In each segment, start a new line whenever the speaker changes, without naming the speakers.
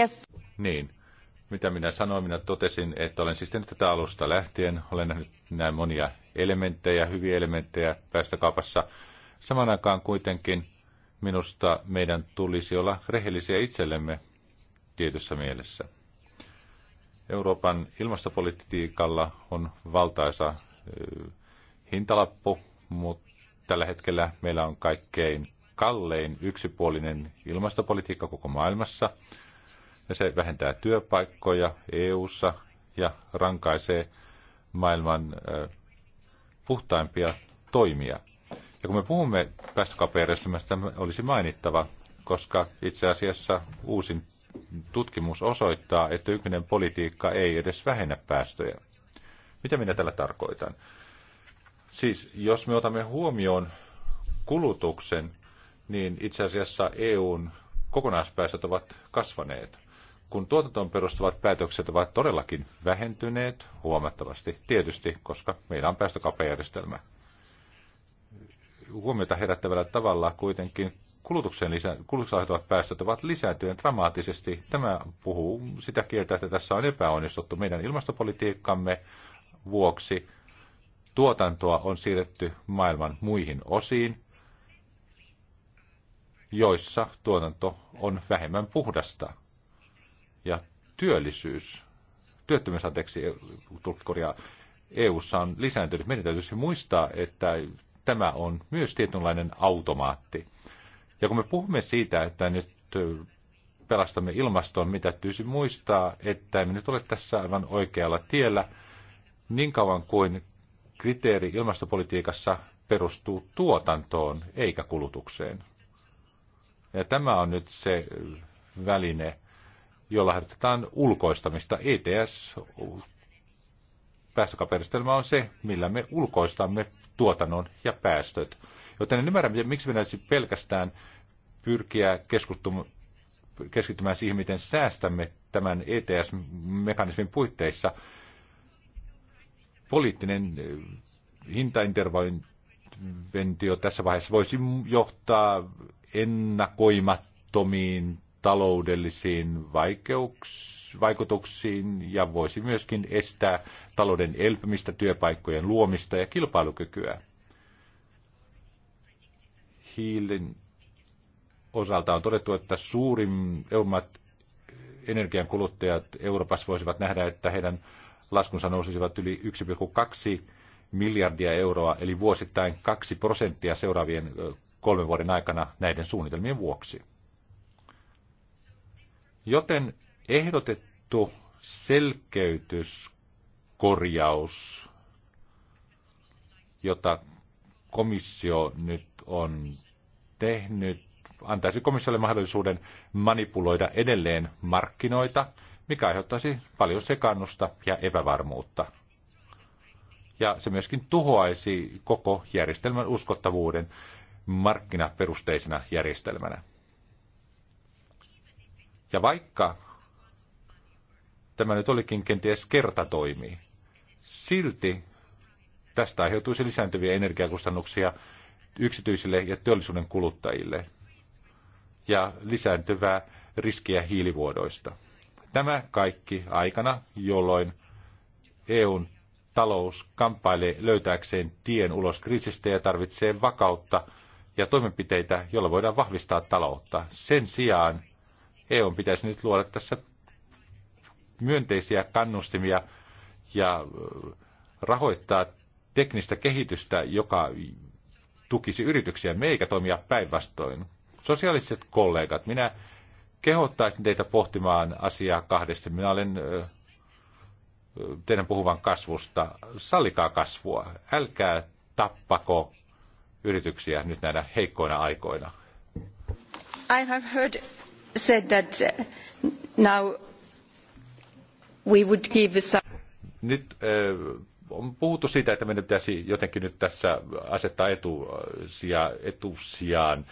Yes.
Niin. Mitä minä sanoin, minä totesin, että olen siis tehnyt tätä alusta lähtien. Olen nähnyt näin monia elementtejä, hyviä elementtejä päästökaupassa. Saman aikaan kuitenkin minusta meidän tulisi olla rehellisiä itsellemme tietyssä mielessä. Euroopan ilmastopolitiikalla on valtaisa hintalappu, mutta tällä hetkellä meillä on kaikkein kallein yksipuolinen ilmastopolitiikka koko maailmassa – ja se vähentää työpaikkoja EU:ssa ja rankaisee maailman puhtaimpia toimia. Ja kun me puhumme päästökauppajärjestelmästä, olisi mainittava, koska itse asiassa uusin tutkimus osoittaa, että yhden politiikka ei edes vähennä päästöjä. Mitä minä tällä tarkoitan? Siis jos me otamme huomioon kulutuksen, niin itse asiassa EUn kokonaispäästöt ovat kasvaneet kun tuotantoon perustuvat päätökset ovat todellakin vähentyneet huomattavasti, tietysti, koska meillä on päästökauppajärjestelmä. Huomiota herättävällä tavalla kuitenkin kulutuksen lisä, kulutukseen päästöt ovat lisääntyneet dramaattisesti. Tämä puhuu sitä kieltä, että tässä on epäonnistuttu meidän ilmastopolitiikkamme vuoksi. Tuotantoa on siirretty maailman muihin osiin, joissa tuotanto on vähemmän puhdasta ja työllisyys, työttömyys, anteeksi, tulkkikorjaa, EU:ssa on lisääntynyt. Meidän täytyisi muistaa, että tämä on myös tietynlainen automaatti. Ja kun me puhumme siitä, että nyt pelastamme ilmastoon, mitä täytyisi muistaa, että emme nyt ole tässä aivan oikealla tiellä niin kauan kuin kriteeri ilmastopolitiikassa perustuu tuotantoon eikä kulutukseen. Ja tämä on nyt se väline, jolla harjoitetaan ulkoistamista. ETS päästökauppajärjestelmä on se, millä me ulkoistamme tuotannon ja päästöt. Joten en ymmärrä, miksi meidän pelkästään pyrkiä keskittymään siihen, miten säästämme tämän ETS-mekanismin puitteissa. Poliittinen eh, hintainterventio tässä vaiheessa voisi johtaa ennakoimattomiin taloudellisiin vaikutuksiin ja voisi myöskin estää talouden elpymistä, työpaikkojen luomista ja kilpailukykyä. Hiilin osalta on todettu, että suurimmat energian kuluttajat Euroopassa voisivat nähdä, että heidän laskunsa nousisivat yli 1,2 miljardia euroa, eli vuosittain 2 prosenttia seuraavien kolmen vuoden aikana näiden suunnitelmien vuoksi. Joten ehdotettu selkeytyskorjaus, jota komissio nyt on tehnyt, antaisi komissiolle mahdollisuuden manipuloida edelleen markkinoita, mikä aiheuttaisi paljon sekannusta ja epävarmuutta. Ja se myöskin tuhoaisi koko järjestelmän uskottavuuden markkinaperusteisena järjestelmänä. Ja vaikka tämä nyt olikin kenties kertatoimi, silti tästä aiheutuisi lisääntyviä energiakustannuksia yksityisille ja teollisuuden kuluttajille ja lisääntyvää riskiä hiilivuodoista. Tämä kaikki aikana, jolloin EUn talous kamppailee löytääkseen tien ulos kriisistä ja tarvitsee vakautta ja toimenpiteitä, joilla voidaan vahvistaa taloutta. Sen sijaan EU pitäisi nyt luoda tässä myönteisiä kannustimia ja rahoittaa teknistä kehitystä, joka tukisi yrityksiä, meikä toimia päinvastoin. Sosiaaliset kollegat, minä kehottaisin teitä pohtimaan asiaa kahdesti. Minä olen teidän puhuvan kasvusta. Sallikaa kasvua. Älkää tappako yrityksiä nyt näinä heikkoina aikoina.
I have heard said that uh,
now we would give some...
Nyt äh, on puhuttu siitä, että meidän pitäisi jotenkin nyt tässä asettaa etusia, äh, etusijaan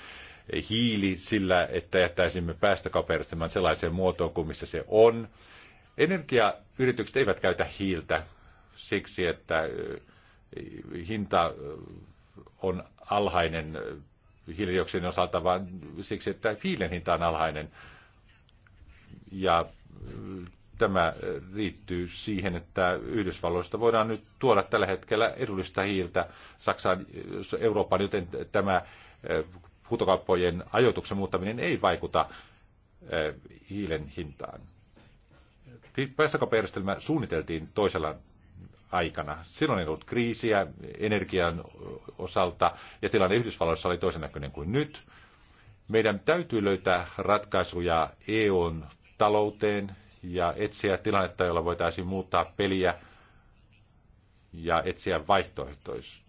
hiili sillä, että jättäisimme päästökaupajärjestelmän sellaiseen muotoon kuin missä se on. Energiayritykset eivät käytä hiiltä siksi, että äh, hinta on alhainen hiilidioksidin osalta, vaan siksi, että hiilen hinta on alhainen. Ja tämä riittyy siihen, että Yhdysvalloista voidaan nyt tuoda tällä hetkellä edullista hiiltä Saksaan, Eurooppaan, joten tämä huutokauppojen ajoituksen muuttaminen ei vaikuta hiilen hintaan. Päästökauppajärjestelmä suunniteltiin toisella aikana. Silloin ei ollut kriisiä energian osalta ja tilanne Yhdysvalloissa oli toisen näköinen kuin nyt. Meidän täytyy löytää ratkaisuja EUn talouteen ja etsiä tilannetta, jolla voitaisiin muuttaa peliä ja etsiä vaihtoehtoisia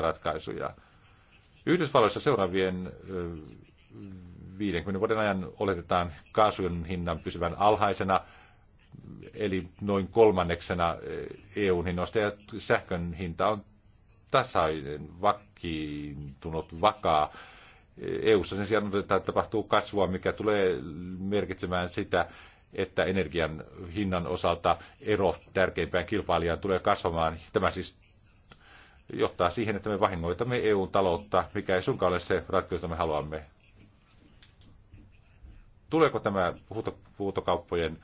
ratkaisuja. Yhdysvalloissa seuraavien 50 vuoden ajan oletetaan kaasun hinnan pysyvän alhaisena – eli noin kolmanneksena eh, EUn hinnoista, ja sähkön hinta on tasainen, vakiintunut, vakaa. Eh, EUssa sen sijaan että tapahtuu kasvua, mikä tulee merkitsemään sitä, että energian hinnan osalta ero tärkeimpään kilpailijaan tulee kasvamaan. Tämä siis johtaa siihen, että me vahingoitamme EUn taloutta, mikä ei sunkaan ole se ratkaisu, jota me haluamme. Tuleeko tämä huutokauppojen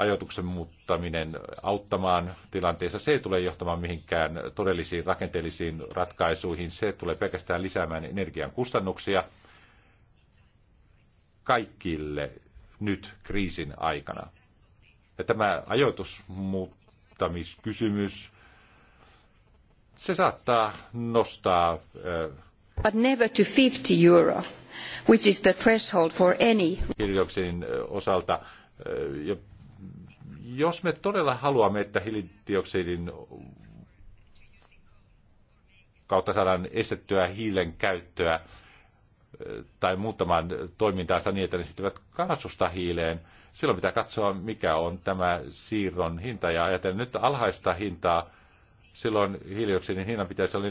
ajoituksen muuttaminen auttamaan tilanteessa. Se ei tule johtamaan mihinkään todellisiin rakenteellisiin ratkaisuihin. Se tulee pelkästään lisäämään energian kustannuksia kaikille nyt kriisin aikana. Ja tämä ajoitusmuuttamiskysymys, se saattaa nostaa...
But never to 50 euro, which is the threshold for any...
Hiilidioksidin osalta jos me todella haluamme, että hiilidioksidin kautta saadaan estettyä hiilen käyttöä tai muuttamaan toimintaansa niin, että ne siirtyvät kaasusta hiileen, silloin pitää katsoa, mikä on tämä siirron hinta. Ja ajatellen nyt alhaista hintaa, silloin hiilidioksidin hinnan pitäisi olla 40-50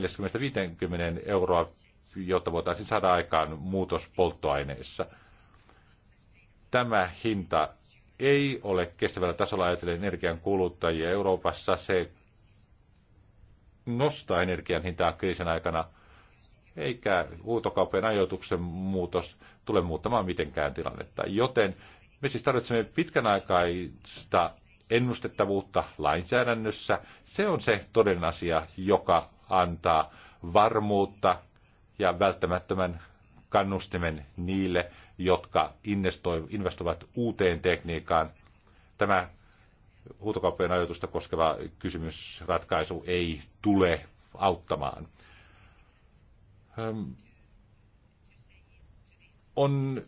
euroa, jotta voitaisiin saada aikaan muutos polttoaineessa. Tämä hinta ei ole kestävällä tasolla ajatellen energian kuluttajia Euroopassa. Se nostaa energian hintaa kriisin aikana, eikä huutokauppojen ajoituksen muutos tule muuttamaan mitenkään tilannetta. Joten me siis tarvitsemme pitkän aikaista ennustettavuutta lainsäädännössä. Se on se toden asia, joka antaa varmuutta ja välttämättömän kannustimen niille, jotka investoivat uuteen tekniikkaan. Tämä huutokauppojen ajoitusta koskeva kysymysratkaisu ei tule auttamaan. On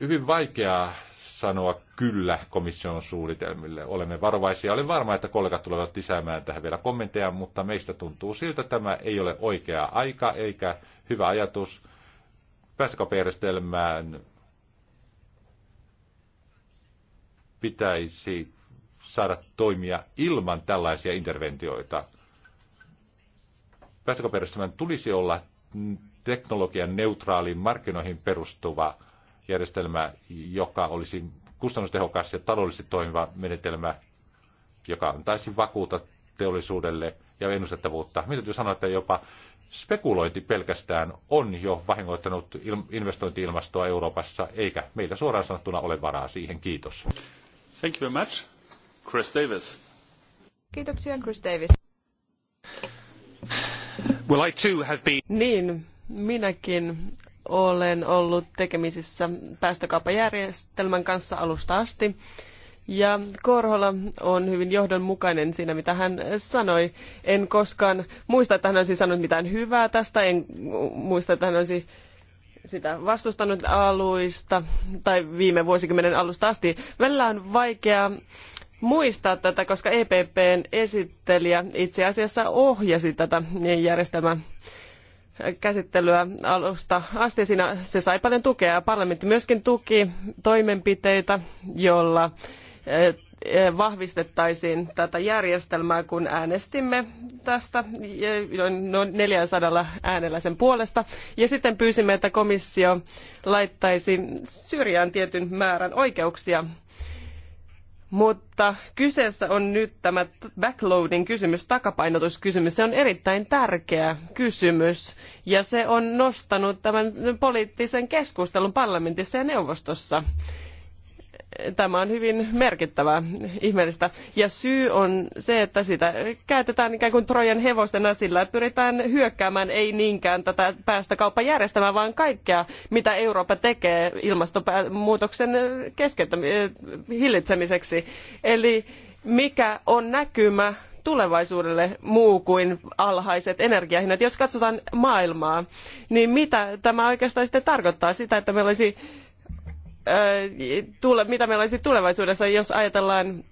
hyvin vaikeaa sanoa kyllä komission suunnitelmille. Olemme varovaisia. Olen varma, että kollegat tulevat lisäämään tähän vielä kommentteja, mutta meistä tuntuu siltä, että tämä ei ole oikea aika eikä hyvä ajatus. Päästökauppajärjestelmään pitäisi saada toimia ilman tällaisia interventioita. Päästökauppajärjestelmän tulisi olla teknologian neutraali, markkinoihin perustuva järjestelmä, joka olisi kustannustehokas ja taloudellisesti toimiva menetelmä, joka antaisi vakuuta teollisuudelle ja ennustettavuutta. Mitä täytyy sanoa, että jopa spekulointi pelkästään on jo vahingoittanut investointiilmastoa Euroopassa, eikä meillä suoraan sanottuna ole varaa siihen. Kiitos. Thank you very much. Chris Davis.
Kiitoksia, Chris
Davis.
Well, I too have been...
Niin, minäkin olen ollut tekemisissä päästökauppajärjestelmän kanssa alusta asti. Ja Korhola on hyvin johdonmukainen siinä, mitä hän sanoi. En koskaan muista, että hän olisi sanonut mitään hyvää tästä, en muista, että hän olisi sitä vastustanut aluista tai viime vuosikymmenen alusta asti. Välillä on vaikea muistaa tätä, koska EPPn esittelijä itse asiassa ohjasi tätä järjestelmää käsittelyä alusta asti. Siinä se sai paljon tukea ja parlamentti myöskin tuki toimenpiteitä, jolla vahvistettaisiin tätä järjestelmää, kun äänestimme tästä noin 400 äänellä sen puolesta. Ja sitten pyysimme, että komissio laittaisi syrjään tietyn määrän oikeuksia. Mutta kyseessä on nyt tämä backloading kysymys, takapainotuskysymys. Se on erittäin tärkeä kysymys ja se on nostanut tämän poliittisen keskustelun parlamentissa ja neuvostossa. Tämä on hyvin merkittävää, ihmeellistä. Ja syy on se, että sitä käytetään ikään kuin Trojan hevosena sillä, pyritään hyökkäämään ei niinkään tätä päästökauppajärjestelmää, vaan kaikkea, mitä Eurooppa tekee ilmastonmuutoksen eh, hillitsemiseksi. Eli mikä on näkymä tulevaisuudelle muu kuin alhaiset energiahinnat. Jos katsotaan maailmaa, niin mitä tämä oikeastaan sitten tarkoittaa? Sitä, että meillä olisi Äh, tule, mitä meillä olisi tulevaisuudessa, jos ajatellaan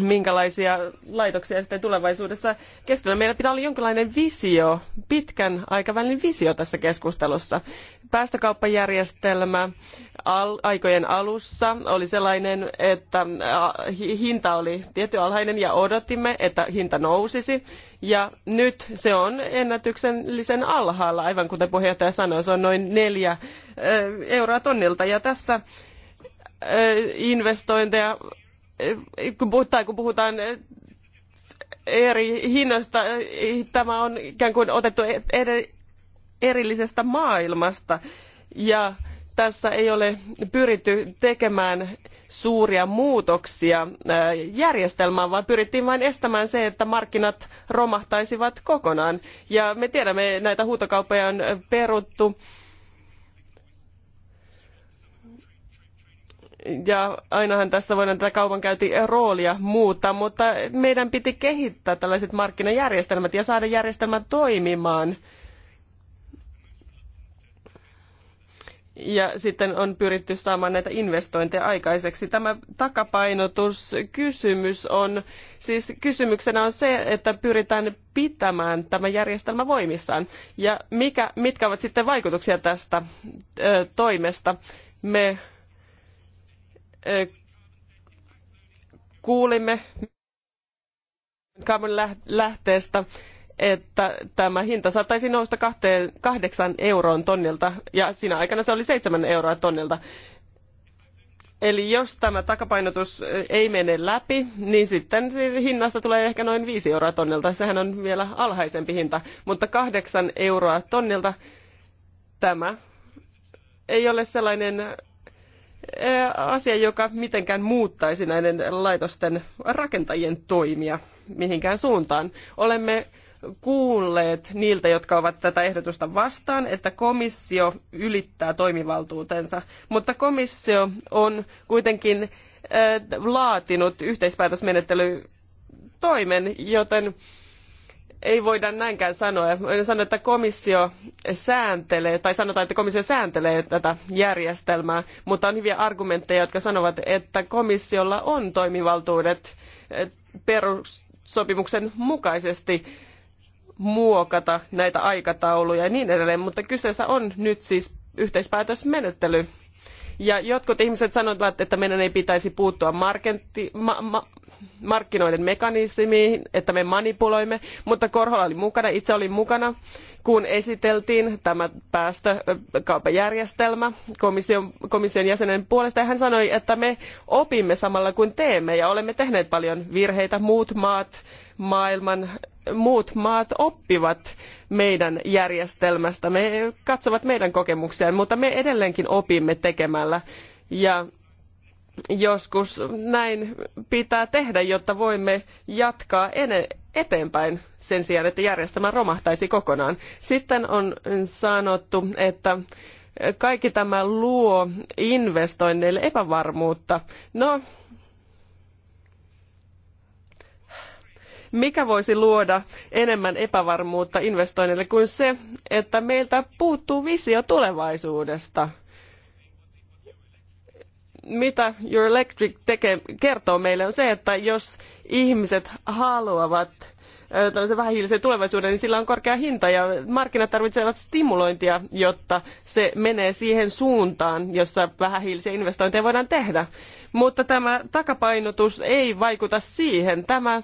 minkälaisia laitoksia sitten tulevaisuudessa keskellä. Meillä pitää olla jonkinlainen visio, pitkän aikavälin visio tässä keskustelussa. Päästökauppajärjestelmä al- aikojen alussa oli sellainen, että äh, hinta oli tietty alhainen ja odotimme, että hinta nousisi ja nyt se on ennätyksellisen alhaalla, aivan kuten puheenjohtaja sanoi, se on noin neljä euroa tonnilta. Ja tässä investointeja, tai kun puhutaan eri hinnoista, tämä on ikään kuin otettu e-, erillisestä maailmasta. Ja tässä ei ole pyritty tekemään suuria muutoksia äh, järjestelmään, vaan pyrittiin vain estämään se, että markkinat romahtaisivat kokonaan. Ja me tiedämme, näitä huutokauppoja on peruttu. ja ainahan tässä voidaan tätä kaupankäyntiroolia muuttaa, mutta meidän piti kehittää tällaiset markkinajärjestelmät ja saada järjestelmät toimimaan ja sitten on pyritty saamaan näitä investointeja aikaiseksi. Tämä takapainotuskysymys on, siis kysymyksenä on se, että pyritään pitämään tämä järjestelmä voimissaan. Ja mikä, mitkä ovat sitten vaikutuksia tästä ö, toimesta? Me ö, kuulimme Carbon lähteestä että tämä hinta saattaisi nousta kahteen, kahdeksan euroon tonnilta ja siinä aikana se oli seitsemän euroa tonnilta. Eli jos tämä takapainotus ei mene läpi, niin sitten hinnasta tulee ehkä noin 5 euroa tonnilta. Sehän on vielä alhaisempi hinta, mutta 8 euroa tonnilta tämä ei ole sellainen asia, joka mitenkään muuttaisi näiden laitosten rakentajien toimia mihinkään suuntaan. Olemme kuulleet niiltä, jotka ovat tätä ehdotusta vastaan, että komissio ylittää toimivaltuutensa. Mutta komissio on kuitenkin äh, laatinut yhteispäätösmenettelytoimen, joten ei voida näinkään sanoa. En sano, että komissio sääntelee, tai sanotaan, että komissio sääntelee tätä järjestelmää, mutta on hyviä argumentteja, jotka sanovat, että komissiolla on toimivaltuudet äh, perussopimuksen mukaisesti muokata näitä aikatauluja ja niin edelleen, mutta kyseessä on nyt siis yhteispäätösmenettely. Ja jotkut ihmiset sanovat, että meidän ei pitäisi puuttua ma, ma, markkinoiden mekanismiin, että me manipuloimme, mutta Korhola oli mukana, itse olin mukana, kun esiteltiin tämä päästökauppajärjestelmä komission, komission jäsenen puolesta. Ja hän sanoi, että me opimme samalla kuin teemme ja olemme tehneet paljon virheitä, muut maat maailman muut maat oppivat meidän järjestelmästä, me katsovat meidän kokemuksiaan, mutta me edelleenkin opimme tekemällä. Ja joskus näin pitää tehdä, jotta voimme jatkaa eteenpäin sen sijaan, että järjestelmä romahtaisi kokonaan. Sitten on sanottu, että kaikki tämä luo investoinneille epävarmuutta. No, Mikä voisi luoda enemmän epävarmuutta investoinnille kuin se, että meiltä puuttuu visio tulevaisuudesta? Mitä Your Electric tekee, kertoo meille on se, että jos ihmiset haluavat tällaisen vähähiilisen tulevaisuuden, niin sillä on korkea hinta ja markkinat tarvitsevat stimulointia, jotta se menee siihen suuntaan, jossa vähähiilisiä investointeja voidaan tehdä. Mutta tämä takapainotus ei vaikuta siihen. Tämä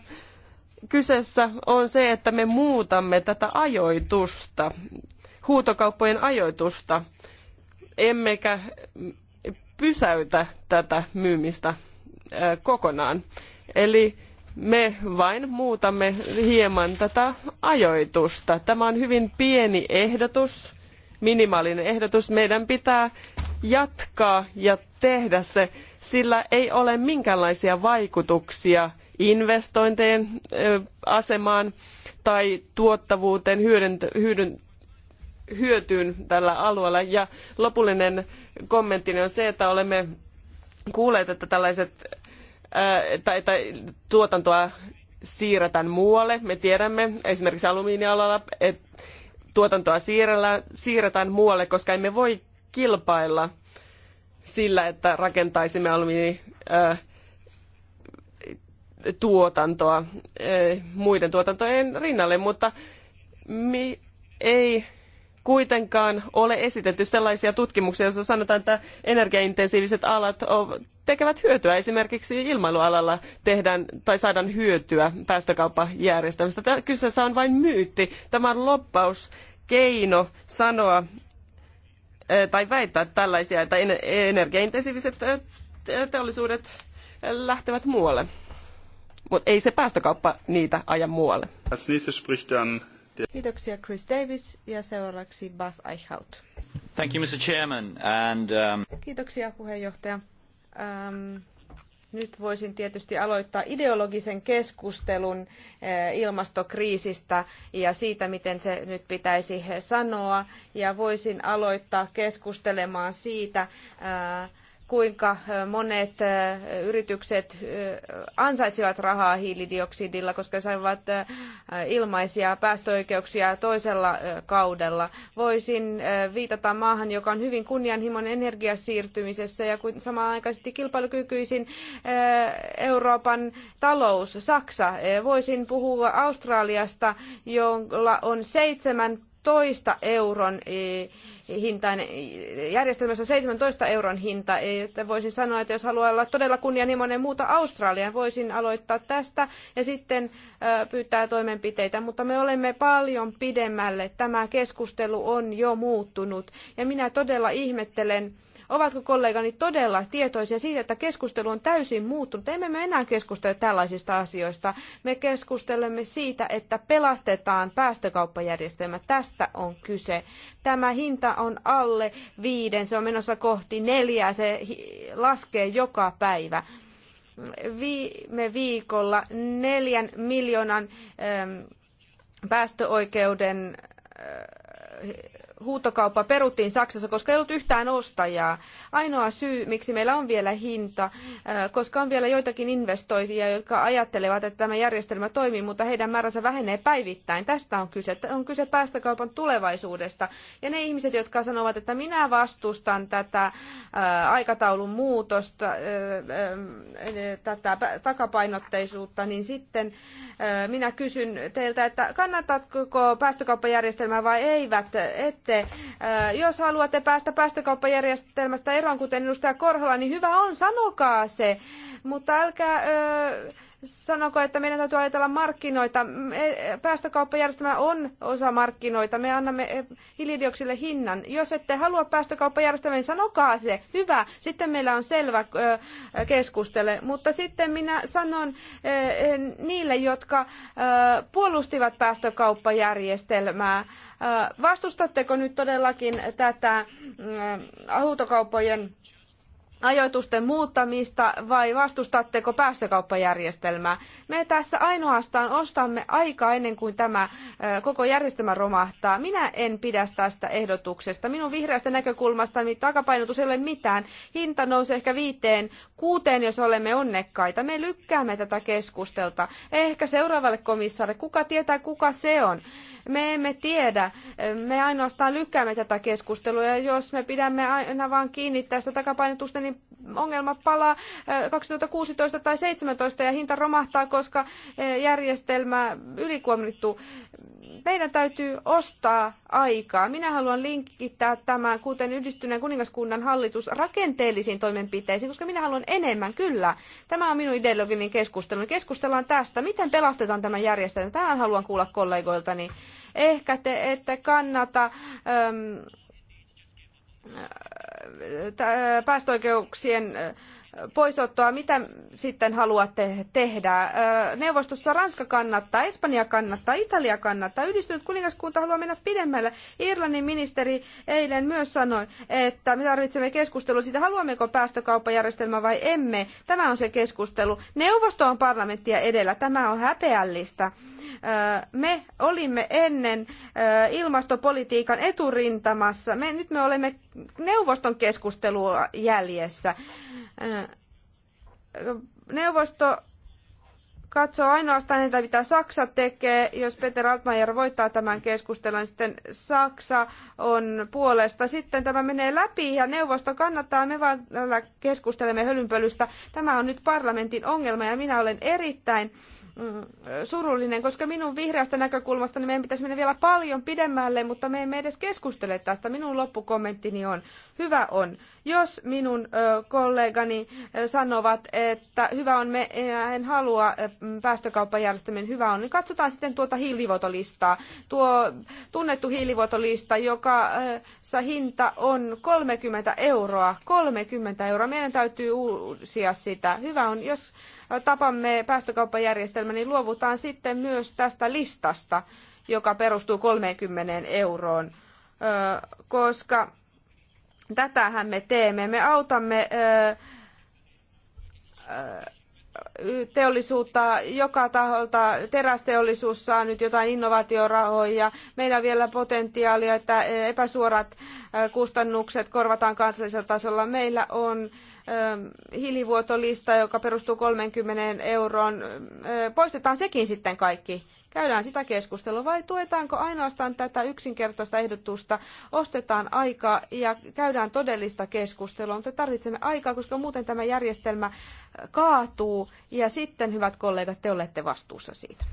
kyseessä on se, että me muutamme tätä ajoitusta, huutokauppojen ajoitusta, emmekä pysäytä tätä myymistä kokonaan. Eli me vain muutamme hieman tätä ajoitusta. Tämä on hyvin pieni ehdotus, minimaalinen ehdotus. Meidän pitää jatkaa ja tehdä se, sillä ei ole minkäänlaisia vaikutuksia – investointien asemaan tai tuottavuuteen hyödyn, hyötyyn tällä alueella. Ja lopullinen kommenttini on se, että olemme kuulleet, että tällaiset ää, tai, tai tuotantoa siirretään muualle. Me tiedämme esimerkiksi alumiinialalla, että tuotantoa siirrellään, siirretään muualle, koska emme voi kilpailla sillä, että rakentaisimme alumiini äh, tuotantoa eh, muiden tuotantojen rinnalle, mutta mi, ei kuitenkaan ole esitetty sellaisia tutkimuksia, joissa sanotaan, että energiaintensiiviset alat tekevät hyötyä. Esimerkiksi ilmailualalla tehdään tai saadaan hyötyä päästökauppajärjestelmästä. Tämä kyseessä on vain myytti. Tämä on loppauskeino sanoa eh, tai väittää tällaisia, että energiaintensiiviset eh, teollisuudet lähtevät muualle mutta ei se päästökauppa niitä aja muualle.
Kiitoksia Chris Davis ja seuraavaksi Bas Eichhout.
Thank you, Mr. Chairman, and, um...
Kiitoksia puheenjohtaja. Um, nyt voisin tietysti aloittaa ideologisen keskustelun äh, ilmastokriisistä ja siitä, miten se nyt pitäisi sanoa. Ja voisin aloittaa keskustelemaan siitä, äh, kuinka monet yritykset ansaitsivat rahaa hiilidioksidilla, koska saivat ilmaisia päästöoikeuksia toisella kaudella. Voisin viitata maahan, joka on hyvin kunnianhimoinen energiasiirtymisessä ja samanaikaisesti kilpailukykyisin Euroopan talous, Saksa. Voisin puhua Australiasta, jolla on seitsemän 17 euron e, hintainen, järjestelmässä 17 euron hinta, e, että voisin sanoa, että jos haluaa olla todella kunnianhimoinen muuta Australian, voisin aloittaa tästä ja sitten pyytää toimenpiteitä, mutta me olemme paljon pidemmälle. Tämä keskustelu on jo muuttunut ja minä todella ihmettelen, Ovatko kollegani todella tietoisia siitä, että keskustelu on täysin muuttunut? Emme me enää keskustele tällaisista asioista. Me keskustelemme siitä, että pelastetaan päästökauppajärjestelmä. Tästä on kyse. Tämä hinta on alle viiden, se on menossa kohti neljää, se laskee joka päivä viime viikolla neljän miljoonan päästöoikeuden huutokauppa peruttiin Saksassa, koska ei ollut yhtään ostajaa. Ainoa syy, miksi meillä on vielä hinta, äh, koska on vielä joitakin investoijia, jotka ajattelevat, että tämä järjestelmä toimii, mutta heidän määränsä vähenee päivittäin. Tästä on kyse. On kyse päästökaupan tulevaisuudesta. Ja ne ihmiset, jotka sanovat, että minä vastustan tätä äh, aikataulun muutosta, äh, tätä takapainotteisuutta, niin sitten minä kysyn teiltä, että kannatatko päästökauppajärjestelmää vai eivät? Et, teette. Jos haluatte päästä päästökauppajärjestelmästä eroon, kuten edustaja Korhola, niin hyvä on, sanokaa se. Mutta älkää sanoko, että meidän täytyy ajatella markkinoita. Päästökauppajärjestelmä on osa markkinoita. Me annamme eh, hiilidioksille hinnan. Jos ette halua päästökauppajärjestelmää, niin sanokaa se. Hyvä. Sitten meillä on selvä eh, keskustele. Mutta sitten minä sanon eh, niille, jotka puolustivat päästökauppajärjestelmää. Vastustatteko nyt todellakin tätä huutokauppojen ajoitusten muuttamista vai vastustatteko päästökauppajärjestelmää? Me tässä ainoastaan ostamme aikaa ennen kuin tämä koko järjestelmä romahtaa. Minä en pidä tästä ehdotuksesta. Minun vihreästä näkökulmastani takapainotus ei ole mitään. Hinta nousee ehkä viiteen, kuuteen, jos olemme onnekkaita. Me lykkäämme tätä keskustelta. Ehkä seuraavalle komissaarille. Kuka tietää, kuka se on? Me emme tiedä. Me ainoastaan lykkäämme tätä keskustelua ja jos me pidämme aina vain kiinni tästä takapainotusta, niin ongelma palaa 2016 eh, tai 2017 ja hinta romahtaa, koska eh, järjestelmä ylikuormittuu meidän täytyy ostaa aikaa. Minä haluan linkittää tämän, kuten yhdistyneen kuningaskunnan hallitus, rakenteellisiin toimenpiteisiin, koska minä haluan enemmän, kyllä. Tämä on minun ideologinen keskustelu. Keskustellaan tästä, miten pelastetaan tämä järjestelmä. Tähän haluan kuulla kollegoiltani. Ehkä te ette kannata... Äm, äh, äh, päästöoikeuksien äh, poisottoa, mitä sitten haluatte tehdä? Neuvostossa Ranska kannattaa, Espanja kannattaa, Italia kannattaa, yhdistynyt kuningaskunta haluaa mennä pidemmälle. Irlannin ministeri eilen myös sanoi, että me tarvitsemme keskustelua siitä, haluammeko päästökauppajärjestelmä vai emme. Tämä on se keskustelu. Neuvosto on parlamenttia edellä, tämä on häpeällistä. Me olimme ennen ilmastopolitiikan eturintamassa, me, nyt me olemme neuvoston keskustelua jäljessä. Neuvosto katsoo ainoastaan että mitä Saksa tekee. Jos Peter Altmaier voittaa tämän keskustelun, niin sitten Saksa on puolesta. Sitten tämä menee läpi ja neuvosto kannattaa. Me vaan keskustelemme hölynpölystä. Tämä on nyt parlamentin ongelma ja minä olen erittäin Mm, surullinen, koska minun vihreästä näkökulmasta niin meidän pitäisi mennä vielä paljon pidemmälle, mutta me emme edes keskustele tästä. Minun loppukommenttini on, hyvä on, jos minun kollegani sanovat, että hyvä on, me en halua päästökauppajärjestelmän hyvä on, niin katsotaan sitten tuota hiilivuotolistaa. Tuo tunnettu hiilivuotolista, joka hinta on 30 euroa, 30 euroa. Meidän täytyy uusia sitä. Hyvä on, jos tapamme päästökauppajärjestelmä niin luovutaan sitten myös tästä listasta, joka perustuu 30 euroon, koska tätähän me teemme. Me autamme teollisuutta joka taholta. Terästeollisuus saa nyt jotain innovaatiorahoja. Meillä on vielä potentiaalia, että epäsuorat kustannukset korvataan kansallisella tasolla. Meillä on hiilivuotolista, joka perustuu 30 euroon, poistetaan sekin sitten kaikki. Käydään sitä keskustelua vai tuetaanko ainoastaan tätä yksinkertaista ehdotusta, ostetaan aikaa ja käydään todellista keskustelua, mutta tarvitsemme aikaa, koska muuten tämä järjestelmä kaatuu ja sitten, hyvät kollegat, te olette vastuussa siitä.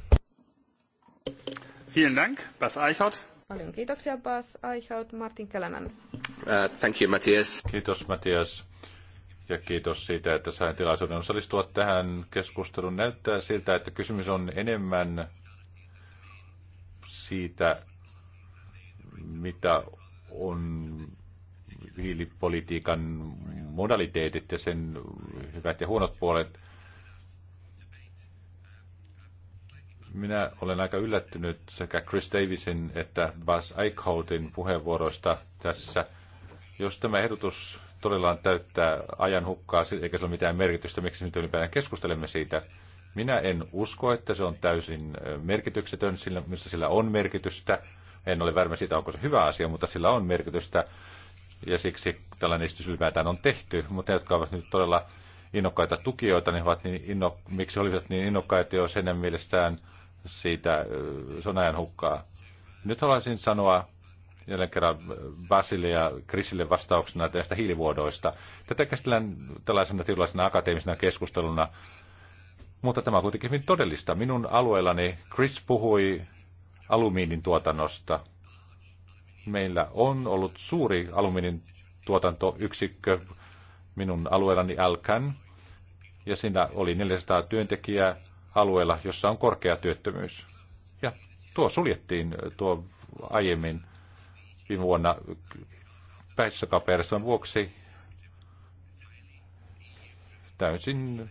Vielen Dank, Bas Eichhardt.
Paljon kiitoksia, Bas Eichhout. Martin Kälänen. Uh,
thank you, Matthias. Kiitos, Matthias ja kiitos siitä, että sain tilaisuuden osallistua tähän keskusteluun. Näyttää siltä, että kysymys on enemmän siitä, mitä on hiilipolitiikan modaliteetit ja sen hyvät ja huonot puolet. Minä olen aika yllättynyt sekä Chris Davisin että Buzz Eichhoutin puheenvuoroista tässä. Jos tämä ehdotus todellaan täyttää ajan hukkaa, eikä se ole mitään merkitystä, miksi nyt ylipäätään keskustelemme siitä. Minä en usko, että se on täysin merkityksetön, sillä, mistä sillä on merkitystä. En ole varma siitä, onko se hyvä asia, mutta sillä on merkitystä. Ja siksi tällainen esitys ylipäätään on tehty. Mutta ne, jotka ovat nyt todella innokkaita tukijoita, niin ovat niin inno, miksi olivat niin innokkaita, jos sen mielestään siitä se on ajan hukkaa. Nyt haluaisin sanoa jälleen kerran Basille ja Chrisille vastauksena tästä hiilivuodoista. Tätä käsitellään tällaisena tilaisena akateemisena keskusteluna, mutta tämä on kuitenkin hyvin todellista. Minun alueellani Chris puhui alumiinin tuotannosta. Meillä on ollut suuri alumiinin tuotantoyksikkö minun alueellani Alcan, ja siinä oli 400 työntekijää alueella, jossa on korkea työttömyys. Ja tuo suljettiin tuo aiemmin viime vuonna päivässäkapajärjestelmän vuoksi täysin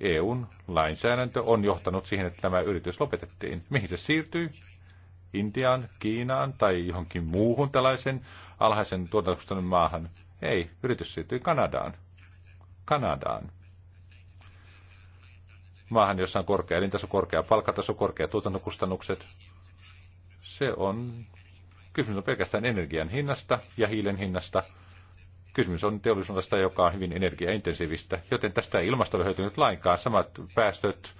EUn lainsäädäntö on johtanut siihen, että tämä yritys lopetettiin. Mihin se siirtyy? Intiaan, Kiinaan tai johonkin muuhun tällaisen alhaisen tuotantokustannuksen maahan. Ei, yritys siirtyi Kanadaan. Kanadaan. Maahan, jossa on korkea elintaso, korkea palkkataso, korkea tuotantokustannukset. Se on Kysymys on pelkästään energian hinnasta ja hiilen hinnasta. Kysymys on teollisuudesta, joka on hyvin energiaintensiivistä, joten tästä ei ilmasto ole hyötynyt lainkaan. Samat päästöt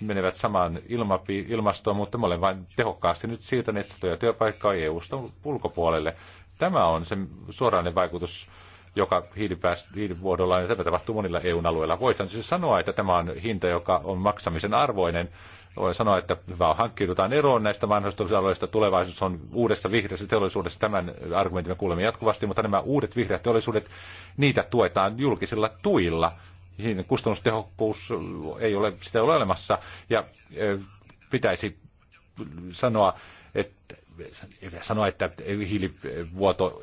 menevät samaan ilmapi, ilmastoon, mutta me olemme vain tehokkaasti nyt siirtäneet satoja työpaikkaa EU-sta ulkopuolelle. Tämä on se suorainen vaikutus joka hiilipääst- on, ja tämä tapahtuu monilla eu alueilla. Voisin siis sanoa, että tämä on hinta, joka on maksamisen arvoinen, voi sanoa, että vaan hankkiudutaan eroon näistä vanhoista alueista. Tulevaisuus on uudessa vihreässä teollisuudessa. Tämän argumentin me kuulemme jatkuvasti, mutta nämä uudet vihreät teollisuudet, niitä tuetaan julkisilla tuilla. Siinä kustannustehokkuus ei ole, sitä ei ole olemassa. Ja e, pitäisi sanoa, että sanoa, että hiilivuoto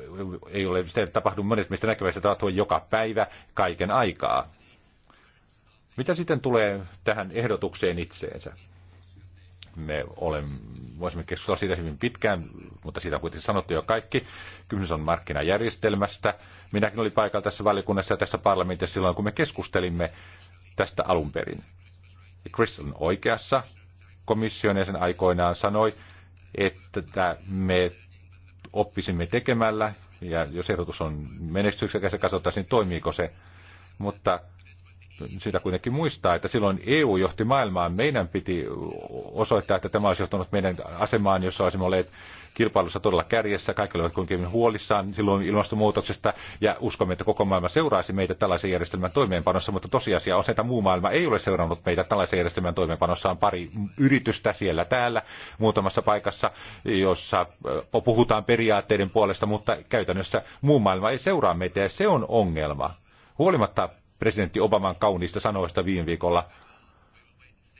ei ole, sitä tapahdu monet mistä näkyvässä tapahtuu joka päivä kaiken aikaa. Mitä sitten tulee tähän ehdotukseen itseensä? me olemme, voisimme keskustella siitä hyvin pitkään, mutta siitä on kuitenkin sanottu jo kaikki. Kysymys on markkinajärjestelmästä. Minäkin olin paikalla tässä valiokunnassa ja tässä parlamentissa silloin, kun me keskustelimme tästä alun perin. Chris on oikeassa. Komission jäsen aikoinaan sanoi, että me oppisimme tekemällä, ja jos ehdotus on menestyksekäs se katsotaan, niin toimiiko se. Mutta sitä kuitenkin muistaa, että silloin EU johti maailmaa. Meidän piti osoittaa, että tämä olisi johtanut meidän asemaan, jossa olisimme olleet kilpailussa todella kärjessä. Kaikki olivat kuitenkin huolissaan silloin ilmastonmuutoksesta ja uskomme, että koko maailma seuraisi meitä tällaisen järjestelmän toimeenpanossa, mutta tosiasia on se, että muu maailma ei ole seurannut meitä tällaisen järjestelmän toimeenpanossa. On pari yritystä siellä täällä muutamassa paikassa, jossa puhutaan periaatteiden puolesta, mutta käytännössä muu maailma ei seuraa meitä ja se on ongelma. Huolimatta presidentti Obaman kauniista sanoista viime viikolla.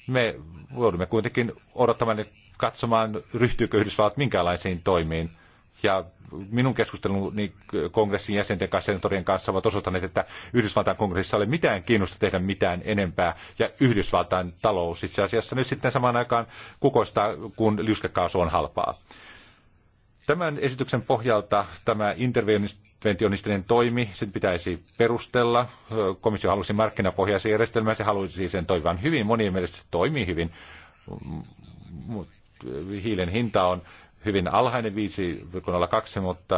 Me joudumme kuitenkin odottamaan ja katsomaan, ryhtyykö Yhdysvallat minkälaisiin toimiin. Ja minun keskusteluni kongressin jäsenten kanssa, senatorien kanssa ovat osoittaneet, että Yhdysvaltain kongressissa ei ole mitään kiinnosta tehdä mitään enempää. Ja Yhdysvaltain talous itse asiassa nyt sitten samaan aikaan kukoistaa, kun liuskekaasu on halpaa. Tämän esityksen pohjalta tämä interventionist interventionistinen toimi, sen pitäisi perustella. Komissio halusi markkinapohjaisen järjestelmän, se halusi siis sen toivan hyvin. Monien mielestä se toimii hyvin. Hiilen hinta on hyvin alhainen, 5,2, mutta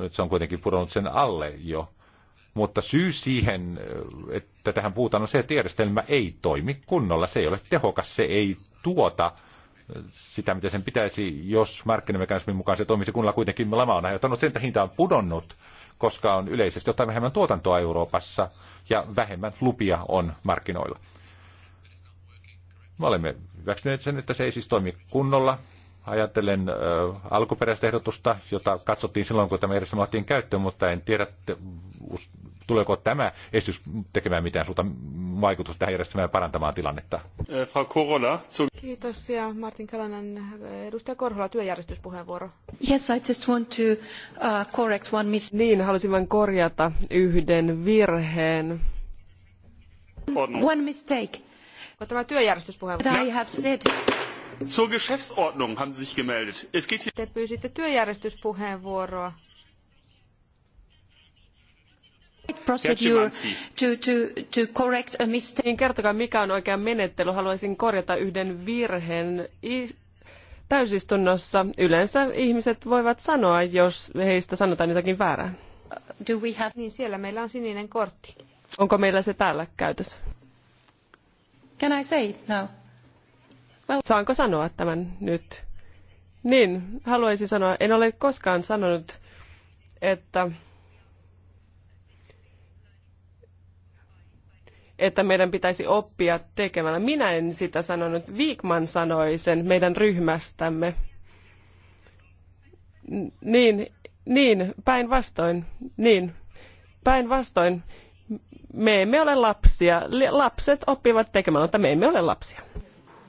nyt se on kuitenkin pudonnut sen alle jo. Mutta syy siihen, että tähän puhutaan, on se, että järjestelmä ei toimi kunnolla. Se ei ole tehokas, se ei tuota sitä, mitä sen pitäisi, jos markkinamekanismin mukaan se toimisi kunnolla kuitenkin. Lama on aiheuttanut sen, että hinta on pudonnut, koska on yleisesti ottaen vähemmän tuotantoa Euroopassa ja vähemmän lupia on markkinoilla. Me olemme hyväksyneet sen, että se ei siis toimi kunnolla. Ajattelen äh, alkuperäistä ehdotusta, jota katsottiin silloin, kun tämä järjestelmä otettiin käyttöön, mutta en tiedä, tuleeko tämä esitys tekemään mitään suuta vaikutusta tähän järjestelmään parantamaan tilannetta.
Frau Korola.
Kiitos ja Martin Kalanen, edustaja Korhola, työjärjestyspuheenvuoro.
Yes, I just want to uh,
correct one mis- Niin, halusin vain korjata yhden virheen.
One
mistake. Tämä työjärjestyspuheenvuoro. I have said
Zur Geschäftsordnung haben Sie sich gemeldet. Es geht hier Te
pyysitte työjärjestyspuheenvuoroa.
Procedure
to, to, to correct a mistake. Niin kertokaa, mikä on oikea menettely. Haluaisin korjata yhden virheen. I- täysistunnossa yleensä ihmiset voivat sanoa, jos heistä sanotaan jotakin väärää.
Uh, do we have... Niin siellä meillä on sininen kortti.
Onko meillä se täällä käytössä? Can I say it now? Saanko sanoa tämän nyt? Niin, haluaisin sanoa, en ole koskaan sanonut, että, että meidän pitäisi oppia tekemällä. Minä en sitä sanonut, Viikman sanoi sen meidän ryhmästämme. Niin, niin, päinvastoin, niin, päinvastoin. Me emme ole lapsia. Lapset oppivat tekemällä, mutta me emme ole lapsia.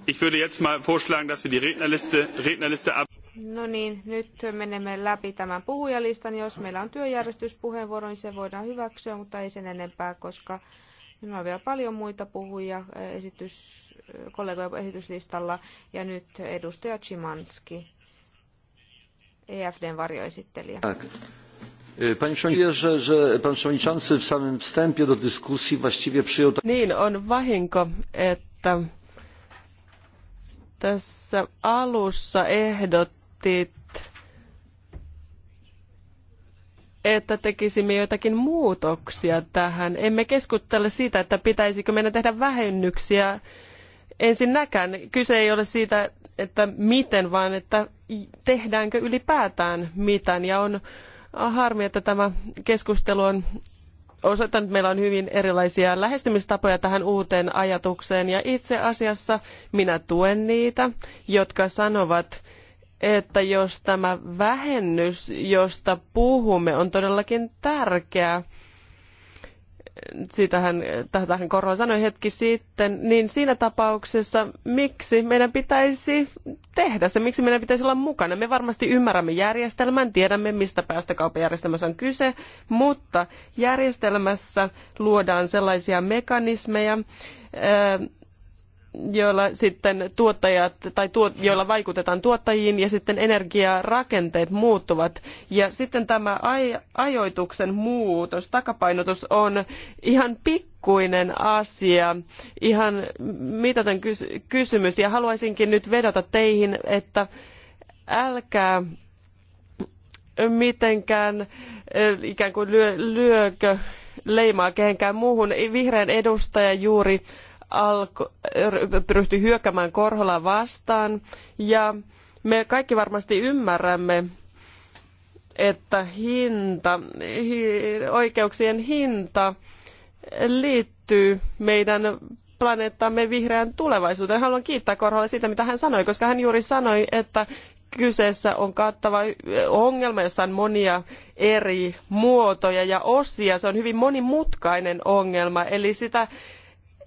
Ich würde jetzt mal vorschlagen, dass wir die Rednerliste, Rednerliste ab.
No niin, nyt menemme läpi tämän puhujalistan. Jos meillä on työjärjestyspuheenvuoro, niin se voidaan hyväksyä, mutta ei sen enempää, koska minulla on vielä paljon muita puhujia eh, esitys, eh, kollegoja esityslistalla. Ja nyt edustaja Chimanski, EFDn varjoesittelijä.
E, panie przewodniczący, że pan przewodniczący w samym wstępie do dyskusji właściwie przyjął...
Niin, on vahinko, että tässä alussa ehdotit, että tekisimme joitakin muutoksia tähän. Emme keskustele siitä, että pitäisikö meidän tehdä vähennyksiä ensinnäkään. Kyse ei ole siitä, että miten, vaan että tehdäänkö ylipäätään mitään. Ja on harmi, että tämä keskustelu on osoittanut, että meillä on hyvin erilaisia lähestymistapoja tähän uuteen ajatukseen. Ja itse asiassa minä tuen niitä, jotka sanovat, että jos tämä vähennys, josta puhumme, on todellakin tärkeä, siitähän, tähän Korhonen sanoi hetki sitten, niin siinä tapauksessa miksi meidän pitäisi tehdä se, miksi meidän pitäisi olla mukana. Me varmasti ymmärrämme järjestelmän, tiedämme mistä päästökauppajärjestelmässä on kyse, mutta järjestelmässä luodaan sellaisia mekanismeja, joilla sitten tuottajat tai tuot, joilla vaikutetaan tuottajiin ja sitten energiarakenteet muuttuvat. Ja sitten tämä aj, ajoituksen muutos, takapainotus on ihan pikkuinen asia, ihan mitätön kys, kysymys. Ja haluaisinkin nyt vedota teihin, että älkää mitenkään ikään kuin lyö, lyökö leimaa kehenkään muuhun. Vihreän edustaja juuri äh, alko, ryhtyi hyökkäämään Korholaa vastaan. Ja me kaikki varmasti ymmärrämme, että hinta, oikeuksien hinta liittyy meidän planeettamme vihreään tulevaisuuteen. Haluan kiittää Korholaa siitä, mitä hän sanoi, koska hän juuri sanoi, että kyseessä on kattava ongelma, jossa on monia eri muotoja ja osia. Se on hyvin monimutkainen ongelma, eli sitä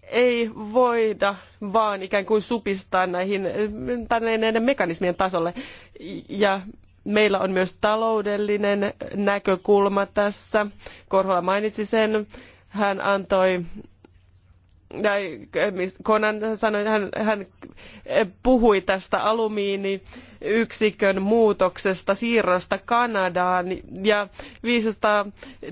ei voida vaan ikään kuin supistaa näihin näiden mekanismien tasolle. Ja meillä on myös taloudellinen näkökulma tässä. Korhola mainitsi sen. Hän antoi tai Konan sanoi, hän, hän puhui tästä alumiiniyksikön muutoksesta, siirrosta Kanadaan ja 500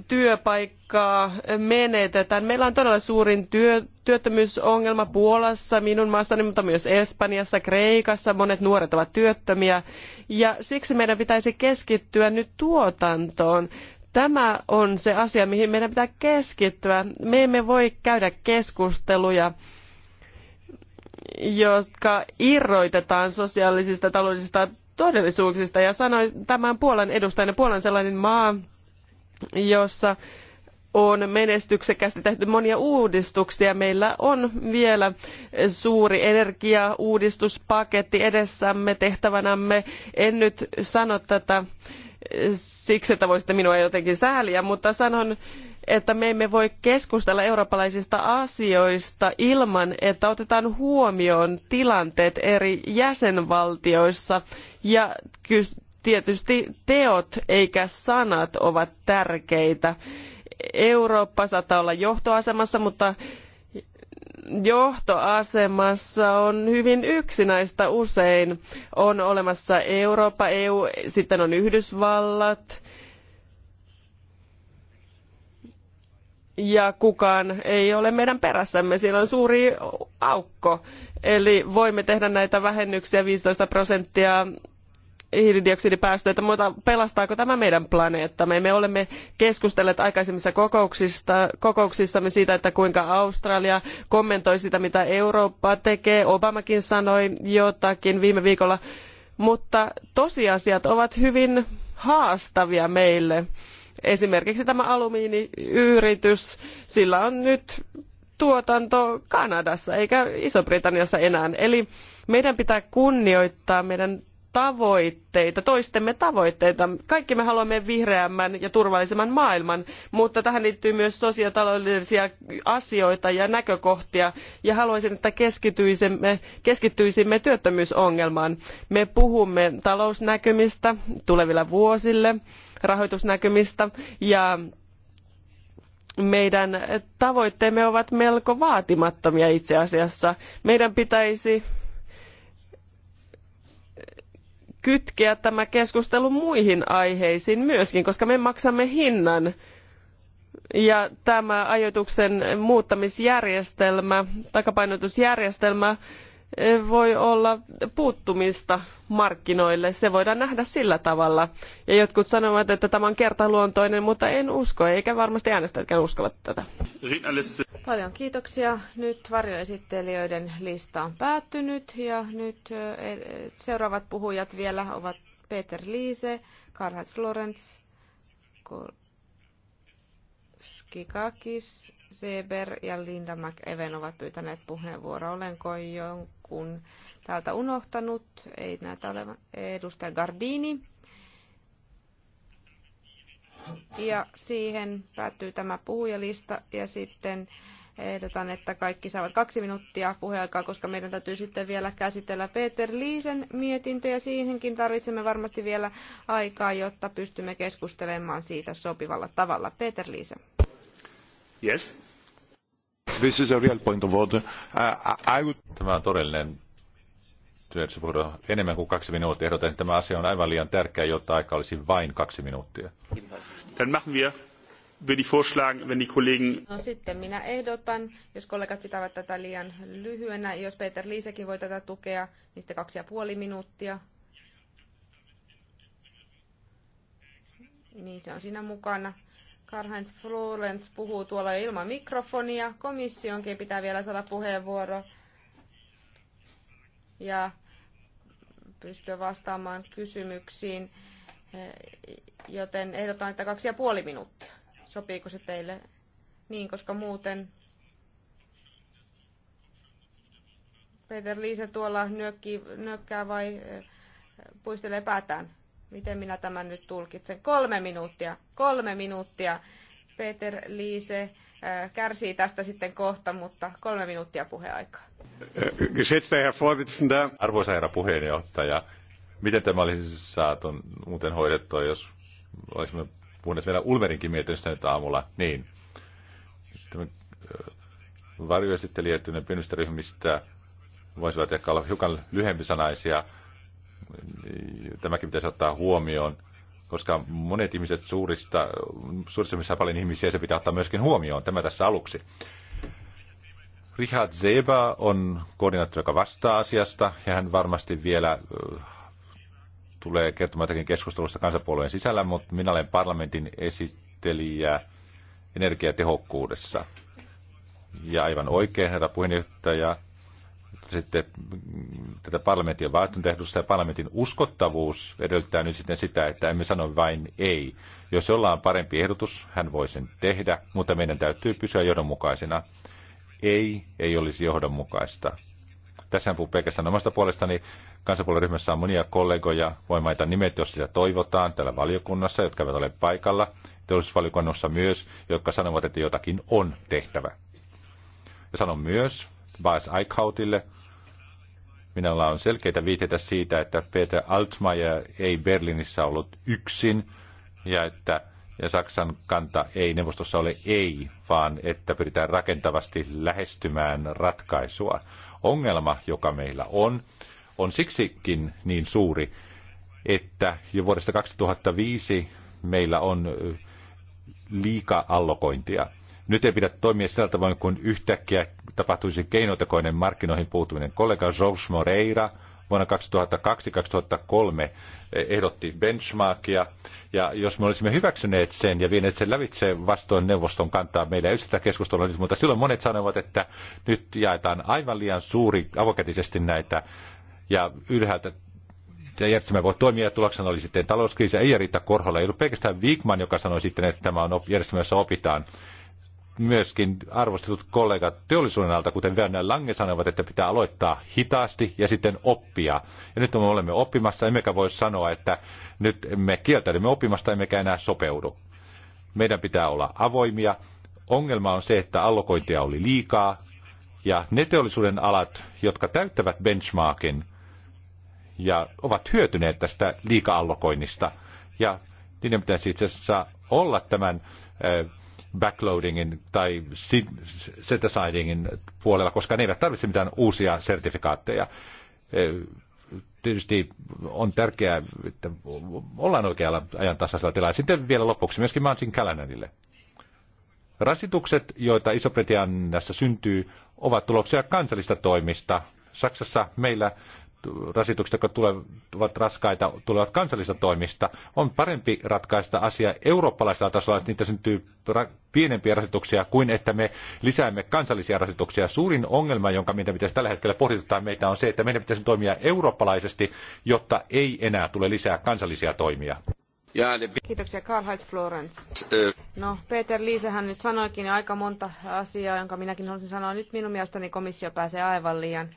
työpaikkaa menetetään. Meillä on todella suurin työ, työttömyysongelma Puolassa, minun maassani, mutta myös Espanjassa, Kreikassa. Monet nuoret ovat työttömiä ja siksi meidän pitäisi keskittyä nyt tuotantoon. Tämä on se asia, mihin meidän pitää keskittyä. Me emme voi käydä keskusteluja, jotka irroitetaan sosiaalisista taloudellisista todellisuuksista. Ja sanoin tämän Puolan edustajana. Puolan sellainen maa, jossa on menestyksekästi tehty monia uudistuksia. Meillä on vielä suuri energiauudistuspaketti edessämme tehtävänämme. En nyt sano tätä siksi, että voisitte minua jotenkin sääliä, mutta sanon, että me emme voi keskustella eurooppalaisista asioista ilman, että otetaan huomioon tilanteet eri jäsenvaltioissa ja tietysti teot eikä sanat ovat tärkeitä. Eurooppa saattaa olla johtoasemassa, mutta johtoasemassa on hyvin yksinäistä usein. On olemassa Eurooppa, EU, sitten on Yhdysvallat. Ja kukaan ei ole meidän perässämme. Siellä on suuri aukko. Eli voimme tehdä näitä vähennyksiä 15 prosenttia hiilidioksidipäästöjä mutta pelastaako tämä meidän planeettamme? Me olemme keskustelleet aikaisemmissa kokouksista, kokouksissamme siitä, että kuinka Australia kommentoi sitä, mitä Eurooppa tekee. Obamakin sanoi jotakin viime viikolla, mutta tosiasiat ovat hyvin haastavia meille. Esimerkiksi tämä alumiiniyritys, sillä on nyt tuotanto Kanadassa eikä Iso-Britanniassa enää. Eli meidän pitää kunnioittaa meidän tavoitteita, toistemme tavoitteita. Kaikki me haluamme vihreämmän ja turvallisemman maailman, mutta tähän liittyy myös sosiaalitaloudellisia asioita ja näkökohtia, ja haluaisin, että keskittyisimme, keskittyisimme työttömyysongelmaan. Me puhumme talousnäkymistä tuleville vuosille, rahoitusnäkymistä, ja meidän tavoitteemme ovat melko vaatimattomia itse asiassa. Meidän pitäisi kytkeä tämä keskustelu muihin aiheisiin myöskin, koska me maksamme hinnan. Ja tämä ajoituksen muuttamisjärjestelmä, takapainotusjärjestelmä voi olla puuttumista markkinoille. Se voidaan nähdä sillä tavalla. Ja jotkut sanovat, että tämä on kertaluontoinen, mutta en usko, eikä varmasti äänestäjätkään uskovat tätä.
Paljon kiitoksia. Nyt varjoesittelijöiden lista on päättynyt ja nyt e, seuraavat puhujat vielä ovat Peter Liise, Karl-Heinz Florenz, Skikakis, Seber ja Linda McEwen ovat pyytäneet puheenvuoroa. Olenko jonkun täältä unohtanut? Ei näitä ole. Edustaja Gardini. Ja siihen päättyy tämä puhujalista ja sitten ehdotan, että kaikki saavat kaksi minuuttia puheaikaa, koska meidän täytyy sitten vielä käsitellä Peter Liisen mietintö ja siihenkin tarvitsemme varmasti vielä aikaa, jotta pystymme keskustelemaan siitä sopivalla tavalla. Peter Liise.
Yes. This is a real point of order. Uh, I would... Tämä on todellinen työjärjestyspuheenvuoro enemmän kuin kaksi minuuttia. Ehdotan, että tämä asia on aivan liian tärkeä, jotta aika olisi vain kaksi minuuttia. Dann machen wir würde ich vorschlagen, wenn die Kollegen...
No sitten minä ehdotan, jos kollegat pitävät tätä liian lyhyenä, jos Peter Liisekin voi tätä tukea, niin sitten kaksi ja puoli minuuttia. Niin se on siinä mukana. Karhans Florence puhuu tuolla jo ilman mikrofonia. Komissionkin pitää vielä saada puheenvuoro ja pystyä vastaamaan kysymyksiin. Joten ehdotan, että kaksi ja puoli minuuttia. Sopiiko se teille? Niin, koska muuten Peter Liise tuolla nyökkii, nyökkää vai eh, puistelee päätään. Miten minä tämän nyt tulkitsen? Kolme minuuttia. Kolme minuuttia. Peter Liise äh, kärsii tästä sitten kohta, mutta kolme minuuttia puheaikaa.
Arvoisa herra puheenjohtaja, miten tämä olisi saatu muuten hoidettua, jos olisimme puhuneet vielä Ulmerinkin mietinnöstä nyt aamulla? Niin. Tämä äh, varjoesittelijät pienestä ryhmistä voisivat ehkä olla hiukan lyhempisanaisia sanaisia niin, tämäkin pitäisi ottaa huomioon, koska monet ihmiset suurista, suurissa missä paljon ihmisiä, se pitää ottaa myöskin huomioon. Tämä tässä aluksi. Richard Zeba on koordinaattori, joka vastaa asiasta, ja hän varmasti vielä tulee kertomaan jotakin keskustelusta kansanpuolueen sisällä, mutta minä olen parlamentin esittelijä energiatehokkuudessa. Ja aivan oikein, herra puheenjohtaja, sitten mm, tätä parlamentin vaatimustehdusta ja parlamentin uskottavuus edellyttää nyt sitten sitä, että emme sano vain ei. Jos jollain on parempi ehdotus, hän voi sen tehdä, mutta meidän täytyy pysyä johdonmukaisena. Ei, ei olisi johdonmukaista. Tässä puhuu pelkästään omasta puolestani. Kansanpuolueryhmässä on monia kollegoja, voi mainita nimet, jos sitä toivotaan, täällä valiokunnassa, jotka eivät ole paikalla, teollisuusvaliokunnassa myös, jotka sanovat, että jotakin on tehtävä. Ja sanon myös, Baas Aikautille. Minulla on selkeitä viiteitä siitä, että Peter Altmaier ei Berliinissä ollut yksin ja että ja Saksan kanta ei neuvostossa ole ei, vaan että pyritään rakentavasti lähestymään ratkaisua. Ongelma, joka meillä on, on siksikin niin suuri, että jo vuodesta 2005 meillä on liika allokointia. Nyt ei pidä toimia sillä tavoin, kun yhtäkkiä tapahtuisi keinotekoinen markkinoihin puuttuminen. Kollega Georges Moreira vuonna 2002-2003 ehdotti benchmarkia, ja jos me olisimme hyväksyneet sen ja vieneet sen lävitse vastoin neuvoston kantaa, meillä ei sitä keskustelua nyt, mutta silloin monet sanovat, että nyt jaetaan aivan liian suuri avokätisesti näitä, ja ylhäältä ja järjestelmä voi toimia, ja tuloksena oli sitten talouskriisi. Ei riitä korholla. ei ollut pelkästään Wigman, joka sanoi sitten, että tämä on järjestelmä, jossa opitaan myöskin arvostetut kollegat teollisuuden alta, kuten Werner Lange sanovat, että pitää aloittaa hitaasti ja sitten oppia. Ja nyt me olemme oppimassa, emmekä voi sanoa, että nyt me kieltäydymme oppimasta, emmekä enää sopeudu. Meidän pitää olla avoimia. Ongelma on se, että allokointia oli liikaa. Ja ne teollisuuden alat, jotka täyttävät benchmarkin ja ovat hyötyneet tästä liika-allokoinnista, ja niiden pitäisi itse asiassa olla tämän äh, backloadingin tai set puolella, koska ne eivät tarvitse mitään uusia sertifikaatteja. E, tietysti on tärkeää, että ollaan oikealla ajantasaisella tasaisella tilalla. Sitten vielä lopuksi myöskin Mansin Kälänänille. Rasitukset, joita Iso-Britanniassa syntyy, ovat tuloksia kansallista toimista. Saksassa meillä rasitukset, jotka tulevat raskaita, tulevat kansallisista toimista. On parempi ratkaista asia eurooppalaisella tasolla, että niitä syntyy pienempiä rasituksia kuin että me lisäämme kansallisia rasituksia. Suurin ongelma, jonka meitä pitäisi tällä hetkellä pohdituttaa meitä, on se, että meidän pitäisi toimia eurooppalaisesti, jotta ei enää tule lisää kansallisia toimia.
Kiitoksia Karl Heitz Florence. No, Peter Liisehän nyt sanoikin aika monta asiaa, jonka minäkin haluaisin sanoa. Nyt minun mielestäni komissio pääsee aivan liian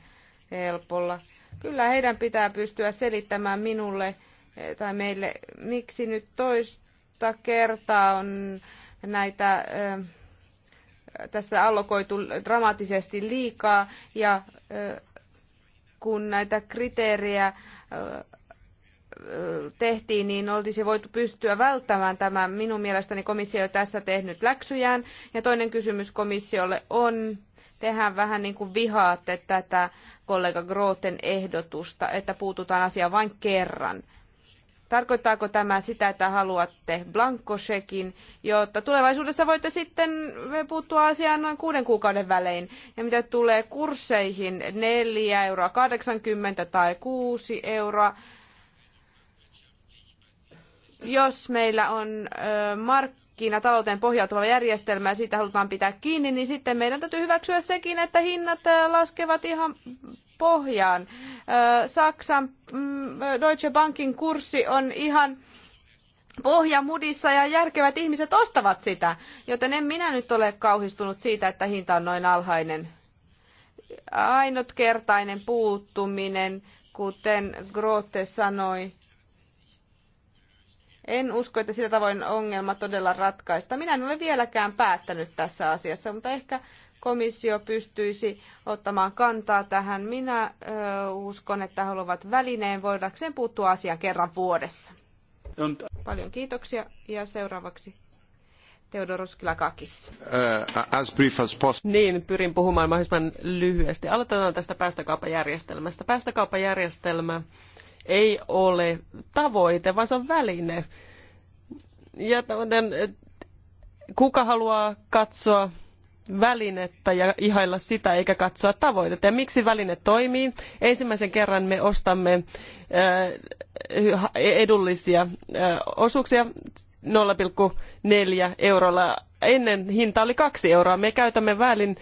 helpolla Kyllä heidän pitää pystyä selittämään minulle eh, tai meille, miksi nyt toista kertaa on näitä eh, tässä allokoitu dramaattisesti liikaa ja eh, kun näitä kriteerejä tehtiin, niin olisi voitu pystyä välttämään tämä. Minun mielestäni komissio on tässä tehnyt läksyjään. Ja toinen kysymys komissiolle on, tehän vähän niin kuin vihaatte tätä kollega Grooten ehdotusta, että puututaan asiaan vain kerran. Tarkoittaako tämä sitä, että haluatte blankkosekin, jotta tulevaisuudessa voitte sitten puuttua asiaan noin kuuden kuukauden välein? Ja mitä tulee kursseihin, 4 euroa 80 tai 6 euroa. Jos meillä on mark- talouteen pohjautuva järjestelmä ja siitä halutaan pitää kiinni, niin sitten meidän täytyy hyväksyä sekin, että hinnat äh, laskevat ihan pohjaan. Äh, Saksan mm, äh, Deutsche Bankin kurssi on ihan pohja mudissa ja järkevät ihmiset ostavat sitä, joten en minä nyt ole kauhistunut siitä, että hinta on noin alhainen. Ainutkertainen puuttuminen, kuten Grote sanoi, en usko, että sillä tavoin ongelma todella ratkaista. Minä en ole vieläkään päättänyt tässä asiassa, mutta ehkä komissio pystyisi ottamaan kantaa tähän. Minä ö, uskon, että he ovat välineen voidakseen puuttua asiaan kerran vuodessa. Paljon kiitoksia ja seuraavaksi Kilakakis.
Uh, as brief as possible. Niin, pyrin puhumaan mahdollisimman lyhyesti. Aloitetaan tästä päästökauppajärjestelmästä. Päästökauppajärjestelmä ei ole tavoite, vaan se on väline. Ja kuka haluaa katsoa välinettä ja ihailla sitä eikä katsoa tavoitetta. Ja miksi väline toimii? Ensimmäisen kerran me ostamme äh, edullisia äh, osuuksia 0,4 eurolla. Ennen hinta oli 2 euroa. Me käytämme välin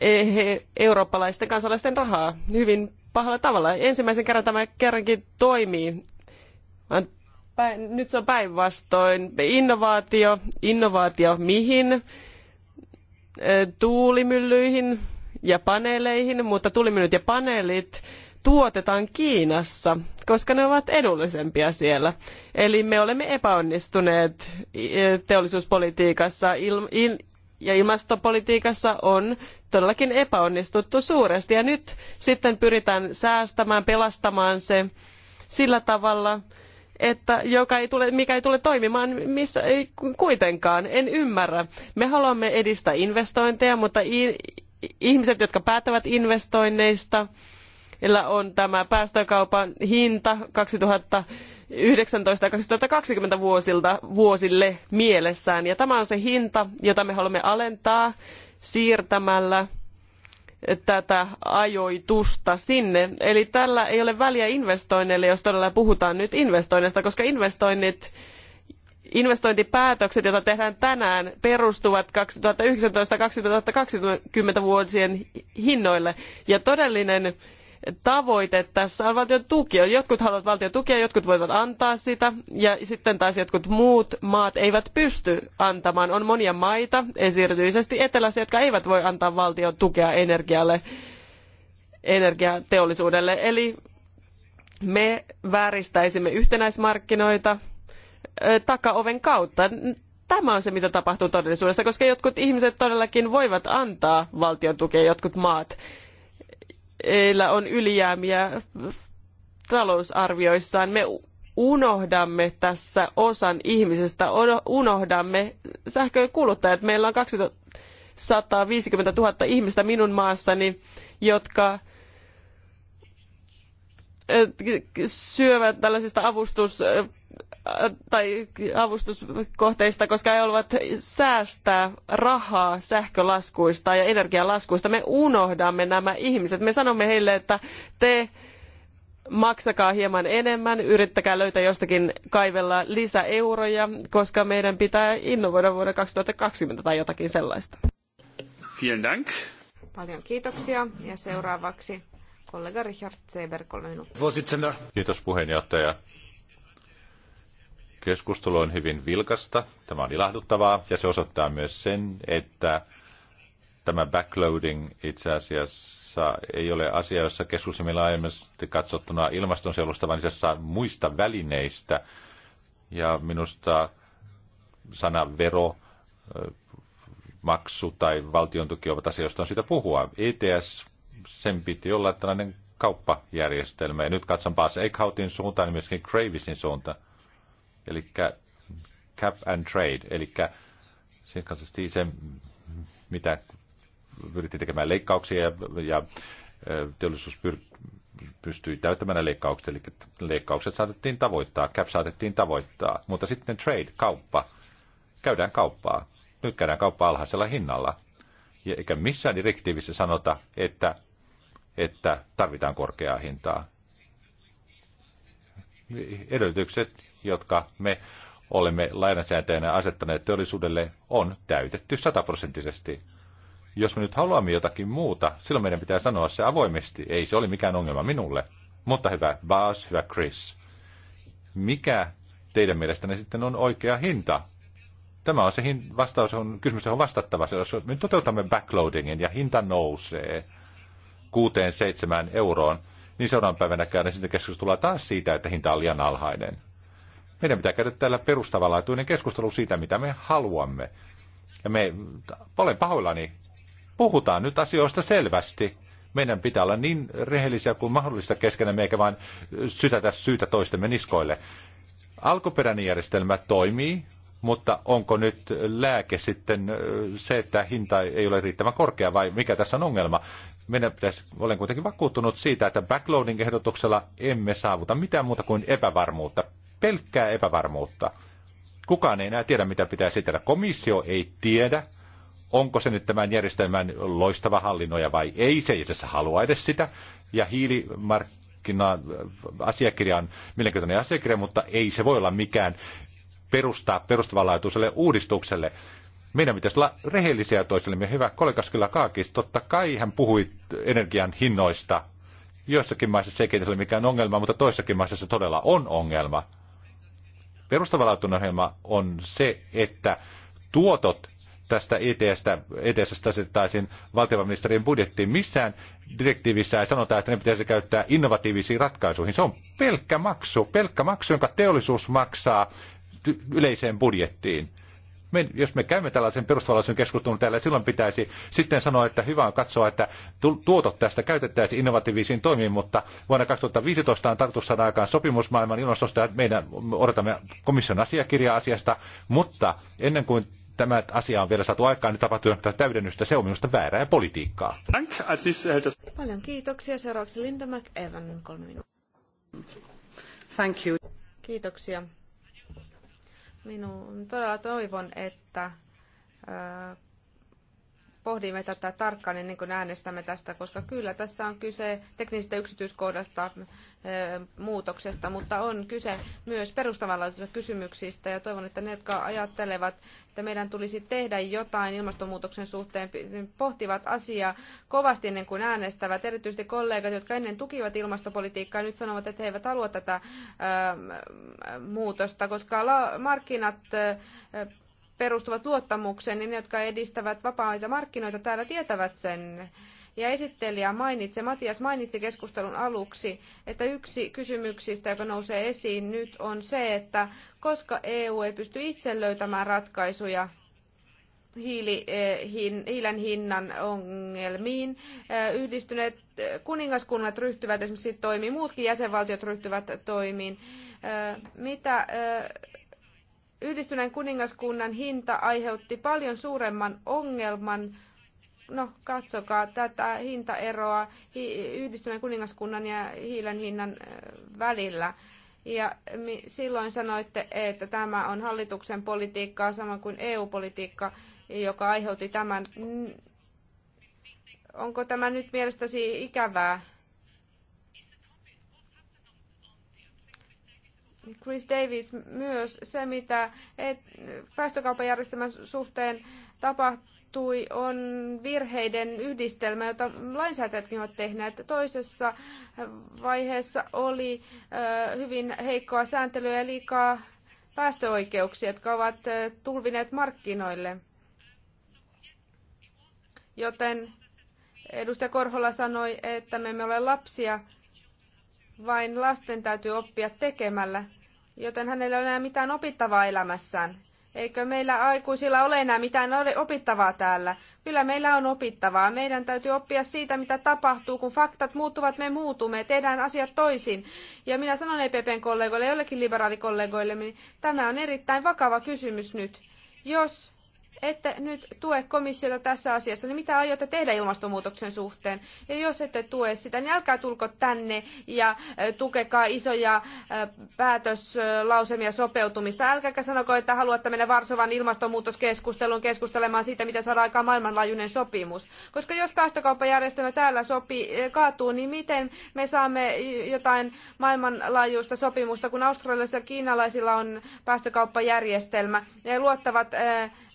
eh, eurooppalaisten kansalaisten rahaa hyvin pahalla tavalla. Ensimmäisen kerran tämä kerrankin toimii. Nyt se on päinvastoin. Innovaatio, innovaatio mihin? Tuulimyllyihin ja paneeleihin, mutta tuulimyllyt ja paneelit tuotetaan Kiinassa, koska ne ovat edullisempia siellä. Eli me olemme epäonnistuneet teollisuuspolitiikassa ja ilmastopolitiikassa on todellakin epäonnistuttu suuresti. Ja nyt sitten pyritään säästämään, pelastamaan se sillä tavalla, että joka ei tule, mikä ei tule toimimaan missä ei kuitenkaan. En ymmärrä. Me haluamme edistää investointeja, mutta ihmiset, jotka päättävät investoinneista, on tämä päästökaupan hinta 2000 19 2020 vuosilta, vuosille mielessään. Ja tämä on se hinta, jota me haluamme alentaa siirtämällä tätä ajoitusta sinne. Eli tällä ei ole väliä investoinneille, jos todella puhutaan nyt investoinneista, koska investoinnit investointipäätökset, joita tehdään tänään, perustuvat 2019-2020 vuosien hinnoille. Ja todellinen tavoite tässä on valtion tuki. Jotkut haluavat valtion tukea, jotkut voivat antaa sitä ja sitten taas jotkut muut maat eivät pysty antamaan. On monia maita, erityisesti etelässä, jotka eivät voi antaa valtion tukea energialle, energiateollisuudelle. Eli me vääristäisimme yhtenäismarkkinoita takaoven kautta. Tämä on se, mitä tapahtuu todellisuudessa, koska jotkut ihmiset todellakin voivat antaa valtion tukea, jotkut maat on ylijäämiä talousarvioissaan. Me unohdamme tässä osan ihmisestä, unohdamme sähköön kuluttajat. Meillä on 250 000 ihmistä minun maassani, jotka syövät tällaisista avustus tai avustuskohteista, koska he haluavat säästää rahaa sähkölaskuista ja energialaskuista. Me unohdamme nämä ihmiset. Me sanomme heille, että te maksakaa hieman enemmän, yrittäkää löytää jostakin kaivella lisäeuroja, koska meidän pitää innovoida vuonna 2020 tai jotakin sellaista. Vielen dank. Paljon
kiitoksia ja seuraavaksi kollega Richard Seber, kolme minuuttia.
Kiitos puheenjohtaja. Keskustelu on hyvin vilkasta, tämä on ilahduttavaa ja se osoittaa myös sen, että tämä backloading itse asiassa ei ole asia, jossa keskustelimme laajemmasti katsottuna ilmastonsuojelusta, vaan itse asiassa muista välineistä. Ja minusta sana vero, maksu tai valtion tuki ovat asioista on syytä puhua. ETS, sen piti olla tällainen kauppajärjestelmä. Ja nyt katson taas Eckhoutin suuntaan ja myöskin Gravisin suuntaan eli cap and trade, eli siinä katsottiin se, mitä pyrittiin tekemään leikkauksia ja, ja teollisuus pyr, pystyi täyttämään ne leikkaukset, eli leikkaukset saatettiin tavoittaa, cap saatettiin tavoittaa, mutta sitten trade, kauppa, käydään kauppaa. Nyt käydään kauppaa alhaisella hinnalla. Ja eikä missään direktiivissä sanota, että, että tarvitaan korkeaa hintaa. Edellytykset jotka me olemme lainansäätäjänä asettaneet teollisuudelle, on täytetty sataprosenttisesti. Jos me nyt haluamme jotakin muuta, silloin meidän pitää sanoa se avoimesti. Ei se oli mikään ongelma minulle. Mutta hyvä Baas, hyvä Chris, mikä teidän mielestänne sitten on oikea hinta? Tämä on se hin- vastaus, on, kysymys on vastattava. Se, jos me toteutamme backloadingin ja hinta nousee 6-7 euroon, niin seuraavan päivänä käydään sitten keskustellaan taas siitä, että hinta on liian alhainen. Meidän pitää käydä täällä perustavanlaatuinen keskustelu siitä, mitä me haluamme. Ja me, olen pahoillani, puhutaan nyt asioista selvästi. Meidän pitää olla niin rehellisiä kuin mahdollista keskenämme, eikä vain sytätä syytä toistemme niskoille. Alkuperäinen järjestelmä toimii, mutta onko nyt lääke sitten se, että hinta ei ole riittävän korkea vai mikä tässä on ongelma? Meidän pitäisi, olen kuitenkin vakuuttunut siitä, että backloading-ehdotuksella emme saavuta mitään muuta kuin epävarmuutta pelkkää epävarmuutta. Kukaan ei enää tiedä, mitä pitää esitellä. Komissio ei tiedä, onko se nyt tämän järjestelmän loistava hallinnoja vai ei. Se ei edes halua edes sitä. Ja hiilimarkkinan asiakirja on mielenkiintoinen asiakirja, mutta ei se voi olla mikään perustaa perustavanlaatuiselle uudistukselle. Meidän pitäisi olla rehellisiä toisillemme. Hyvä kollegas kyllä Kaakis, totta kai hän puhui energian hinnoista. Joissakin maissa se ei ole mikään ongelma, mutta toissakin maissa se todella on ongelma. Perustavanlaatuinen ohjelma on se, että tuotot tästä ETS-stä, ets asettaisiin valtiovarainministeriön budjettiin. Missään direktiivissä ei sanota, että ne pitäisi käyttää innovatiivisiin ratkaisuihin. Se on pelkkä maksu, pelkkä maksu, jonka teollisuus maksaa yleiseen budjettiin me, jos me käymme tällaisen perustavallisen keskustelun täällä, silloin pitäisi sitten sanoa, että hyvä on katsoa, että tuotot tästä käytettäisiin innovatiivisiin toimiin, mutta vuonna 2015 on tarkoitus saada aikaan sopimusmaailman ilmastosta ja meidän odotamme komission asiakirjaa asiasta, mutta ennen kuin tämä asia on vielä saatu aikaan, niin tapahtuu täydennystä. Se on minusta väärää politiikkaa. Äh,
Paljon kiitoksia. Seuraavaksi Linda McEvan, kolme minuuttia. Thank you. Kiitoksia Minun todella toivon, että pohdimme tätä tarkkaan ennen niin, niin kuin äänestämme tästä, koska kyllä tässä on kyse teknisestä yksityiskohdasta muutoksesta, mutta on kyse myös perustavanlaatuisista kysymyksistä ja toivon, että ne, jotka ajattelevat, että meidän tulisi tehdä jotain ilmastonmuutoksen suhteen, niin pohtivat asiaa kovasti ennen kuin äänestävät. Erityisesti kollegat, jotka ennen tukivat ilmastopolitiikkaa, nyt sanovat, että he eivät halua tätä muutosta, koska markkinat perustuvat luottamukseen, ja niin ne, jotka edistävät vapaita markkinoita täällä, tietävät sen. Ja esittelijä mainitsi, Matias mainitsi keskustelun aluksi, että yksi kysymyksistä, joka nousee esiin nyt, on se, että koska EU ei pysty itse löytämään ratkaisuja hiili, e, hin, hiilen hinnan ongelmiin. E, yhdistyneet kuningaskunnat ryhtyvät esimerkiksi toimiin, muutkin jäsenvaltiot ryhtyvät toimiin. E, mitä Yhdistyneen kuningaskunnan hinta aiheutti paljon suuremman ongelman. No, katsokaa tätä hintaeroa Yhdistyneen kuningaskunnan ja hiilen hinnan välillä. Ja silloin sanoitte, että tämä on hallituksen politiikkaa samoin kuin EU-politiikka, joka aiheutti tämän. Onko tämä nyt mielestäsi ikävää? Chris Davis myös se, mitä et, päästökauppajärjestelmän suhteen tapahtui, on virheiden yhdistelmä, jota lainsäätäjätkin ovat tehneet. Toisessa vaiheessa oli hyvin heikkoa sääntelyä ja liikaa päästöoikeuksia, jotka ovat tulvineet markkinoille. Joten edustaja Korhola sanoi, että me emme ole lapsia, vain lasten täytyy oppia tekemällä, joten hänellä ei ole enää mitään opittavaa elämässään. Eikö meillä aikuisilla ole enää mitään opittavaa täällä? Kyllä meillä on opittavaa. Meidän täytyy oppia siitä, mitä tapahtuu. Kun faktat muuttuvat, me muutumme. Tehdään asiat toisin. Ja minä sanon EPPn kollegoille, jollekin liberaalikollegoille, niin tämä on erittäin vakava kysymys nyt. Jos ette nyt tue komissiota tässä asiassa, niin mitä aiotte tehdä ilmastonmuutoksen suhteen? Ja jos ette tue sitä, niin älkää tulko tänne ja tukekaa isoja päätöslausemia sopeutumista. Älkääkä sanoko, että haluatte mennä Varsovan ilmastonmuutoskeskusteluun keskustelemaan siitä, mitä saadaan aikaan maailmanlaajuinen sopimus. Koska jos päästökauppajärjestelmä täällä sopii, kaatuu, niin miten me saamme jotain maailmanlaajuista sopimusta, kun australialaisilla ja kiinalaisilla on päästökauppajärjestelmä. ja luottavat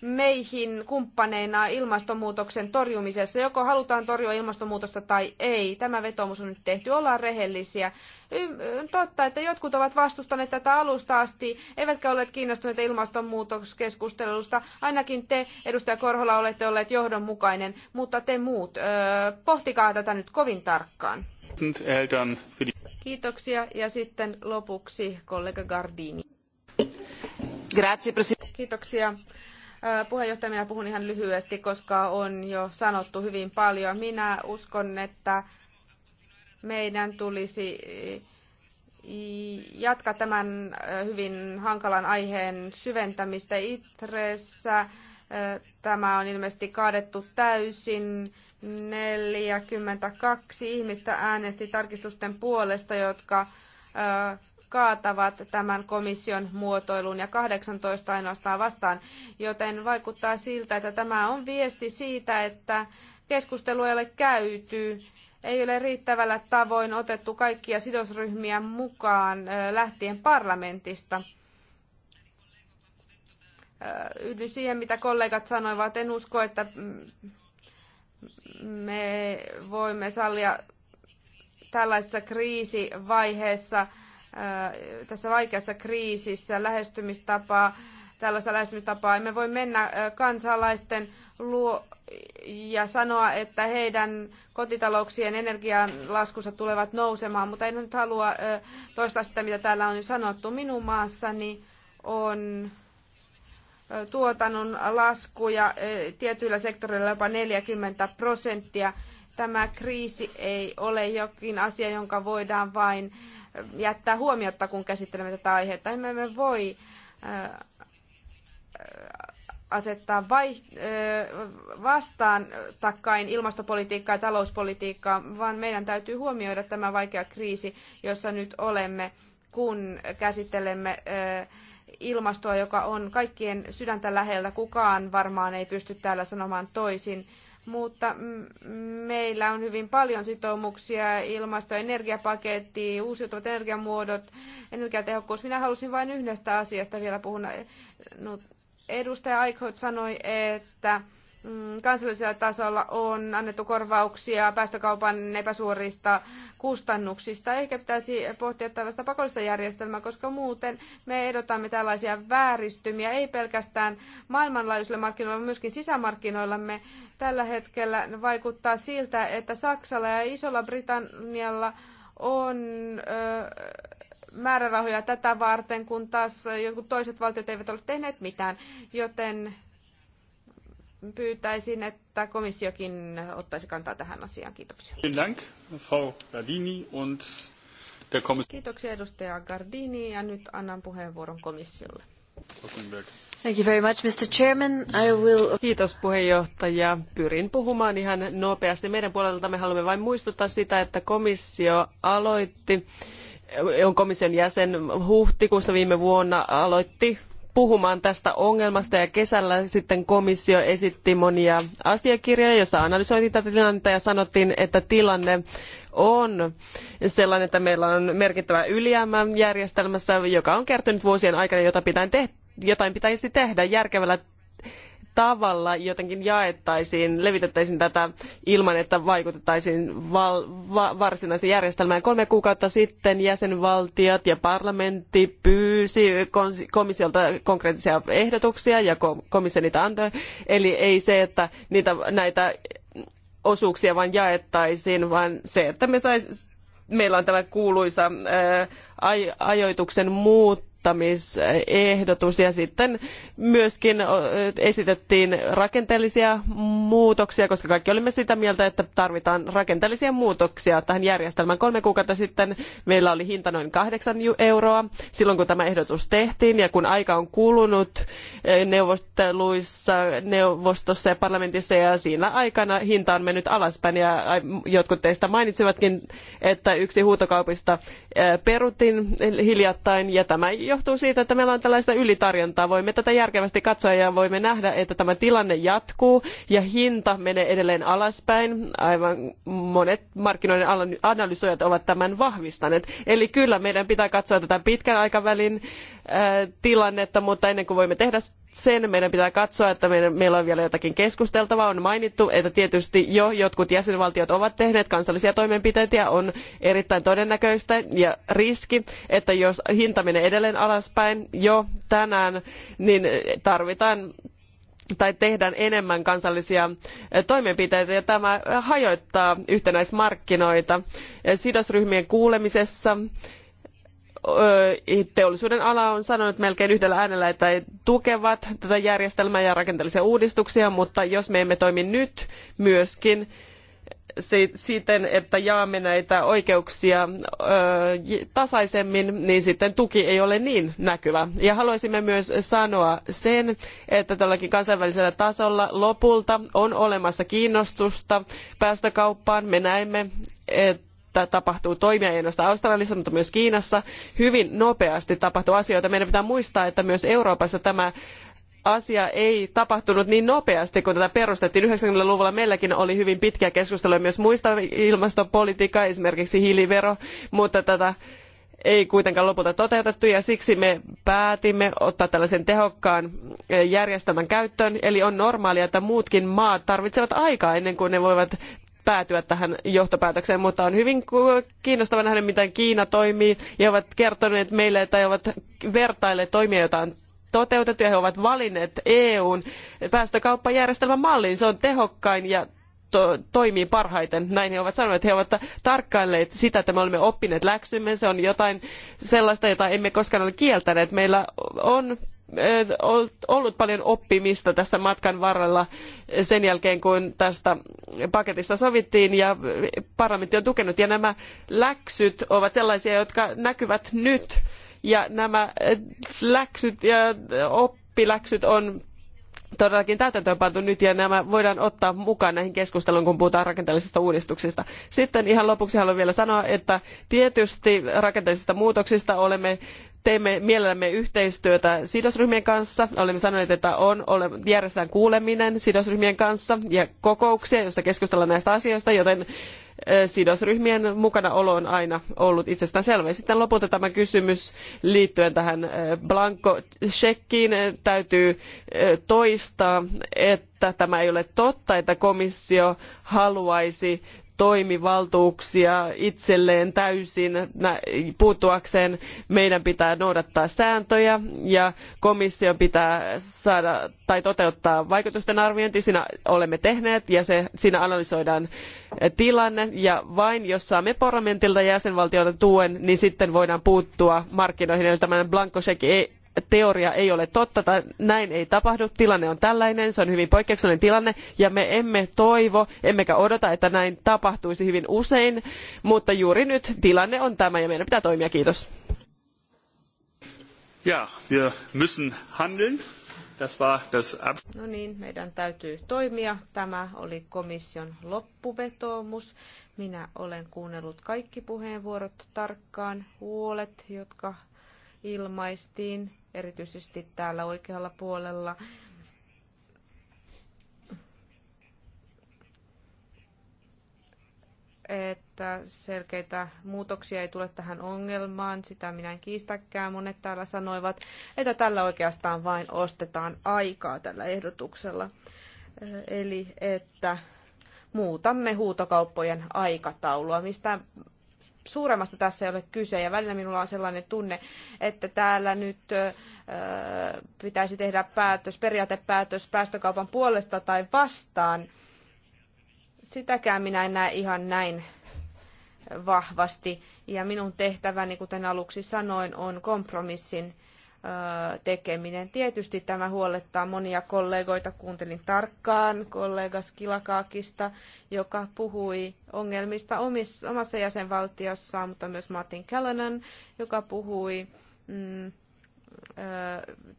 meihin meihin kumppaneina ilmastonmuutoksen torjumisessa. Joko halutaan torjua ilmastonmuutosta tai ei. Tämä vetomus on nyt tehty. Ollaan rehellisiä. On totta, että jotkut ovat vastustaneet tätä alusta asti, eivätkä olleet kiinnostuneita ilmastonmuutoskeskustelusta. Ainakin te, edustaja Korhola, olette olleet johdonmukainen, mutta te muut, ö, pohtikaa tätä nyt kovin tarkkaan. Kiitoksia ja sitten lopuksi kollega Gardini. Kiitoksia Puheenjohtaja, puhun ihan lyhyesti, koska on jo sanottu hyvin paljon. Minä uskon, että meidän tulisi jatkaa tämän hyvin hankalan aiheen syventämistä Itressä. Tämä on ilmeisesti kaadettu täysin. 42 ihmistä äänesti tarkistusten puolesta, jotka kaatavat tämän komission muotoilun ja 18 ainoastaan vastaan, joten vaikuttaa siltä, että tämä on viesti siitä, että keskustelu ei ole käyty, ei ole riittävällä tavoin otettu kaikkia sidosryhmiä mukaan lähtien parlamentista yhdyn siihen, mitä kollegat sanoivat. En usko, että me voimme sallia tällaisessa kriisivaiheessa tässä vaikeassa kriisissä lähestymistapaa, tällaista lähestymistapaa. Emme voi mennä kansalaisten luo ja sanoa, että heidän kotitalouksien energian laskussa tulevat nousemaan, mutta en nyt halua toistaa sitä, mitä täällä on jo sanottu. Minun maassani on tuotannon laskuja tietyillä sektoreilla jopa 40 prosenttia. Tämä kriisi ei ole jokin asia, jonka voidaan vain eh, jättää huomiotta, kun käsittelemme tätä aihetta. Emme me voi eh, eh, asettaa vai, vastaan takkain ilmastopolitiikkaa ja talouspolitiikkaa, vaan meidän täytyy huomioida tämä vaikea kriisi, jossa nyt olemme, kun käsittelemme ilmastoa, joka on kaikkien sydäntä lähellä. Kukaan varmaan ei pysty täällä sanomaan toisin mutta meillä on hyvin paljon sitoumuksia, ilmasto- ja energiapaketti, uusiutuvat energiamuodot, energiatehokkuus. Minä halusin vain yhdestä asiasta vielä puhua. Edustaja Aikot sanoi, että Mm, kansallisella tasolla on annettu korvauksia päästökaupan epäsuorista kustannuksista, Ehkä pitäisi pohtia tällaista pakollista järjestelmää, koska muuten me ehdotamme tällaisia vääristymiä, ei pelkästään maailmanlaajuisille markkinoille, vaan myöskin sisämarkkinoillamme. Tällä hetkellä vaikuttaa siltä, että Saksalla ja Isolla Britannialla on määrärahoja tätä varten, kun taas jotkut toiset valtiot eivät ole tehneet mitään, joten pyytäisin, että komissiokin ottaisi kantaa tähän asiaan. Kiitoksia. Kiitoksia edustaja Gardini ja nyt annan puheenvuoron komissiolle.
Thank you very much, Mr. Chairman.
I will... Kiitos puheenjohtaja. Pyrin puhumaan ihan nopeasti. Meidän puolelta me haluamme vain muistuttaa sitä, että komissio aloitti on komission jäsen huhtikuussa viime vuonna aloitti puhumaan tästä ongelmasta ja kesällä sitten komissio esitti monia asiakirjoja, joissa analysoitiin tätä tilannetta ja sanottiin, että tilanne on sellainen, että meillä on merkittävä ylijäämä järjestelmässä, joka on kertynyt vuosien aikana, jota pitää te- jotain pitäisi tehdä järkevällä tavalla jotenkin jaettaisiin, levitettäisiin tätä ilman, että vaikutettaisiin val, va, varsinaiseen järjestelmään. Kolme kuukautta sitten jäsenvaltiot ja parlamentti pyysi komissiolta konkreettisia ehdotuksia ja komissio niitä antoi. Eli ei se, että niitä, näitä osuuksia vain jaettaisiin, vaan se, että me sais, meillä on tämä kuuluisa ää, ajoituksen muut muuttamisehdotus ja sitten myöskin esitettiin rakenteellisia muutoksia, koska kaikki olimme sitä mieltä, että tarvitaan rakenteellisia muutoksia tähän järjestelmään. Kolme kuukautta sitten meillä oli hinta noin kahdeksan euroa silloin kun tämä ehdotus tehtiin ja kun aika on kulunut neuvotteluissa, neuvostossa ja parlamentissa ja siinä aikana hinta on mennyt alaspäin ja jotkut teistä mainitsivatkin, että yksi huutokaupista peruttiin hiljattain ja tämä johtuu siitä, että meillä on tällaista ylitarjontaa. Voimme tätä järkevästi katsoa ja voimme nähdä, että tämä tilanne jatkuu ja hinta menee edelleen alaspäin. Aivan monet markkinoiden analysoijat ovat tämän vahvistaneet. Eli kyllä meidän pitää katsoa tätä pitkän aikavälin tilannetta, mutta ennen kuin voimme tehdä sen, meidän pitää katsoa, että meillä on vielä jotakin keskusteltavaa. On mainittu, että tietysti jo jotkut jäsenvaltiot ovat tehneet kansallisia toimenpiteitä ja on erittäin todennäköistä ja riski, että jos hinta menee edelleen alaspäin jo tänään, niin tarvitaan tai tehdään enemmän kansallisia toimenpiteitä ja tämä hajoittaa yhtenäismarkkinoita. Sidosryhmien kuulemisessa teollisuuden ala on sanonut melkein yhdellä äänellä, että he tukevat tätä järjestelmää ja rakenteellisia uudistuksia, mutta jos me emme toimi nyt myöskin siten, että jaamme näitä oikeuksia tasaisemmin, niin sitten tuki ei ole niin näkyvä. Ja haluaisimme myös sanoa sen, että tälläkin kansainvälisellä tasolla lopulta on olemassa kiinnostusta päästökauppaan. Me näemme, että tapahtuu toimia ei ainoastaan Australiassa, mutta myös Kiinassa. Hyvin nopeasti tapahtuu asioita. Meidän pitää muistaa, että myös Euroopassa tämä asia ei tapahtunut niin nopeasti, kun tätä perustettiin. 90-luvulla meilläkin oli hyvin pitkiä keskusteluja myös muista ilmastopolitiikkaa, esimerkiksi hiilivero, mutta tätä ei kuitenkaan lopulta toteutettu ja siksi me päätimme ottaa tällaisen tehokkaan eh, järjestelmän käyttöön. Eli on normaalia, että muutkin maat tarvitsevat aikaa ennen kuin ne voivat päätyä tähän johtopäätökseen, mutta on hyvin kiinnostava nähdä, miten Kiina toimii. Ja ovat kertoneet meille, että he ovat vertailleet toimia, joita on toteutettu ja he ovat valinneet EUn päästökauppajärjestelmän mallin. Se on tehokkain ja to, toimii parhaiten. Näin he ovat sanoneet. He ovat tarkkailleet sitä, että me olemme oppineet läksymme. Se on jotain sellaista, jota emme koskaan ole kieltäneet. Meillä on Eh, ollut paljon oppimista tässä matkan varrella sen jälkeen, kun tästä paketista sovittiin ja parlamentti on tukenut. Ja nämä läksyt ovat sellaisia, jotka näkyvät nyt. Ja nämä eh, läksyt ja eh, oppiläksyt on todellakin täytäntöönpantu nyt ja nämä voidaan ottaa mukaan näihin keskusteluun, kun puhutaan rakenteellisista uudistuksista. Sitten ihan lopuksi haluan vielä sanoa, että tietysti rakenteellisista muutoksista olemme teemme mielellämme yhteistyötä sidosryhmien kanssa. Olemme sanoneet, että on, ole, järjestetään kuuleminen sidosryhmien kanssa ja kokouksia, joissa keskustellaan näistä asioista, joten sidosryhmien mukanaolo on aina ollut itsestään selvä. Sitten lopulta tämä kysymys liittyen tähän blanko-shekkiin täytyy toistaa, että tämä ei ole totta, että komissio haluaisi toimivaltuuksia itselleen täysin puuttuakseen. Meidän pitää noudattaa sääntöjä ja komission pitää saada tai toteuttaa vaikutusten arviointi. Siinä olemme tehneet ja se, siinä analysoidaan tilanne ja vain jos saamme parlamentilta ja jäsenvaltioilta tuen, niin sitten voidaan puuttua markkinoihin. Eli tämmöinen blankosekki ei, teoria ei ole totta tai näin ei tapahdu. Tilanne on tällainen, se on hyvin poikkeuksellinen tilanne ja me emme toivo, emmekä odota, että näin tapahtuisi hyvin usein, mutta juuri nyt tilanne on tämä ja meidän pitää toimia. Kiitos.
Ja, wir müssen handeln. Das war das no niin,
meidän täytyy toimia. Tämä oli komission loppuvetoomus. Minä olen kuunnellut kaikki puheenvuorot tarkkaan, huolet, jotka ilmaistiin erityisesti täällä oikealla puolella. että selkeitä muutoksia ei tule tähän ongelmaan, sitä minä en kiistäkään. Monet täällä sanoivat, että tällä oikeastaan vain ostetaan aikaa tällä ehdotuksella. Eli että muutamme huutokauppojen aikataulua, mistä suuremmasta tässä ei ole kyse. Ja välillä minulla on sellainen tunne, että täällä nyt pitäisi tehdä päätös, periaatepäätös päästökaupan puolesta tai vastaan. Sitäkään minä en näe ihan näin vahvasti. Ja minun tehtäväni, kuten aluksi sanoin, on kompromissin tekeminen. Tietysti tämä huolettaa monia kollegoita. Kuuntelin tarkkaan kollega Skilakaakista, joka puhui ongelmista omissa, omassa jäsenvaltiossaan, mutta myös Martin Callanan, joka puhui mm,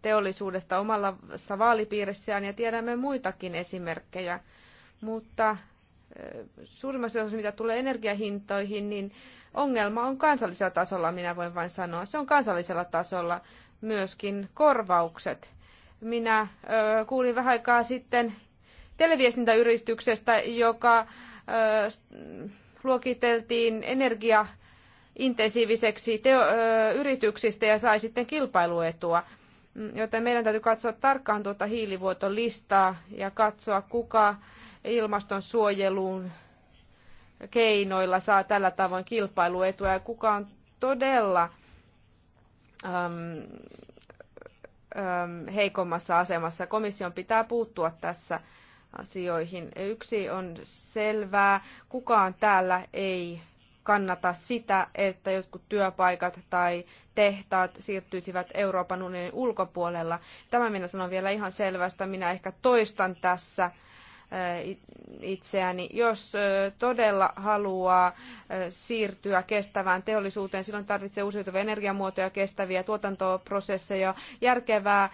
teollisuudesta omalla vaalipiirissään ja tiedämme muitakin esimerkkejä. Mutta suurimmassa osassa, mitä tulee energiahintoihin, niin ongelma on kansallisella tasolla, minä voin vain sanoa. Se on kansallisella tasolla myöskin korvaukset. Minä ö, kuulin vähän aikaa sitten televiestintäyrityksestä, joka ö, luokiteltiin energiaintensiiviseksi teo, ö, yrityksistä ja sai sitten kilpailuetua. Joten meidän täytyy katsoa tarkkaan tuota hiilivuotolistaa ja katsoa, kuka ilmastonsuojeluun keinoilla saa tällä tavoin kilpailuetua ja kuka on todella Ähm, ähm, heikommassa asemassa. Komission pitää puuttua tässä asioihin. Yksi on selvää, kukaan täällä ei kannata sitä, että jotkut työpaikat tai tehtaat siirtyisivät Euroopan unionin ulkopuolella. Tämä minä sanon vielä ihan selvästä. Minä ehkä toistan tässä Äh, itseäni. Jos äh, todella haluaa äh, siirtyä kestävään teollisuuteen, silloin tarvitsee uusiutuvia energiamuotoja, kestäviä tuotantoprosesseja, järkevää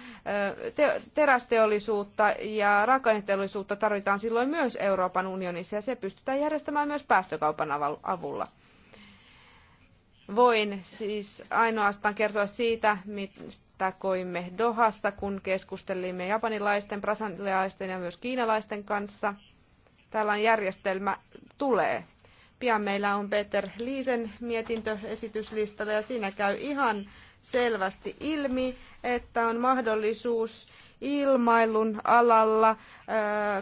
terästeollisuutta ja raaka-aineteollisuutta tarvitaan silloin myös Euroopan unionissa ja se pystytään järjestämään myös päästökaupan avulla. Voin siis ainoastaan kertoa siitä, mitä koimme Dohassa, kun keskustelimme japanilaisten, brasilialaisten ja myös kiinalaisten kanssa. Tällainen järjestelmä tulee. Pian meillä on Peter Liisen mietintö esityslistalla ja siinä käy ihan selvästi ilmi, että on mahdollisuus ilmailun alalla äh,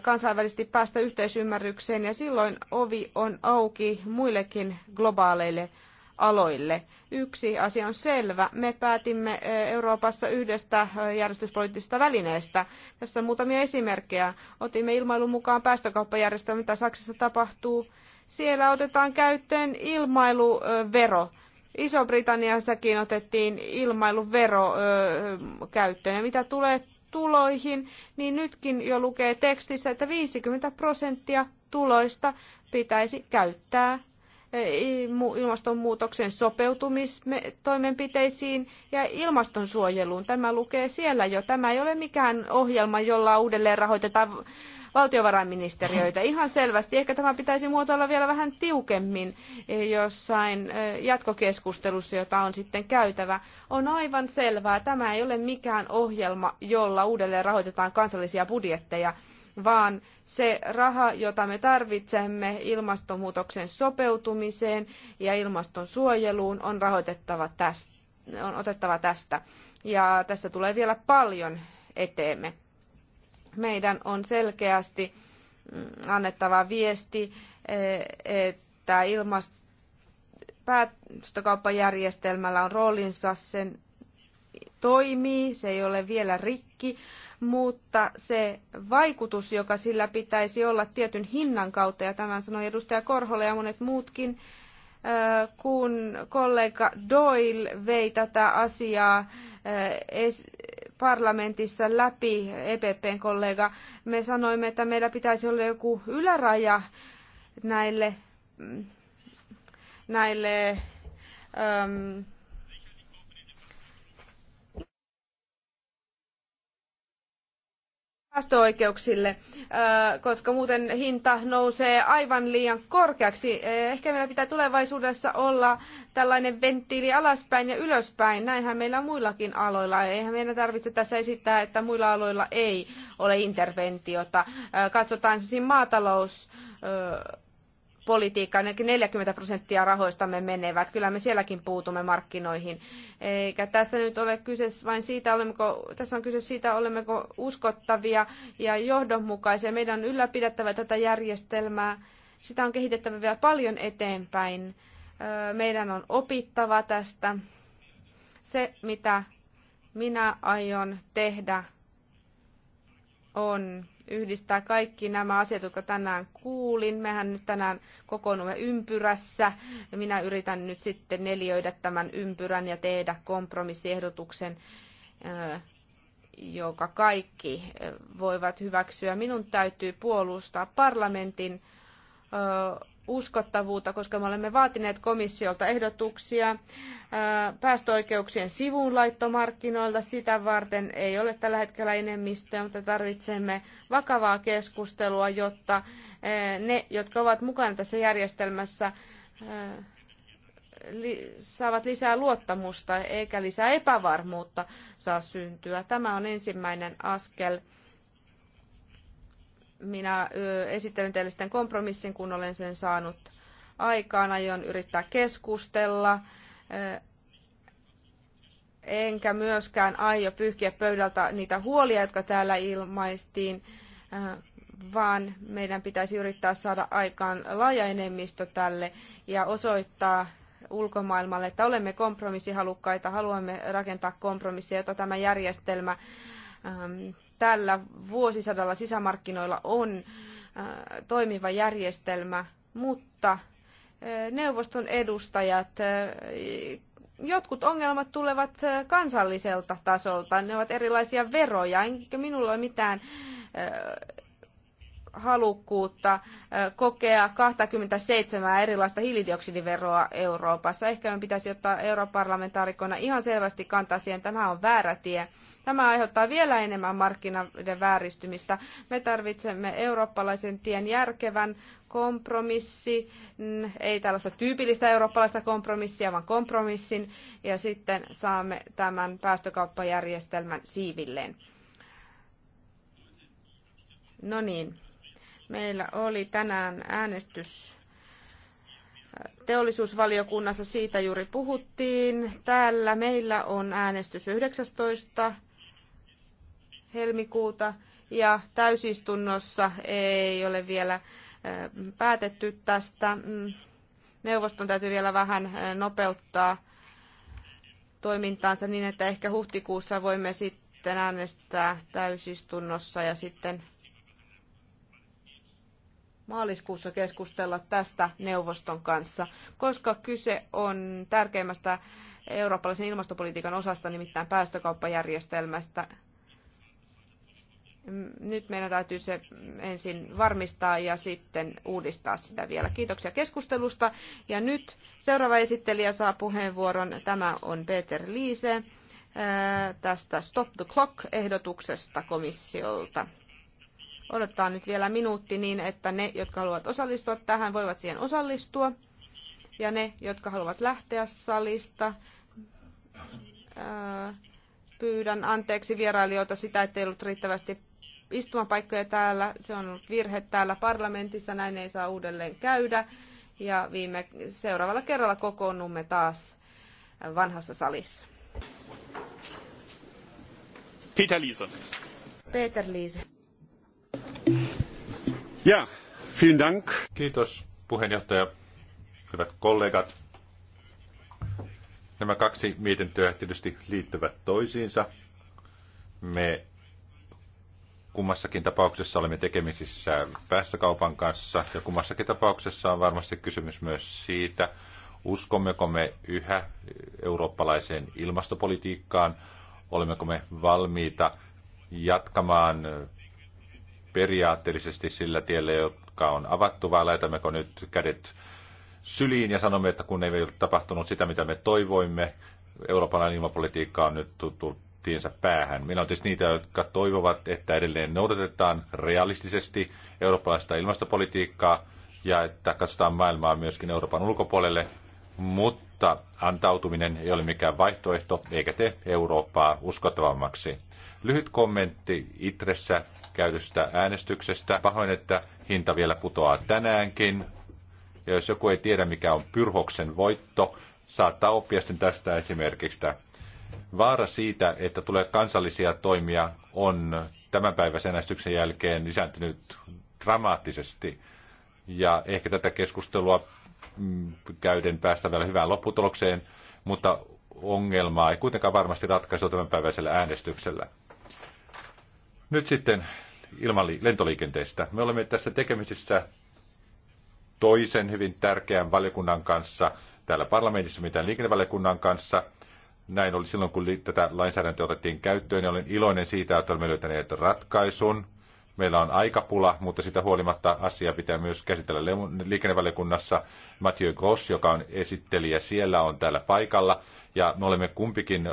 kansainvälisesti päästä yhteisymmärrykseen ja silloin ovi on auki muillekin globaaleille aloille. Yksi asia on selvä. Me päätimme eh, Euroopassa yhdestä eh, järjestyspoliittisesta välineestä. Tässä on muutamia esimerkkejä. Otimme ilmailun mukaan päästökauppajärjestelmä, mitä Saksassa tapahtuu. Siellä otetaan käyttöön ilmailuvero. Iso-Britanniassakin otettiin ilmailuvero eh, käyttöön. Ja mitä tulee tuloihin, niin nytkin jo lukee tekstissä, että 50 prosenttia tuloista pitäisi käyttää ilmastonmuutoksen sopeutumistoimenpiteisiin ja ilmastonsuojeluun. Tämä lukee siellä jo. Tämä ei ole mikään ohjelma, jolla uudelleen rahoitetaan valtiovarainministeriöitä. Ihan selvästi. Ehkä tämä pitäisi muotoilla vielä vähän tiukemmin eh, jossain eh, jatkokeskustelussa, jota on sitten käytävä. On aivan selvää, tämä ei ole mikään ohjelma, jolla uudelleen rahoitetaan kansallisia budjetteja vaan se raha, jota me tarvitsemme ilmastonmuutoksen sopeutumiseen ja ilmaston suojeluun, on rahoitettava tästä, on otettava tästä. Ja tässä tulee vielä paljon eteemme. Meidän on selkeästi mm, annettava viesti, e, että ilmast- päästökauppajärjestelmällä on roolinsa sen toimii, se ei ole vielä rikki, mutta se vaikutus, joka sillä pitäisi olla tietyn hinnan kautta, ja tämän sanoi edustaja Korhola ja monet muutkin, äh, kun kollega Doyle vei tätä asiaa äh, parlamentissa läpi, EPPn kollega, me sanoimme, että meillä pitäisi olla joku yläraja näille, mm, näille ähm, päästöoikeuksille, äh, koska muuten hinta nousee aivan liian korkeaksi. Äh, ehkä meillä pitää tulevaisuudessa olla tällainen venttiili alaspäin ja ylöspäin. Näinhän meillä on muillakin aloilla. Eihän meidän tarvitse tässä esittää, että muilla aloilla ei ole interventiota. Äh, katsotaan siis maatalous politiikkaan, 40 prosenttia rahoistamme menevät. Kyllä me sielläkin puutumme markkinoihin. Eikä tässä nyt ole kyse vain siitä, olemmeko, tässä on kyse siitä, olemmeko uskottavia ja johdonmukaisia. Meidän on ylläpidettävä tätä järjestelmää. Sitä on kehitettävä vielä paljon eteenpäin. Meidän on opittava tästä. Se, mitä minä aion tehdä, on yhdistää kaikki nämä asiat, jotka tänään kuulin. Mehän nyt tänään kokoonnumme ympyrässä ja minä yritän nyt sitten neljöidä tämän ympyrän ja tehdä kompromissiehdotuksen, äh, joka kaikki äh, voivat hyväksyä. Minun täytyy puolustaa parlamentin äh, uskottavuutta, koska me olemme vaatineet komissiolta ehdotuksia päästöoikeuksien sivuun laittomarkkinoilta. Sitä varten ei ole tällä hetkellä enemmistöä, mutta tarvitsemme vakavaa keskustelua, jotta ne, jotka ovat mukana tässä järjestelmässä, saavat lisää luottamusta eikä lisää epävarmuutta saa syntyä. Tämä on ensimmäinen askel minä esittelen teille sitten kompromissin, kun olen sen saanut aikaan. Aion yrittää keskustella. Enkä myöskään aio pyyhkiä pöydältä niitä huolia, jotka täällä ilmaistiin, vaan meidän pitäisi yrittää saada aikaan laaja enemmistö tälle ja osoittaa ulkomaailmalle, että olemme kompromissihalukkaita, haluamme rakentaa kompromissia, jota tämä järjestelmä tällä vuosisadalla sisämarkkinoilla on äh, toimiva järjestelmä, mutta äh, neuvoston edustajat, äh, jotkut ongelmat tulevat kansalliselta tasolta, ne ovat erilaisia veroja, enkä minulla ole mitään halukkuutta kokea 27 erilaista hiilidioksidiveroa Euroopassa. Ehkä me pitäisi ottaa europarlamentaarikkoina ihan selvästi kantaa siihen, että tämä on väärä tie. Tämä aiheuttaa vielä enemmän markkinoiden vääristymistä. Me tarvitsemme eurooppalaisen tien järkevän kompromissi, mm, ei tällaista tyypillistä eurooppalaista kompromissia, vaan kompromissin, ja sitten saamme tämän päästökauppajärjestelmän siivilleen. No niin, Meillä oli tänään äänestys äh, teollisuusvaliokunnassa, siitä juuri puhuttiin. Täällä meillä on äänestys 19. helmikuuta ja täysistunnossa ei ole vielä äh, päätetty tästä. Mm, neuvoston täytyy vielä vähän äh, nopeuttaa toimintaansa niin, että ehkä huhtikuussa voimme sitten äänestää täysistunnossa ja sitten maaliskuussa keskustella tästä neuvoston kanssa, koska kyse on tärkeimmästä eurooppalaisen ilmastopolitiikan osasta, nimittäin päästökauppajärjestelmästä. Nyt meidän täytyy se ensin varmistaa ja sitten uudistaa sitä vielä. Kiitoksia keskustelusta. Ja nyt seuraava esittelijä saa puheenvuoron. Tämä on Peter Liise tästä Stop the Clock-ehdotuksesta komissiolta odottaa nyt vielä minuutti niin, että ne, jotka haluavat osallistua tähän, voivat siihen osallistua. Ja ne, jotka haluavat lähteä salista, pyydän anteeksi vierailijoita sitä, että ei ollut riittävästi istumapaikkoja täällä. Se on ollut virhe täällä parlamentissa, näin ei saa uudelleen käydä. Ja viime, seuraavalla kerralla kokoonnumme taas vanhassa salissa. Peter Liese. Peter Liese.
Ja, vielen Dank. Kiitos puheenjohtaja. Hyvät kollegat. Nämä kaksi mietintöä tietysti liittyvät toisiinsa. Me kummassakin tapauksessa olemme tekemisissä päästökaupan kanssa ja kummassakin tapauksessa on varmasti kysymys myös siitä, uskommeko me yhä eurooppalaiseen ilmastopolitiikkaan, olemmeko me valmiita jatkamaan periaatteellisesti sillä tiellä, joka on avattu, vai laitammeko nyt kädet syliin ja sanomme, että kun ei ole tapahtunut sitä, mitä me toivoimme, eurooppalainen ilmapolitiikka on nyt tullut tiensä päähän. Meillä on tietysti niitä, jotka toivovat, että edelleen noudatetaan realistisesti eurooppalaista ilmastopolitiikkaa ja että katsotaan maailmaa myöskin Euroopan ulkopuolelle, mutta antautuminen ei ole mikään vaihtoehto eikä tee Eurooppaa uskottavammaksi. Lyhyt kommentti Itressä käydystä äänestyksestä. Pahoin, että hinta vielä putoaa tänäänkin. Ja jos joku ei tiedä, mikä on pyrhoksen voitto, saattaa oppia sen tästä esimerkiksi. Vaara siitä, että tulee kansallisia toimia, on tämän päivän äänestyksen jälkeen lisääntynyt dramaattisesti. Ja ehkä tätä keskustelua mm, käyden päästä vielä hyvään lopputulokseen, mutta ongelmaa ei kuitenkaan varmasti ratkaisu päiväisellä äänestyksellä. Nyt sitten ilman lentoliikenteestä. Me olemme tässä tekemisissä toisen hyvin tärkeän valiokunnan kanssa täällä parlamentissa, mitä liikennevaliokunnan kanssa. Näin oli silloin, kun tätä lainsäädäntöä otettiin käyttöön, ja olen iloinen siitä, että olemme löytäneet ratkaisun. Meillä on aikapula, mutta sitä huolimatta asiaa pitää myös käsitellä liikennevaliokunnassa. Mathieu Gross, joka on esittelijä siellä, on täällä paikalla. Ja me olemme kumpikin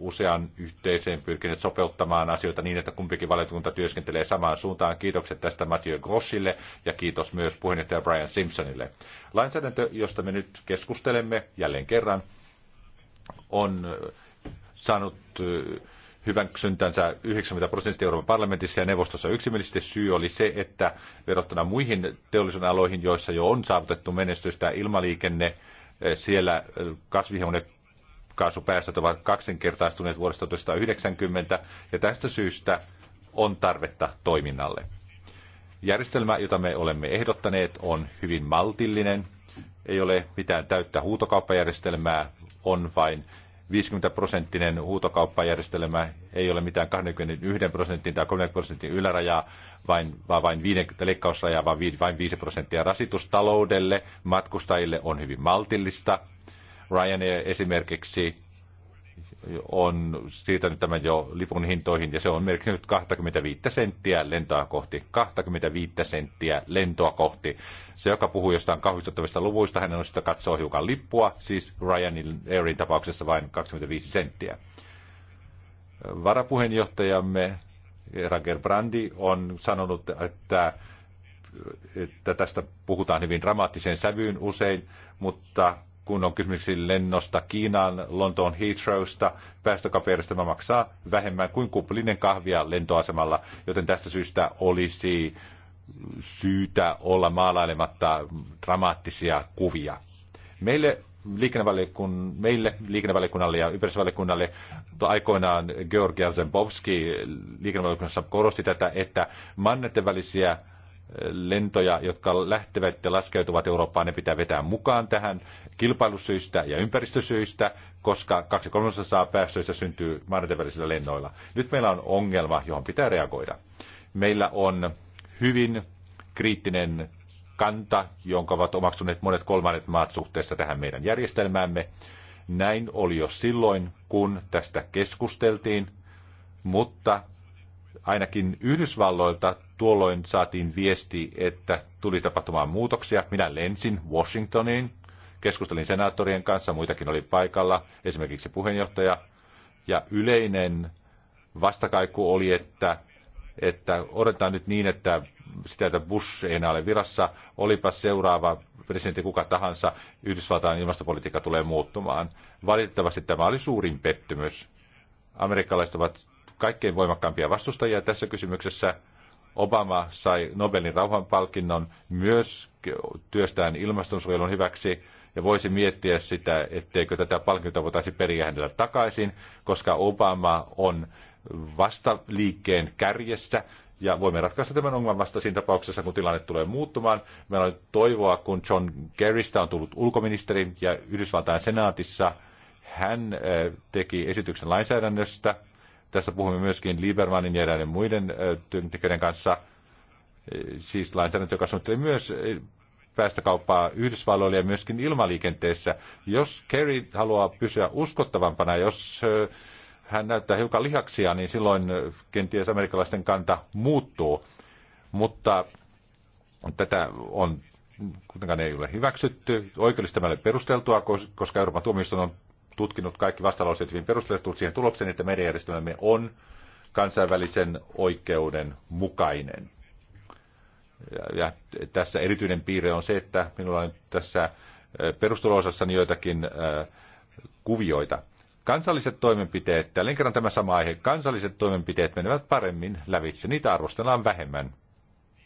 usean yhteiseen pyrkineet sopeuttamaan asioita niin, että kumpikin valiokunta työskentelee samaan suuntaan. Kiitokset tästä Mathieu Grossille ja kiitos myös puheenjohtaja Brian Simpsonille. Lainsäädäntö, josta me nyt keskustelemme jälleen kerran, on äh, saanut äh, hyväksyntänsä 90 prosenttia Euroopan parlamentissa ja neuvostossa yksimielisesti syy oli se, että verrattuna muihin teollisuuden aloihin, joissa jo on saavutettu menestystä ilmaliikenne, äh, siellä kasvihuone kasvihuonekaasupäästöt ovat kaksinkertaistuneet vuodesta 1990 ja tästä syystä on tarvetta toiminnalle. Järjestelmä, jota me olemme ehdottaneet, on hyvin maltillinen. Ei ole mitään täyttä huutokauppajärjestelmää, on vain 50-prosenttinen huutokauppajärjestelmä, ei ole mitään 21 prosentin tai 30 prosentin ylärajaa, vain, vaan vain 50 leikkausrajaa, vaan vain 5 prosenttia rasitustaloudelle, matkustajille on hyvin maltillista. Ryanair esimerkiksi on siirtänyt tämän jo lipun hintoihin ja se on merkinnyt 25 senttiä lentoa kohti. 25 senttiä lentoa kohti. Se, joka puhuu jostain kahvistuttavista luvuista, hän on sitä katsoa hiukan lippua, siis Ryanairin tapauksessa vain 25 senttiä. Varapuheenjohtajamme Rager Brandi on sanonut, että että tästä puhutaan hyvin dramaattiseen sävyyn usein, mutta kun on kysymys lennosta Kiinaan, Lontoon Heathrowsta, päästökauppajärjestelmä maksaa vähemmän kuin kuplinen kahvia lentoasemalla, joten tästä syystä olisi syytä olla maalailematta dramaattisia kuvia. Meille liikennevalikun, meille liikennevaliokunnalle ja ympäristövaliokunnalle aikoinaan Georgia Zembowski liikennevaliokunnassa korosti tätä, että manneten välisiä lentoja, jotka lähtevät ja laskeutuvat Eurooppaan, ne pitää vetää mukaan tähän kilpailusyistä ja ympäristösyistä, koska kaksi saa päästöistä syntyy välisillä lennoilla. Nyt meillä on ongelma, johon pitää reagoida. Meillä on hyvin kriittinen kanta, jonka ovat omaksuneet monet kolmannet maat suhteessa tähän meidän järjestelmäämme. Näin oli jo silloin, kun tästä keskusteltiin, mutta ainakin Yhdysvalloilta tuolloin saatiin viesti, että tuli tapahtumaan muutoksia. Minä lensin Washingtoniin, keskustelin senaattorien kanssa, muitakin oli paikalla, esimerkiksi puheenjohtaja. Ja yleinen vastakaiku oli, että, että odotetaan nyt niin, että sitä, että Bush ei enää ole virassa, olipa seuraava presidentti kuka tahansa, Yhdysvaltain ilmastopolitiikka tulee muuttumaan. Valitettavasti tämä oli suurin pettymys. Amerikkalaiset ovat kaikkein voimakkaampia vastustajia tässä kysymyksessä. Obama sai Nobelin rauhanpalkinnon myös työstään ilmastonsuojelun hyväksi ja voisi miettiä sitä, etteikö tätä palkintoa voitaisi periä hänellä takaisin, koska Obama on vasta liikkeen kärjessä ja voimme ratkaista tämän ongelman vasta siinä tapauksessa, kun tilanne tulee muuttumaan. Meillä on toivoa, kun John Kerrystä on tullut ulkoministeri ja Yhdysvaltain senaatissa hän eh, teki esityksen lainsäädännöstä, tässä puhumme myöskin Liebermanin ja eräiden muiden työntekijöiden kanssa, e, siis lainsäädäntö, joka suunnitteli myös e, päästökauppaa Yhdysvalloille ja myöskin ilmaliikenteessä. Jos Kerry haluaa pysyä uskottavampana, jos hän näyttää hiukan lihaksia, niin silloin kenties amerikkalaisten kanta muuttuu. Mutta tätä on kuitenkaan ei ole hyväksytty. Oikeudellisesti perusteltua, koska Euroopan tuomioistuin on tutkinut kaikki vastalauseet hyvin perusteellisesti, tullut siihen tulokseen, että meidän järjestelmämme on kansainvälisen oikeuden mukainen. Ja, ja tässä erityinen piirre on se, että minulla on tässä perustulo joitakin äh, kuvioita. Kansalliset toimenpiteet, jälleen kerran tämä sama aihe, kansalliset toimenpiteet menevät paremmin lävitse. Niitä arvostellaan vähemmän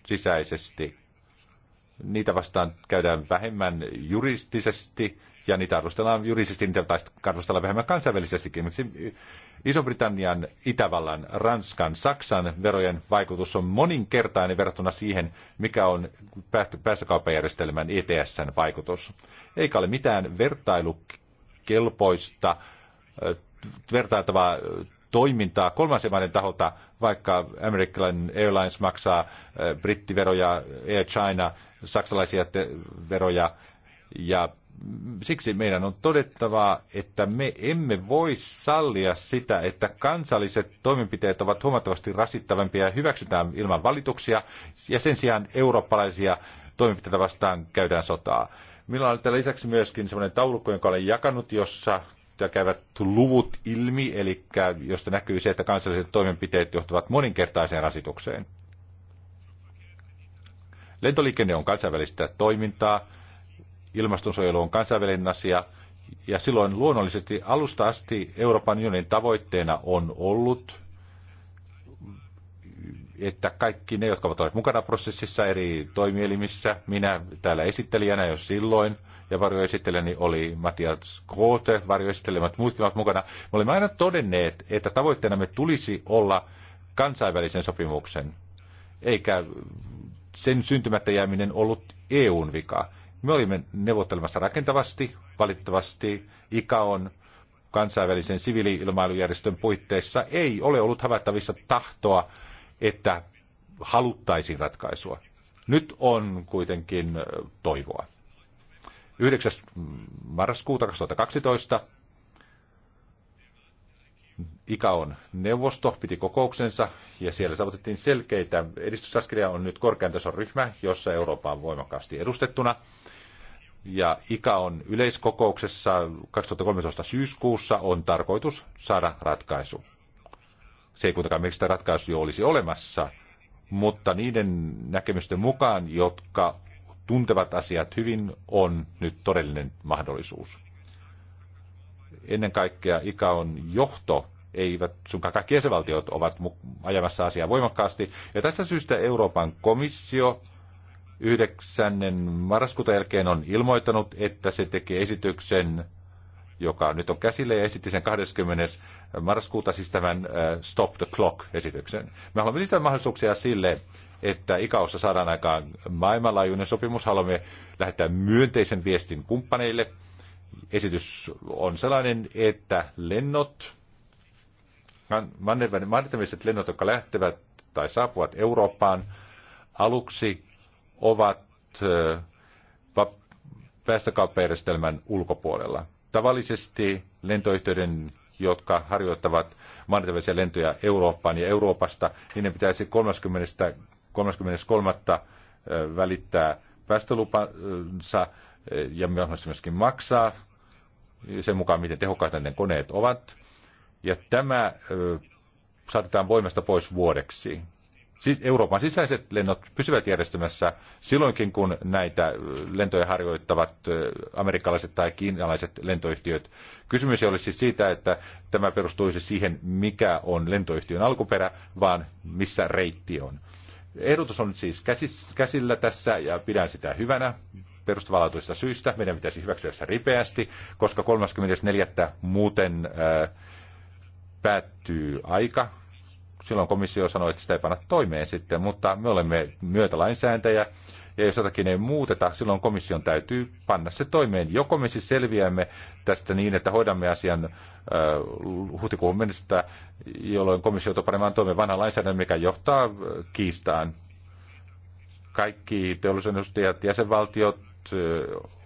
sisäisesti. Niitä vastaan käydään vähemmän juristisesti ja niitä arvostellaan juridisesti, niitä arvostella vähemmän kansainvälisestikin. Iso-Britannian, Itävallan, Ranskan, Saksan verojen vaikutus on moninkertainen verrattuna siihen, mikä on päästökauppajärjestelmän ETSn vaikutus. Eikä ole mitään vertailukelpoista, vertailtavaa toimintaa kolmansien maiden taholta, vaikka American Airlines maksaa brittiveroja, Air China, saksalaisia veroja ja siksi meidän on todettava, että me emme voi sallia sitä, että kansalliset toimenpiteet ovat huomattavasti rasittavampia ja hyväksytään ilman valituksia, ja sen sijaan eurooppalaisia toimenpiteitä vastaan käydään sotaa. Minulla on täällä lisäksi myöskin sellainen taulukko, jonka olen jakanut, jossa käyvät luvut ilmi, eli josta näkyy se, että kansalliset toimenpiteet johtavat moninkertaiseen rasitukseen. Lentoliikenne on kansainvälistä toimintaa, ilmastonsuojelu on kansainvälinen asia, ja silloin luonnollisesti alusta asti Euroopan unionin tavoitteena on ollut, että kaikki ne, jotka ovat olleet mukana prosessissa eri toimielimissä, minä täällä esittelijänä jo silloin, ja varjoesittelijäni oli Matias Grote, varjoesittelijät muutkin ovat mukana. Me olemme aina todenneet, että tavoitteenamme tulisi olla kansainvälisen sopimuksen, eikä sen syntymättä jääminen ollut EUn vika. Me olimme neuvottelemassa rakentavasti, valittavasti ICAON kansainvälisen siviiliilmailujärjestön puitteissa ei ole ollut havaittavissa tahtoa, että haluttaisiin ratkaisua. Nyt on kuitenkin toivoa. 9. marraskuuta 2012 ICAON neuvosto piti kokouksensa ja siellä saavutettiin selkeitä edistysaskelia. On nyt korkean tason ryhmä, jossa Eurooppa on voimakkaasti edustettuna. Ja ICAON yleiskokouksessa 2013 syyskuussa on tarkoitus saada ratkaisu. Se ei kuitenkaan miksi ratkaisu jo olisi olemassa, mutta niiden näkemysten mukaan, jotka tuntevat asiat hyvin, on nyt todellinen mahdollisuus ennen kaikkea ICAOn johto eivät, sunkaan kaikki jäsenvaltiot ovat ajamassa asiaa voimakkaasti. Ja tästä syystä Euroopan komissio 9. marraskuuta jälkeen on ilmoittanut, että se tekee esityksen, joka nyt on käsillä, ja esitti sen 20. marraskuuta siis tämän äh, Stop the Clock-esityksen. Me haluamme lisätä mahdollisuuksia sille, että ikaossa saadaan aikaan maailmanlaajuinen sopimus. Haluamme lähettää myönteisen viestin kumppaneille – esitys on sellainen, että lennot, mannertamiset lennot, jotka lähtevät tai saapuvat Eurooppaan aluksi, ovat päästökauppajärjestelmän ulkopuolella. Tavallisesti lentoyhtiöiden, jotka harjoittavat mannettavisia lentoja Eurooppaan ja Euroopasta, ne pitäisi 30, 33. välittää päästölupansa Eh, ja myöskin maksaa sen mukaan, miten tehokkaita ne koneet ovat. Ja tämä saatetaan voimasta pois vuodeksi. Siis Euroopan sisäiset lennot pysyvät järjestämässä silloinkin, kun näitä lentoja harjoittavat amerikkalaiset tai kiinalaiset lentoyhtiöt. Kysymys ei ole siis siitä, että tämä perustuisi siihen, mikä on lentoyhtiön alkuperä, vaan missä reitti on. Ehdotus on siis käsillä tässä ja pidän sitä hyvänä perustavanlaatuisista syistä. Meidän pitäisi hyväksyä se ripeästi, koska 34. muuten ää, äh, päättyy aika. Silloin komissio sanoi, että sitä ei panna toimeen sitten, mutta me olemme lainsääntäjä. Ja jos jotakin ei muuteta, silloin komission täytyy panna se toimeen. Joko me siis selviämme tästä niin, että hoidamme asian äh, huhtikuun mennessä, jolloin komissio joutuu panemaan toimeen vanhan lainsäädännön, mikä johtaa äh, kiistaan. Kaikki teollisuusennustajat, jäsenvaltiot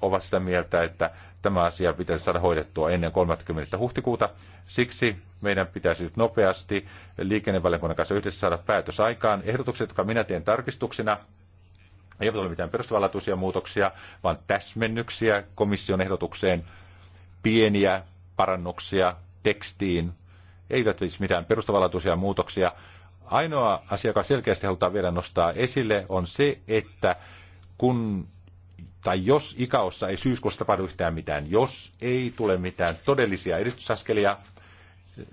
ovat sitä mieltä, että tämä asia pitäisi saada hoidettua ennen 30. huhtikuuta. Siksi meidän pitäisi nyt nopeasti liikennevaliokunnan kanssa yhdessä saada päätös aikaan. Ehdotukset, jotka minä teen tarkistuksina, eivät ole mitään perustavanlaatuisia muutoksia, vaan täsmennyksiä komission ehdotukseen, pieniä parannuksia tekstiin. Ei ole siis mitään perustavanlaatuisia muutoksia. Ainoa asia, joka selkeästi halutaan vielä nostaa esille, on se, että kun tai jos ikaossa ei syyskuussa tapahdu yhtään mitään, jos ei tule mitään todellisia edistysaskelia,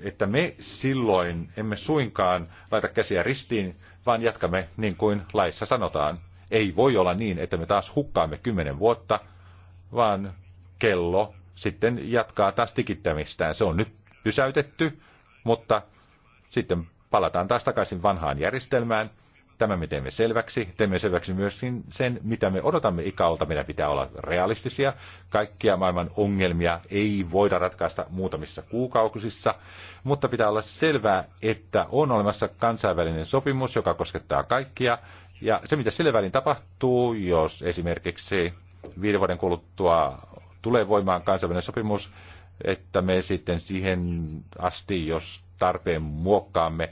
että me silloin emme suinkaan laita käsiä ristiin, vaan jatkamme niin kuin laissa sanotaan. Ei voi olla niin, että me taas hukkaamme kymmenen vuotta, vaan kello sitten jatkaa taas tikittämistään. Se on nyt pysäytetty, mutta sitten palataan taas takaisin vanhaan järjestelmään – Tämä me teemme selväksi. Teemme selväksi myöskin sen, mitä me odotamme ikalta. Meidän pitää olla realistisia. Kaikkia maailman ongelmia ei voida ratkaista muutamissa kuukausissa, mutta pitää olla selvää, että on olemassa kansainvälinen sopimus, joka koskettaa kaikkia. Ja se, mitä sillä välin niin tapahtuu, jos esimerkiksi viiden vuoden kuluttua tulee voimaan kansainvälinen sopimus, että me sitten siihen asti, jos tarpeen muokkaamme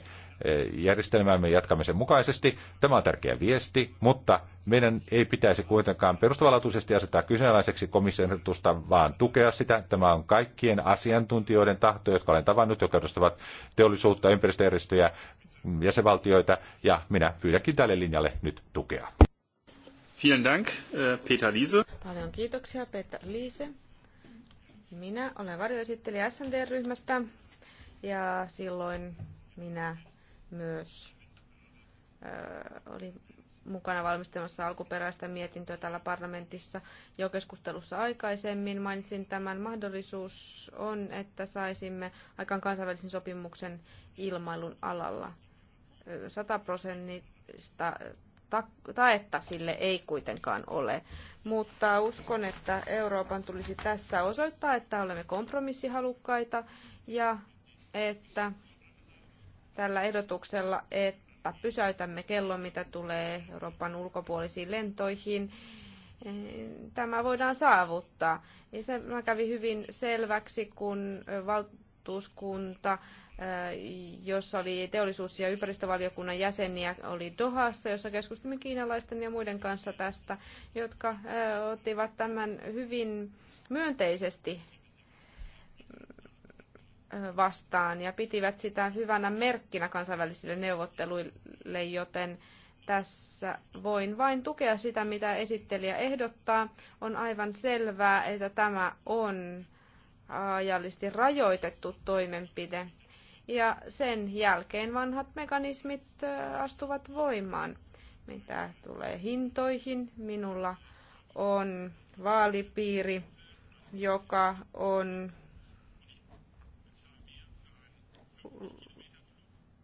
järjestelmäämme jatkamisen mukaisesti. Tämä on tärkeä viesti, mutta meidän ei pitäisi kuitenkaan perustavanlaatuisesti asettaa kyseenalaiseksi komission ehdotusta, vaan tukea sitä. Tämä on kaikkien asiantuntijoiden tahto, jotka olen tavannut, jotka edustavat teollisuutta, ympäristöjärjestöjä, jäsenvaltioita, ja minä pyydänkin tälle linjalle nyt tukea. Vielen Dank, äh, Peter Liese.
Paljon kiitoksia, Peter Liese. Minä olen varjoesittelijä SND-ryhmästä ja silloin minä myös oli mukana valmistelemassa alkuperäistä mietintöä täällä parlamentissa jo keskustelussa aikaisemmin. Mainitsin tämän mahdollisuus on, että saisimme aikaan kansainvälisen sopimuksen ilmailun alalla. 100 prosentista taetta sille ei kuitenkaan ole. Mutta uskon, että Euroopan tulisi tässä osoittaa, että olemme kompromissihalukkaita ja että tällä ehdotuksella, että pysäytämme kellon, mitä tulee Euroopan ulkopuolisiin lentoihin. Tämä voidaan saavuttaa. Ja se kävi hyvin selväksi, kun valtuuskunta jossa oli teollisuus- ja ympäristövaliokunnan jäseniä, oli Dohassa, jossa keskustimme kiinalaisten ja muiden kanssa tästä, jotka ottivat tämän hyvin myönteisesti vastaan ja pitivät sitä hyvänä merkkinä kansainvälisille neuvotteluille, joten tässä voin vain tukea sitä, mitä esittelijä ehdottaa. On aivan selvää, että tämä on ajallisesti rajoitettu toimenpide. Ja sen jälkeen vanhat mekanismit astuvat voimaan. Mitä tulee hintoihin, minulla on vaalipiiri, joka on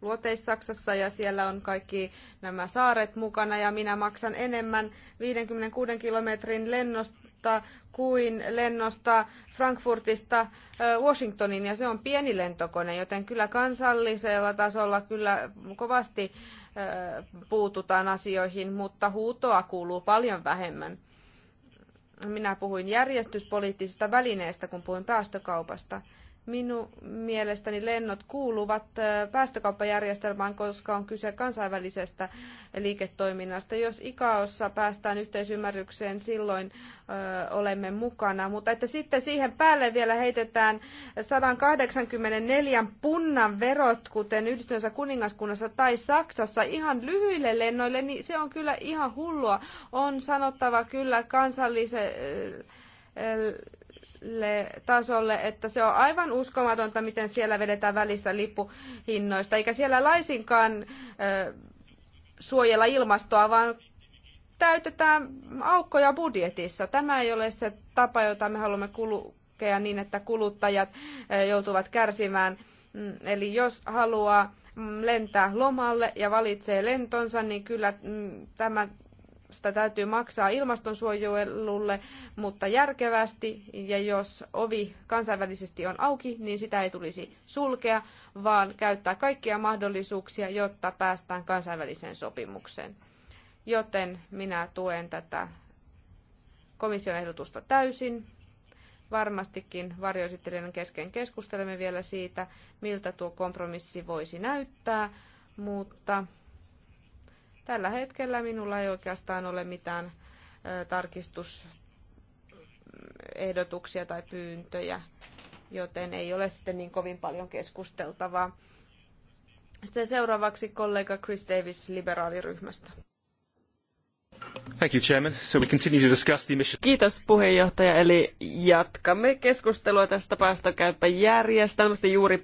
Luoteis-Saksassa ja siellä on kaikki nämä saaret mukana ja minä maksan enemmän 56 kilometrin lennosta kuin lennosta Frankfurtista Washingtoniin ja se on pieni lentokone, joten kyllä kansallisella tasolla kyllä kovasti puututaan asioihin, mutta huutoa kuuluu paljon vähemmän. Minä puhuin järjestyspoliittisista välineistä, kun puhuin päästökaupasta Minun mielestäni lennot kuuluvat päästökauppajärjestelmään, koska on kyse kansainvälisestä liiketoiminnasta. Jos ikaossa päästään yhteisymmärrykseen, silloin ö, olemme mukana. Mutta että sitten siihen päälle vielä heitetään 184 punnan verot, kuten Yhdistyneessä kuningaskunnassa tai Saksassa, ihan lyhyille lennoille, niin se on kyllä ihan hullua. On sanottava kyllä kansallisen tasolle, että se on aivan uskomatonta, miten siellä vedetään välistä lippuhinnoista, eikä siellä laisinkaan ö, suojella ilmastoa, vaan täytetään aukkoja budjetissa. Tämä ei ole se tapa, jota me haluamme kulkea niin, että kuluttajat joutuvat kärsimään. Mm, eli jos haluaa mm, lentää lomalle ja valitsee lentonsa, niin kyllä mm, tämä sitä täytyy maksaa ilmastonsuojelulle, mutta järkevästi. Ja jos ovi kansainvälisesti on auki, niin sitä ei tulisi sulkea, vaan käyttää kaikkia mahdollisuuksia, jotta päästään kansainväliseen sopimukseen. Joten minä tuen tätä komission ehdotusta täysin. Varmastikin varjoesittelijän kesken keskustelemme vielä siitä, miltä tuo kompromissi voisi näyttää, mutta Tällä hetkellä minulla ei oikeastaan ole mitään tarkistusehdotuksia tai pyyntöjä, joten ei ole sitten niin kovin paljon keskusteltavaa. Sitten seuraavaksi kollega Chris Davis liberaaliryhmästä.
Thank you, Chairman. So we continue to
discuss the emission...
Kiitos puheenjohtaja. Eli jatkamme keskustelua tästä päästökäyppäjärjestelmästä. Juuri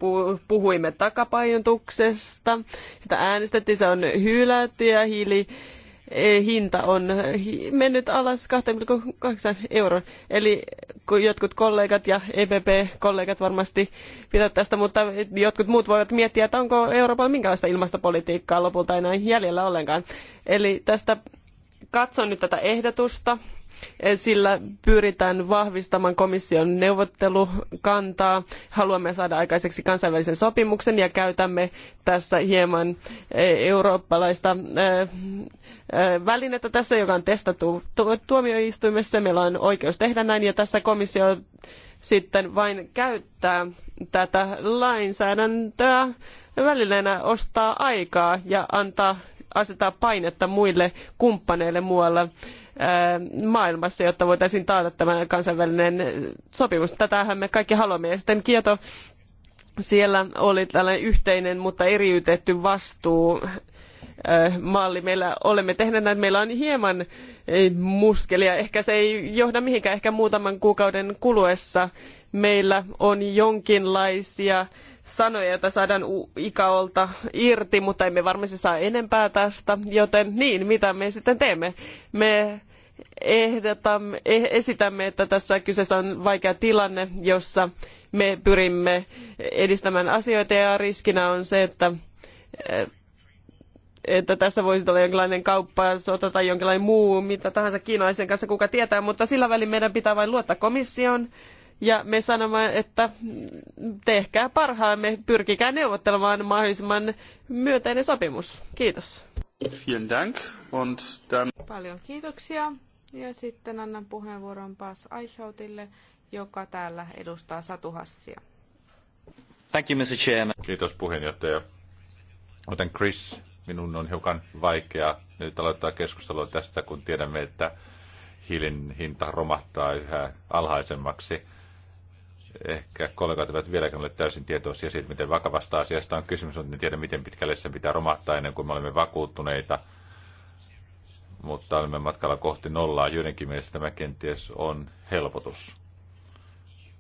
puhuimme takapainotuksesta. Sitä äänestettiin, se on hylätty ja hiili e, hinta on mennyt alas 2,8 euroon. Eli jotkut kollegat ja EPP-kollegat varmasti pitävät tästä, mutta jotkut muut voivat miettiä, että onko Euroopalla minkälaista ilmastopolitiikkaa lopulta enää jäljellä ollenkaan. Eli tästä katson nyt tätä ehdotusta. Sillä pyritään vahvistamaan komission neuvottelukantaa. Haluamme saada aikaiseksi kansainvälisen sopimuksen ja käytämme tässä hieman e, eurooppalaista e, e, välinettä tässä, joka on testattu tuomioistuimessa. Meillä on oikeus tehdä näin ja tässä komissio sitten vain käyttää tätä lainsäädäntöä välineenä ostaa aikaa ja antaa asettaa painetta muille kumppaneille muualla äh, maailmassa, jotta voitaisiin taata tämä kansainvälinen sopimus. Tätähän me kaikki haluamme. Ja sitten Kieto, siellä oli tällainen yhteinen, mutta eriytetty vastuu äh, malli. Meillä olemme tehneet näin, meillä on hieman äh, muskelia. Ehkä se ei johda mihinkään, ehkä muutaman kuukauden kuluessa meillä on jonkinlaisia sanoja, joita saadaan ikaolta irti, mutta emme varmasti saa enempää tästä. Joten niin, mitä me sitten teemme? Me ehdotamme, eh, esitämme, että tässä kyseessä on vaikea tilanne, jossa me pyrimme edistämään asioita ja riskinä on se, että eh, että tässä voisi olla jonkinlainen kauppasota tai jonkinlainen muu, mitä tahansa kiinalaisten kanssa, kuka tietää, mutta sillä välin meidän pitää vain luottaa komissioon ja me sanomme, että tehkää parhaamme, pyrkikää neuvottelemaan mahdollisimman myönteinen sopimus. Kiitos.
Vielen Dank. Und dann...
Paljon kiitoksia. Ja sitten annan puheenvuoron Paas Aichautille, joka täällä edustaa Satuhassia.
Thank you, Mr. Chairman. Kiitos puheenjohtaja. Joten Chris, minun on hiukan vaikea nyt aloittaa keskustelua tästä, kun tiedämme, että hiilin hinta romahtaa yhä alhaisemmaksi ehkä kollegat eivät vieläkään ole täysin tietoisia siitä, miten vakavasta asiasta on kysymys, mutta en tiedä, miten pitkälle se pitää romahtaa ennen kuin me olemme vakuuttuneita. Mutta olemme matkalla kohti nollaa. Joidenkin mielestä tämä kenties on helpotus.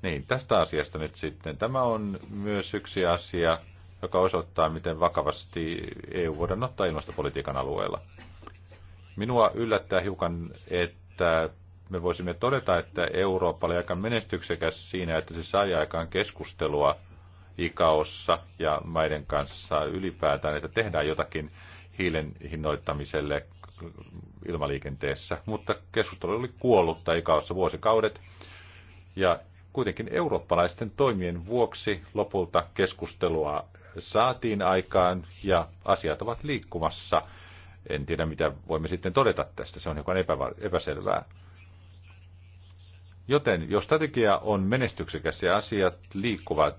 Niin, tästä asiasta nyt sitten. Tämä on myös yksi asia, joka osoittaa, miten vakavasti EU voidaan ottaa ilmastopolitiikan alueella. Minua yllättää hiukan, että me voisimme todeta, että Eurooppa oli aika menestyksekäs siinä, että se sai aikaan keskustelua ikaossa ja maiden kanssa ylipäätään, että tehdään jotakin hiilen hinnoittamiselle ilmaliikenteessä. Mutta keskustelu oli kuollutta ikaossa vuosikaudet. Ja kuitenkin eurooppalaisten toimien vuoksi lopulta keskustelua saatiin aikaan ja asiat ovat liikkumassa. En tiedä, mitä voimme sitten todeta tästä. Se on hiukan epäselvää. Joten jos strategia on menestyksekäs ja asiat liikkuvat,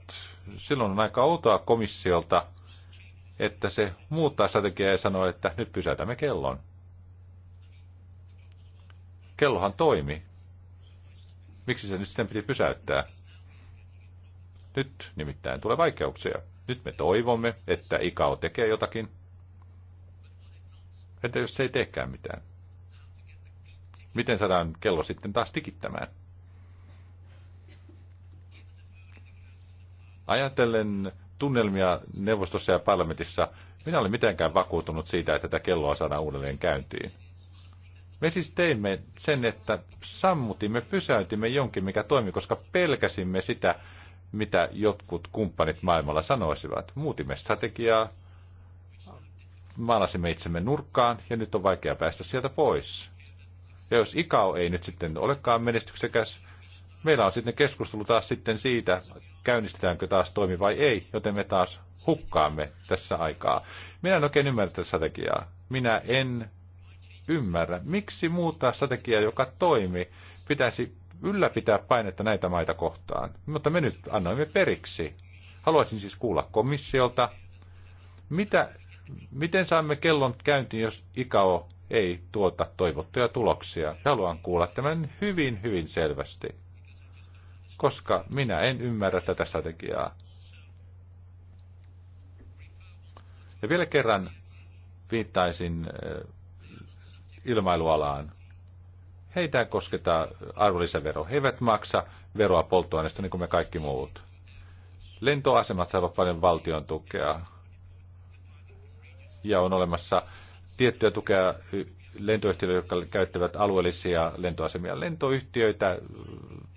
silloin on aika outoa komissiolta, että se muuttaa strategiaa ja sanoo, että nyt pysäytämme kellon. Kellohan toimi. Miksi se nyt sitten piti pysäyttää? Nyt nimittäin tulee vaikeuksia. Nyt me toivomme, että IKAO tekee jotakin. Entä jos se ei tehkään mitään? Miten saadaan kello sitten taas tikittämään? Ajatellen tunnelmia neuvostossa ja parlamentissa, minä olen mitenkään vakuutunut siitä, että tätä kelloa saadaan uudelleen käyntiin. Me siis teimme sen, että sammutimme, pysäytimme jonkin, mikä toimi, koska pelkäsimme sitä, mitä jotkut kumppanit maailmalla sanoisivat. Muutimme strategiaa, maalasimme itsemme nurkkaan ja nyt on vaikea päästä sieltä pois. Ja jos ICAO ei nyt sitten olekaan menestyksekäs, meillä on sitten keskustelu taas sitten siitä, käynnistetäänkö taas toimi vai ei, joten me taas hukkaamme tässä aikaa. Minä en oikein ymmärrä tätä strategiaa. Minä en ymmärrä, miksi muuttaa strategiaa, joka toimi, pitäisi ylläpitää painetta näitä maita kohtaan. Mutta me nyt annoimme periksi. Haluaisin siis kuulla komissiolta, mitä, miten saamme kellon käyntiin, jos IKAO ei tuota toivottuja tuloksia. Haluan kuulla tämän hyvin, hyvin selvästi koska minä en ymmärrä tätä strategiaa. Ja vielä kerran viittaisin eh, ilmailualaan. Heitä kosketa arvonlisävero. He eivät maksa veroa polttoaineesta niin kuin me kaikki muut. Lentoasemat saavat paljon valtion tukea. Ja on olemassa tiettyä tukea lentoyhtiöille, jotka käyttävät alueellisia lentoasemia. Lentoyhtiöitä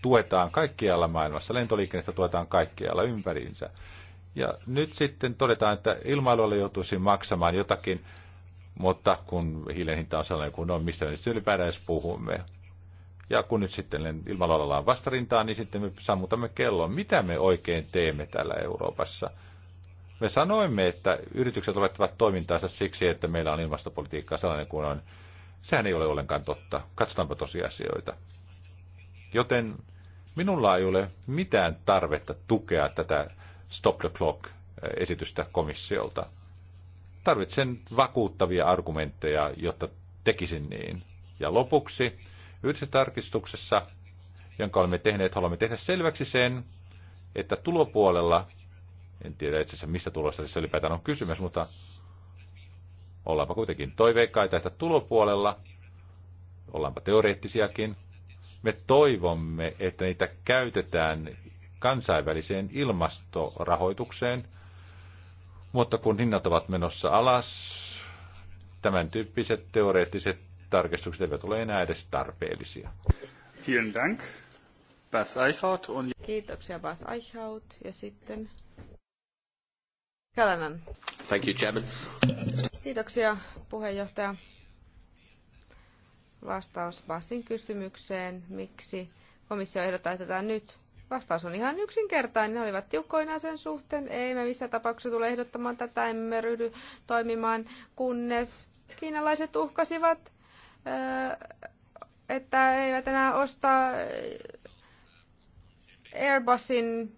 tuetaan kaikkialla maailmassa, lentoliikennettä tuetaan kaikkialla ympäriinsä. Ja nyt sitten todetaan, että ilmailualle joutuisi maksamaan jotakin, mutta kun hiilen hinta on sellainen kuin on, mistä me nyt ylipäätään edes puhumme. Ja kun nyt sitten ilmailualalla on vastarintaa, niin sitten me sammutamme kellon. Mitä me oikein teemme täällä Euroopassa? Me sanoimme, että yritykset lopettavat toimintaansa siksi, että meillä on ilmastopolitiikkaa sellainen kuin on. Sehän ei ole ollenkaan totta. Katsotaanpa tosiasioita. Joten minulla ei ole mitään tarvetta tukea tätä Stop the Clock-esitystä eh, komissiolta. Tarvitsen vakuuttavia argumentteja, jotta tekisin niin. Ja lopuksi yhdessä tarkistuksessa, jonka olemme tehneet, haluamme tehdä selväksi sen, että tulopuolella, en tiedä itse asiassa mistä tulosta tässä ylipäätään on kysymys, mutta ollaanpa kuitenkin toiveikkaita, että tulopuolella, ollaanpa teoreettisiakin, me toivomme, että niitä käytetään kansainväliseen ilmastorahoitukseen, mutta kun hinnat ovat menossa alas, tämän tyyppiset teoreettiset tarkistukset eivät ole enää edes tarpeellisia.
Vielen dank. Bas on...
Kiitoksia Bas Eichhaut ja sitten Kalanan. Thank you, Chairman. Kiitoksia puheenjohtaja vastaus Bassin kysymykseen, miksi komissio ehdottaa tätä nyt. Vastaus on ihan yksinkertainen. Ne olivat tiukkoina sen suhteen. Ei me missään tapauksessa tule ehdottamaan tätä, emme ryhdy toimimaan, kunnes kiinalaiset uhkasivat, että eivät enää osta Airbusin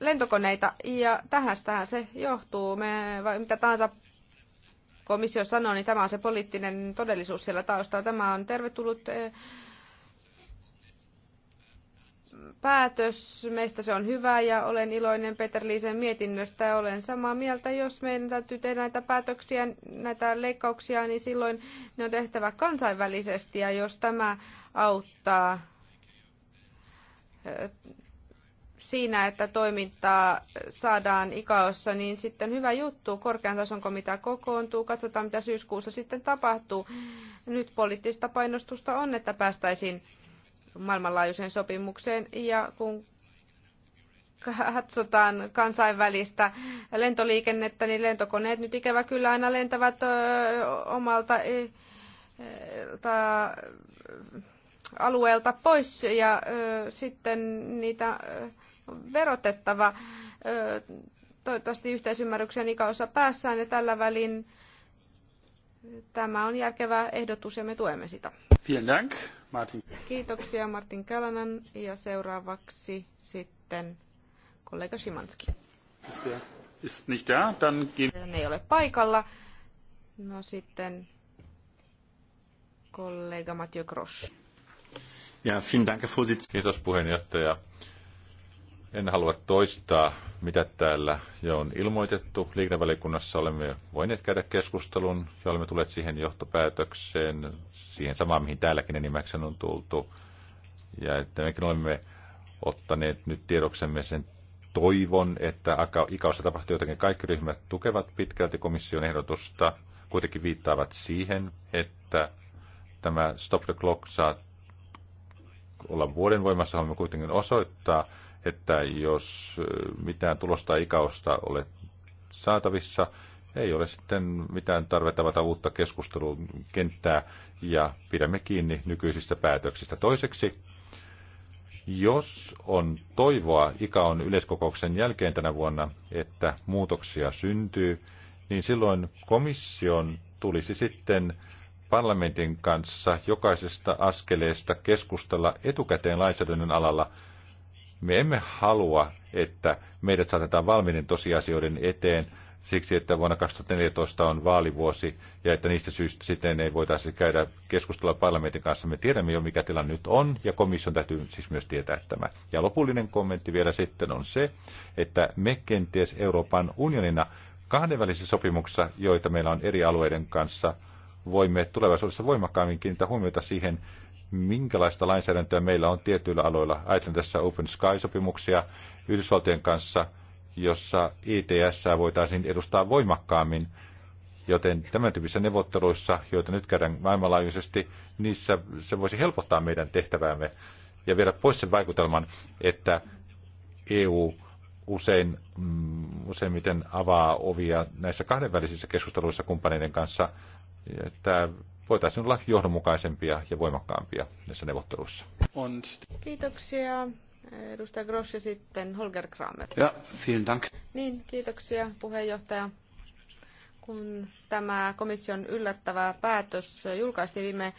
lentokoneita. Ja tähän se johtuu. Me, mitä tahansa komissio sanoo, niin tämä on se poliittinen todellisuus siellä taustalla. Tämä on tervetullut eh, päätös. Meistä se on hyvä ja olen iloinen Peter Liisen mietinnöstä ja olen samaa mieltä. Jos meidän täytyy tehdä näitä päätöksiä, näitä leikkauksia, niin silloin ne on tehtävä kansainvälisesti ja jos tämä auttaa eh, siinä, että toimintaa saadaan ikaossa, niin sitten hyvä juttu. Korkean tason komitea kokoontuu, katsotaan mitä syyskuussa sitten tapahtuu. Nyt poliittista painostusta on, että päästäisiin maailmanlaajuiseen sopimukseen ja kun katsotaan kansainvälistä lentoliikennettä, niin lentokoneet nyt ikävä kyllä aina lentävät omalta alueelta pois ja sitten niitä verotettava. Toivottavasti yhteisymmärryksen ikäosa päässään ja tällä välin tämä on järkevä ehdotus ja me tuemme
sitä. Vielen Dank, Martin.
Kiitoksia Martin Kälänen ja seuraavaksi sitten kollega Szymanski.
Ist nicht da, dann
gehen...
ei ole paikalla. No sitten kollega Mathieu Grosch.
Ja, vielen Dank, Kiitos puheenjohtaja. En halua toistaa, mitä täällä jo on ilmoitettu. Liikennevälikunnassa olemme voineet käydä keskustelun ja olemme tulleet siihen johtopäätökseen, siihen samaan, mihin täälläkin enimmäkseen on tultu. Ja että mekin olemme ottaneet nyt tiedoksemme sen toivon, että ikaussa tapahtuu jotenkin Kaikki ryhmät tukevat pitkälti komission ehdotusta, kuitenkin viittaavat siihen, että tämä stop the clock saa olla vuoden voimassa, haluamme kuitenkin osoittaa, että jos mitään tulosta ikausta ole saatavissa, ei ole sitten mitään tarvetta avata uutta keskustelun ja pidämme kiinni nykyisistä päätöksistä. Toiseksi, jos on toivoa ikaon yleiskokouksen jälkeen tänä vuonna, että muutoksia syntyy, niin silloin komission tulisi sitten parlamentin kanssa jokaisesta askeleesta keskustella etukäteen lainsäädännön alalla – me emme halua, että meidät saatetaan valmiiden tosiasioiden eteen siksi, että vuonna 2014 on vaalivuosi ja että niistä syistä sitten ei voitaisi käydä keskustelua parlamentin kanssa. Me tiedämme jo, mikä tilanne nyt on ja komission täytyy siis myös tietää tämä. Ja lopullinen kommentti vielä sitten on se, että me kenties Euroopan unionina kahdenvälisissä sopimuksissa, joita meillä on eri alueiden kanssa, voimme tulevaisuudessa voimakkaammin kiinnittää huomiota siihen, minkälaista lainsäädäntöä meillä on tietyillä aloilla. Ajattelen tässä Open Sky-sopimuksia Yhdysvaltojen kanssa, jossa ITS e voitaisiin edustaa voimakkaammin. Joten tämän tyyppisissä neuvotteluissa, joita nyt käydään maailmanlaajuisesti, niissä se voisi helpottaa meidän tehtäväämme ja viedä pois sen vaikutelman, että EU usein, mm, useimmiten avaa ovia näissä kahdenvälisissä keskusteluissa kumppaneiden kanssa. Tämä voitaisiin olla johdonmukaisempia ja voimakkaampia näissä neuvotteluissa.
Kiitoksia. Edustaja Grossi sitten Holger Kramer.
Ja, vielen dank.
Niin, kiitoksia puheenjohtaja. Kun tämä komission yllättävä päätös julkaistiin viime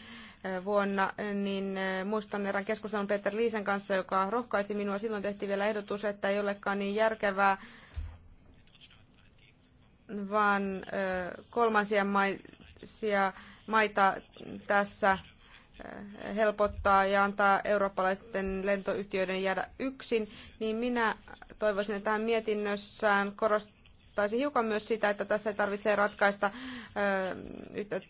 vuonna, niin muistan erään keskustelun Peter Liisen kanssa, joka rohkaisi minua. Silloin tehtiin vielä ehdotus, että ei olekaan niin järkevää, vaan kolmansien maisia maita tässä eh, helpottaa ja antaa eurooppalaisten lentoyhtiöiden jäädä yksin, niin minä toivoisin, että hän mietinnössään korostaisi hiukan myös sitä, että tässä tarvitsee ratkaista eh, eh,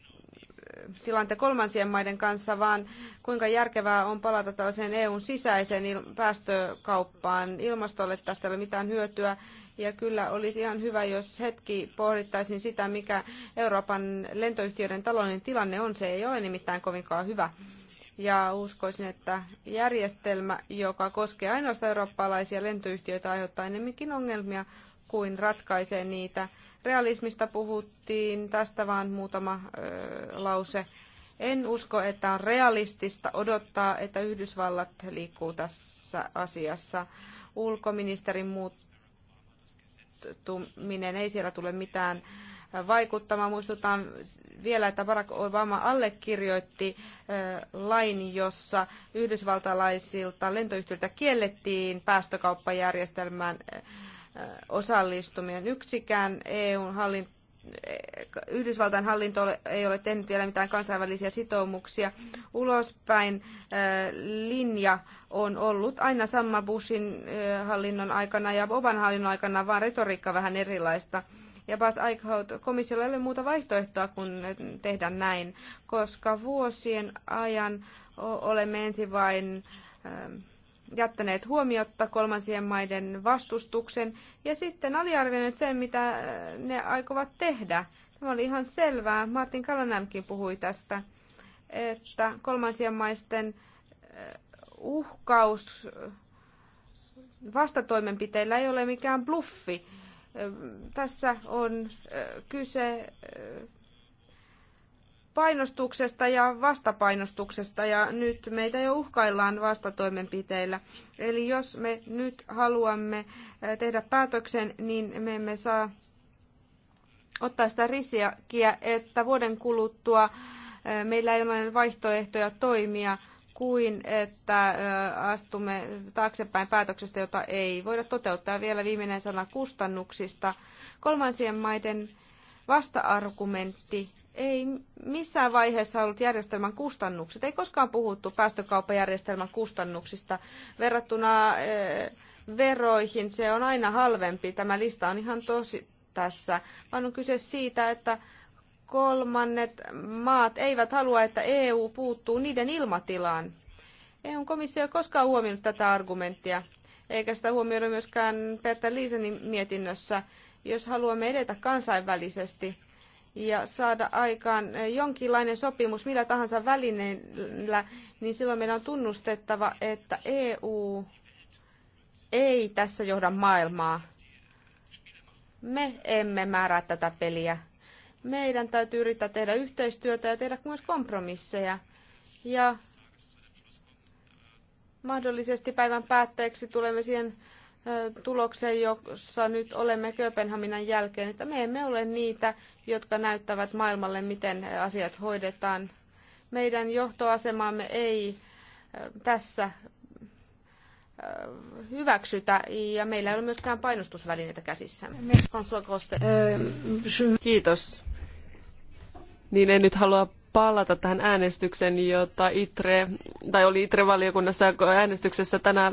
tilanteen kolmansien maiden kanssa, vaan kuinka järkevää on palata tällaiseen EUn sisäiseen päästökauppaan. Ilmastolle tästä ei ole mitään hyötyä ja kyllä olisi ihan hyvä, jos hetki pohdittaisiin sitä, mikä Euroopan lentoyhtiöiden taloudellinen tilanne on. Se ei ole nimittäin kovinkaan hyvä. Ja uskoisin, että järjestelmä, joka koskee ainoastaan eurooppalaisia lentoyhtiöitä, aiheuttaa enemmänkin ongelmia kuin ratkaisee niitä. Realismista puhuttiin, tästä vaan muutama ö, lause. En usko, että on realistista odottaa, että Yhdysvallat liikkuu tässä asiassa. Ulkoministerin muut muuttuminen ei siellä tule mitään vaikuttamaan. Muistutan vielä, että Barack Obama allekirjoitti lain, jossa yhdysvaltalaisilta lentoyhtiöiltä kiellettiin päästökauppajärjestelmään osallistuminen. Yksikään eu hallinto Yhdysvaltain hallinto ei ole tehnyt vielä mitään kansainvälisiä sitoumuksia. Ulospäin linja on ollut aina sama Bushin hallinnon aikana ja Oban hallinnon aikana, vaan retoriikka vähän erilaista. Ja Bas Eichhout, komissiolla ei ole muuta vaihtoehtoa kuin tehdä näin, koska vuosien ajan olemme ensin vain jättäneet huomiotta kolmansien maiden vastustuksen ja sitten aliarvioineet sen, mitä äh, ne aikovat tehdä. Tämä oli ihan selvää. Martin Kalanankin puhui tästä, että kolmansien maisten äh, uhkaus äh, vastatoimenpiteillä ei ole mikään bluffi. Tässä on kyse painostuksesta ja vastapainostuksesta ja nyt meitä jo uhkaillaan vastatoimenpiteillä. Eli jos me nyt haluamme eh, tehdä päätöksen, niin me emme saa ottaa sitä riskiä, että vuoden kuluttua eh, meillä ei ole vaihtoehtoja toimia kuin että eh, astumme taaksepäin päätöksestä, jota ei voida toteuttaa. Vielä viimeinen sana kustannuksista. Kolmansien maiden vasta-argumentti ei missään vaiheessa ollut järjestelmän kustannukset. Ei koskaan puhuttu päästökauppajärjestelmän kustannuksista. Verrattuna eh, veroihin se on aina halvempi. Tämä lista on ihan tosi tässä, vaan on kyse siitä, että kolmannet maat eivät halua, että EU puuttuu niiden ilmatilaan. EU-komissio ei koskaan huomioinut tätä argumenttia, eikä sitä huomioida myöskään Peter Liisenin mietinnössä. Jos haluamme edetä kansainvälisesti, ja saada aikaan jonkinlainen sopimus millä tahansa välineellä, niin silloin meidän on tunnustettava, että EU ei tässä johda maailmaa. Me emme määrää tätä peliä. Meidän täytyy yrittää tehdä yhteistyötä ja tehdä myös kompromisseja. Ja mahdollisesti päivän päätteeksi tulemme siihen tulokseen, jossa nyt olemme Kööpenhaminan jälkeen, että me emme ole niitä, jotka näyttävät maailmalle, miten asiat hoidetaan. Meidän johtoasemaamme ei tässä hyväksytä ja meillä ei ole myöskään painostusvälineitä käsissä. Euh,
Kiitos. Niin en nyt halua palata tähän äänestykseen, jota ITRE, tai oli ITRE-valiokunnassa äänestyksessä tänä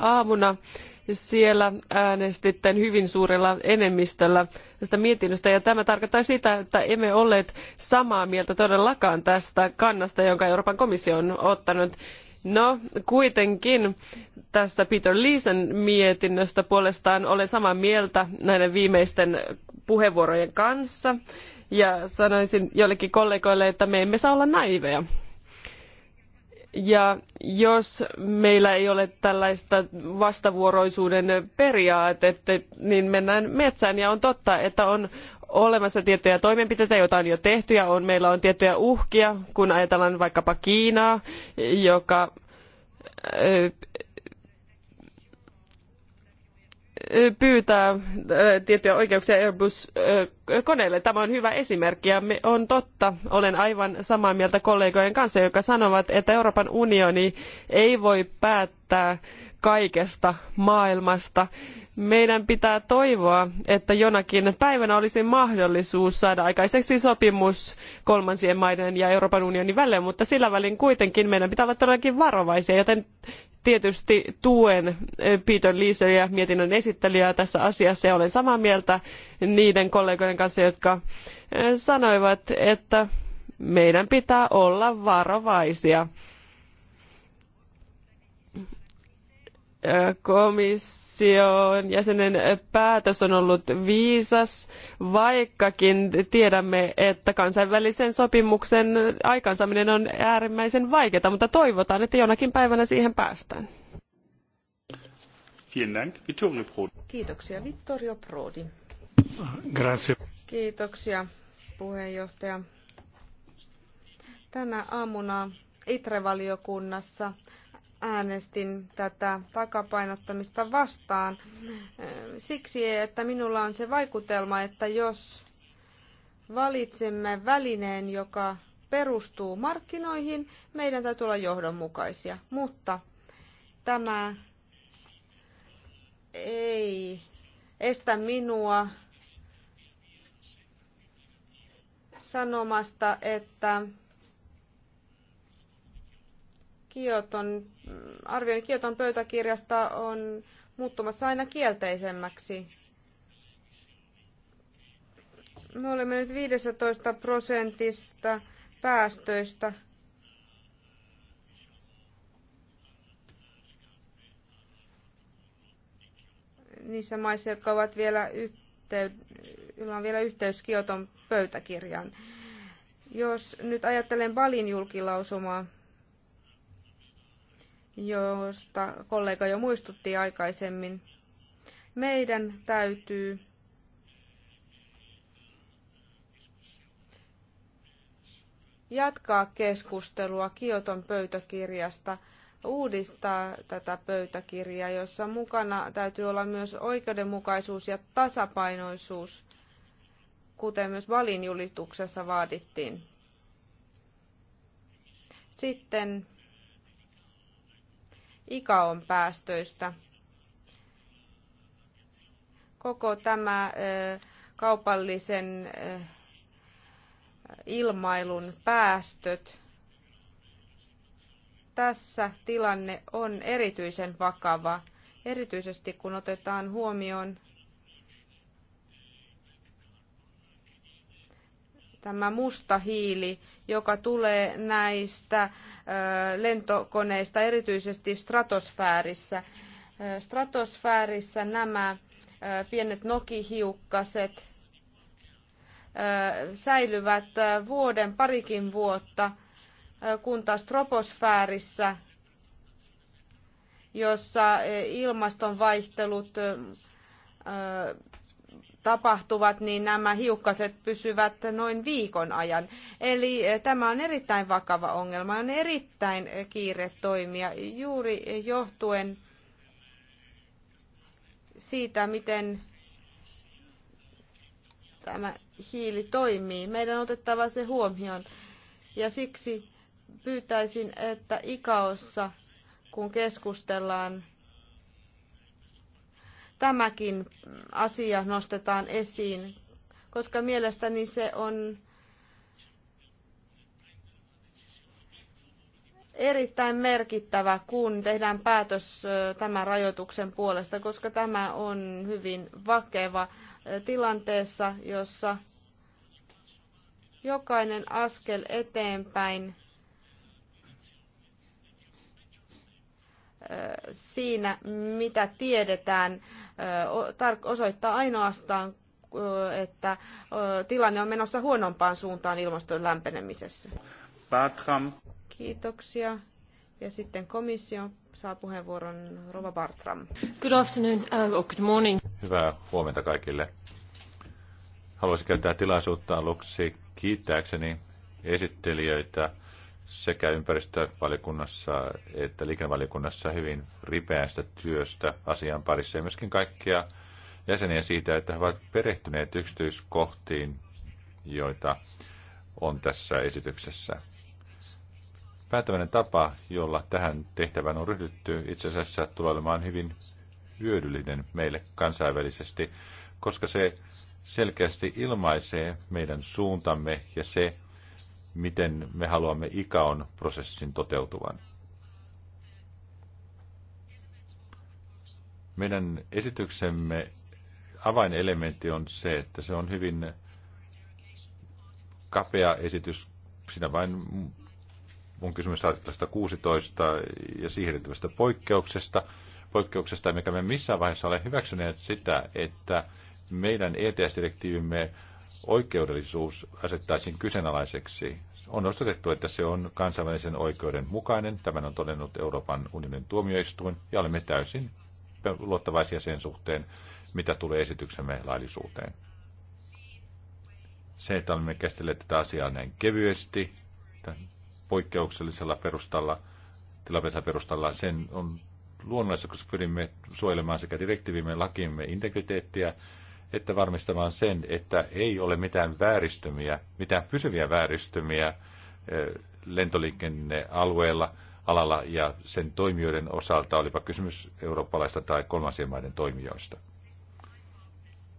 aamuna. Siellä äänestitte hyvin suurella enemmistöllä tästä mietinnöstä, ja tämä tarkoittaa sitä, että emme olleet samaa mieltä todellakaan tästä kannasta, jonka Euroopan komissio on ottanut. No, kuitenkin tässä Peter Leesen mietinnöstä puolestaan olen samaa mieltä näiden viimeisten puheenvuorojen kanssa ja sanoisin joillekin kollegoille, että me emme saa olla naiveja. Ja jos meillä ei ole tällaista vastavuoroisuuden periaatetta, niin mennään metsään. Ja on totta, että on olemassa tiettyjä toimenpiteitä, joita on jo tehty ja on, meillä on tiettyjä uhkia, kun ajatellaan vaikkapa Kiinaa, joka pyytää tiettyjä oikeuksia Airbus-koneille. Tämä on hyvä esimerkki ja on totta, olen aivan samaa mieltä kollegojen kanssa, jotka sanovat, että Euroopan unioni ei voi päättää kaikesta maailmasta. Meidän pitää toivoa, että jonakin päivänä olisi mahdollisuus saada aikaiseksi sopimus kolmansien maiden ja Euroopan unionin välillä, mutta sillä välin kuitenkin meidän pitää olla todellakin varovaisia, joten tietysti tuen eh, Peter Lieseriä, mietinnön esittelijää tässä asiassa ja olen samaa mieltä niiden kollegoiden kanssa, jotka eh, sanoivat, että meidän pitää olla varovaisia komission jäsenen päätös on ollut viisas, vaikkakin tiedämme, että kansainvälisen sopimuksen aikansaaminen on äärimmäisen vaikeaa, mutta toivotaan, että jonakin päivänä siihen päästään. Kiitoksia, Vittorio Prodi.
Grazie.
Kiitoksia, puheenjohtaja. Tänä aamuna ITRE-valiokunnassa äänestin tätä takapainottamista vastaan ehm, siksi, että minulla on se vaikutelma, että jos valitsemme välineen, joka perustuu markkinoihin, meidän täytyy olla johdonmukaisia. Mutta tämä ei estä minua sanomasta, että Kioton, arvioin Kioton pöytäkirjasta on muuttumassa aina kielteisemmäksi. Me olemme nyt 15 prosentista päästöistä. Niissä maissa, jotka ovat vielä yhteyd- on vielä yhteys Kioton pöytäkirjaan. Jos nyt ajattelen Balin julkilausumaa, josta kollega jo muistutti aikaisemmin. Meidän täytyy jatkaa keskustelua Kioton pöytäkirjasta, uudistaa tätä pöytäkirjaa, jossa mukana täytyy olla myös oikeudenmukaisuus ja tasapainoisuus, kuten myös valinjulistuksessa julistuksessa vaadittiin. Sitten ICAON päästöistä. Koko tämä kaupallisen ilmailun päästöt. Tässä tilanne on erityisen vakava, erityisesti kun otetaan huomioon tämä musta hiili, joka tulee näistä lentokoneista, erityisesti stratosfäärissä. Stratosfäärissä nämä pienet nokihiukkaset säilyvät vuoden parikin vuotta, kun taas troposfäärissä, jossa ilmaston vaihtelut tapahtuvat, niin nämä hiukkaset pysyvät noin viikon ajan. Eli eh, tämä on erittäin vakava ongelma, on erittäin eh, kiire toimia juuri johtuen siitä, miten tämä hiili toimii. Meidän on otettava se huomioon. Ja siksi pyytäisin, että ikaossa, kun keskustellaan tämäkin asia nostetaan esiin, koska mielestäni se on erittäin merkittävä, kun tehdään päätös tämän rajoituksen puolesta, koska tämä on hyvin vakeva tilanteessa, jossa jokainen askel eteenpäin siinä, mitä tiedetään, osoittaa ainoastaan, että tilanne on menossa huonompaan suuntaan ilmaston lämpenemisessä.
Bartram.
Kiitoksia. Ja sitten komissio saa puheenvuoron Rova Bartram.
Good afternoon, uh, good morning.
Hyvää huomenta kaikille. Haluaisin käyttää tilaisuutta aluksi kiittääkseni esittelijöitä – sekä ympäristövaliokunnassa että liikennevaliokunnassa hyvin ripeästä työstä asian parissa ja myöskin kaikkia jäseniä siitä, että he ovat perehtyneet yksityiskohtiin, joita on tässä esityksessä. Päättäväinen tapa, jolla tähän tehtävään on ryhdytty, itse asiassa tulee olemaan hyvin hyödyllinen meille kansainvälisesti, koska se selkeästi ilmaisee meidän suuntamme ja se miten me haluamme ikaon prosessin toteutuvan. Meidän esityksemme avainelementti on se, että se on hyvin kapea esitys. Siinä vain mun kysymys artiklasta 16 ja siihen liittyvästä poikkeuksesta. Poikkeuksesta, mikä me missään vaiheessa ole hyväksyneet sitä, että meidän ETS-direktiivimme oikeudellisuus asettaisiin kyseenalaiseksi. On osoitettu, että se on kansainvälisen oikeuden mukainen. Tämän on todennut Euroopan unionin tuomioistuin ja olemme täysin luottavaisia sen suhteen, mitä tulee esityksemme laillisuuteen. Se, että olemme käsitelleet tätä asiaa näin kevyesti, poikkeuksellisella perustalla, tilapäisellä perustalla, sen on luonnollista, koska pyrimme suojelemaan sekä direktiivimme lakimme integriteettiä, että varmistamaan sen, että ei ole mitään vääristymiä, mitään pysyviä vääristymiä eh, lentoliikennealueella, alalla ja sen toimijoiden osalta, olipa kysymys eurooppalaista tai kolmansien maiden toimijoista.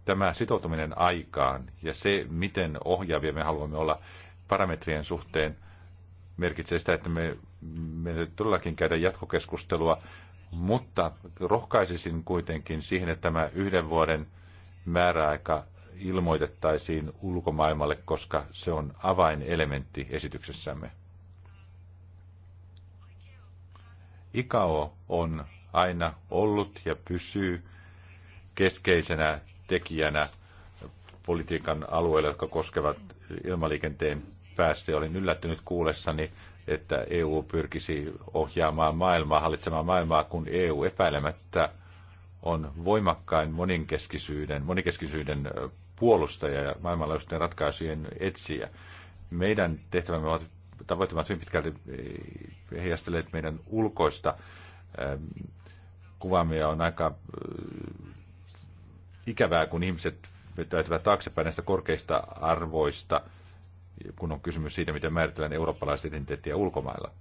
Tämä sitoutuminen aikaan ja se, miten ohjaavia me haluamme olla parametrien suhteen, merkitsee sitä, että me, me todellakin käydä jatkokeskustelua, mutta rohkaisisin kuitenkin siihen, että tämä yhden vuoden määräaika ilmoitettaisiin ulkomaailmalle, koska se on avainelementti esityksessämme. Ikao on aina ollut ja pysyy keskeisenä tekijänä politiikan alueella, jotka koskevat ilmaliikenteen päästöjä. Olin yllättynyt kuullessani, että EU pyrkisi ohjaamaan maailmaa, hallitsemaan maailmaa, kun EU epäilemättä on voimakkain monikeskisyyden, monikeskisyyden puolustaja ja maailmanlaajuisten ratkaisujen etsiä. Meidän tehtävämme ovat tavoittamat hyvin pitkälti heijastelleet meidän ulkoista kuvaamme on aika ikävää, kun ihmiset vetäytyvät taaksepäin näistä korkeista arvoista, kun on kysymys siitä, miten määritellään eurooppalaista identiteettiä ulkomailla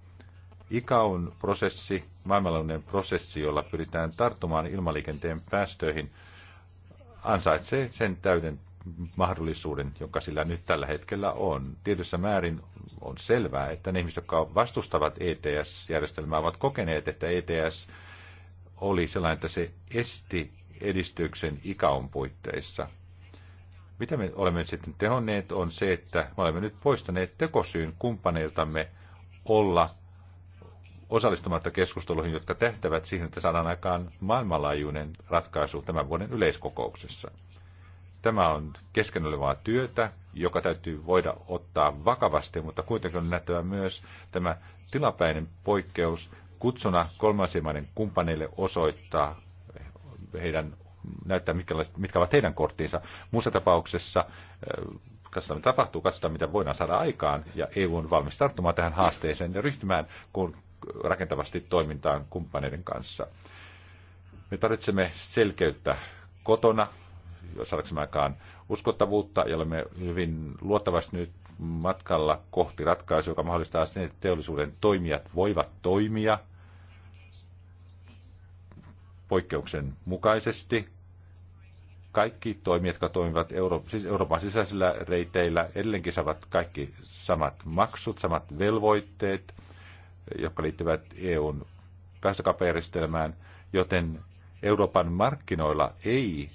on prosessi, maailmanlainen prosessi, jolla pyritään tarttumaan ilmaliikenteen päästöihin, ansaitsee sen täyden mahdollisuuden, jonka sillä nyt tällä hetkellä on. Tietyssä määrin on selvää, että ne ihmiset, jotka vastustavat ETS-järjestelmää, ovat kokeneet, että ETS oli sellainen, että se esti edistyksen ikaon puitteissa. Mitä me olemme sitten tehonneet on se, että me olemme nyt poistaneet tekosyyn kumppaneiltamme olla osallistumatta keskusteluihin, jotka tehtävät siihen, että saadaan aikaan maailmanlaajuinen ratkaisu tämän vuoden yleiskokouksessa. Tämä on kesken olevaa työtä, joka täytyy voida ottaa vakavasti, mutta kuitenkin on nähtävä myös tämä tilapäinen poikkeus kutsuna kolmansien maiden kumppaneille osoittaa heidän näyttää, mitkä, mitkä ovat heidän korttinsa. Muussa tapauksessa äh, katsotaan, mitä tapahtuu, katsotaan, mitä voidaan saada aikaan, ja EU on valmis tarttumaan tähän haasteeseen ja ryhtymään kun rakentavasti toimintaan kumppaneiden kanssa. Me tarvitsemme selkeyttä kotona, jos saadaksemme aikaan uskottavuutta, ja olemme hyvin luottavasti nyt matkalla kohti ratkaisua, joka mahdollistaa sen, että teollisuuden toimijat voivat toimia poikkeuksen mukaisesti. Kaikki toimijat, jotka toimivat Euro- siis Euroopan sisäisillä reiteillä, edelleenkin saavat kaikki samat maksut, samat velvoitteet – jotka liittyvät EUn päästökauppajärjestelmään, joten Euroopan markkinoilla ei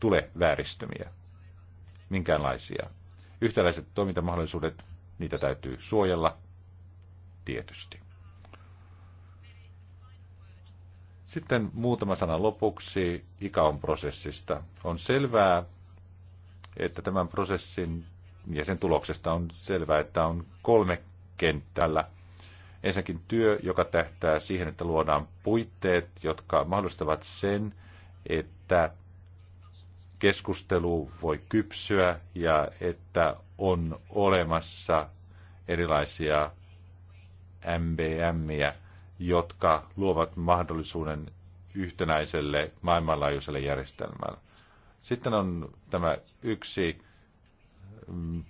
tule vääristymiä, minkäänlaisia. Yhtäläiset toimintamahdollisuudet, niitä täytyy suojella, tietysti. Sitten muutama sana lopuksi ICAON prosessista. On selvää, että tämän prosessin ja sen tuloksesta on selvää, että on kolme kentällä – Ensinnäkin työ, joka tähtää siihen, että luodaan puitteet, jotka mahdollistavat sen, että keskustelu voi kypsyä ja että on olemassa erilaisia MBMiä, jotka luovat mahdollisuuden yhtenäiselle maailmanlaajuiselle järjestelmälle. Sitten on tämä yksi mm,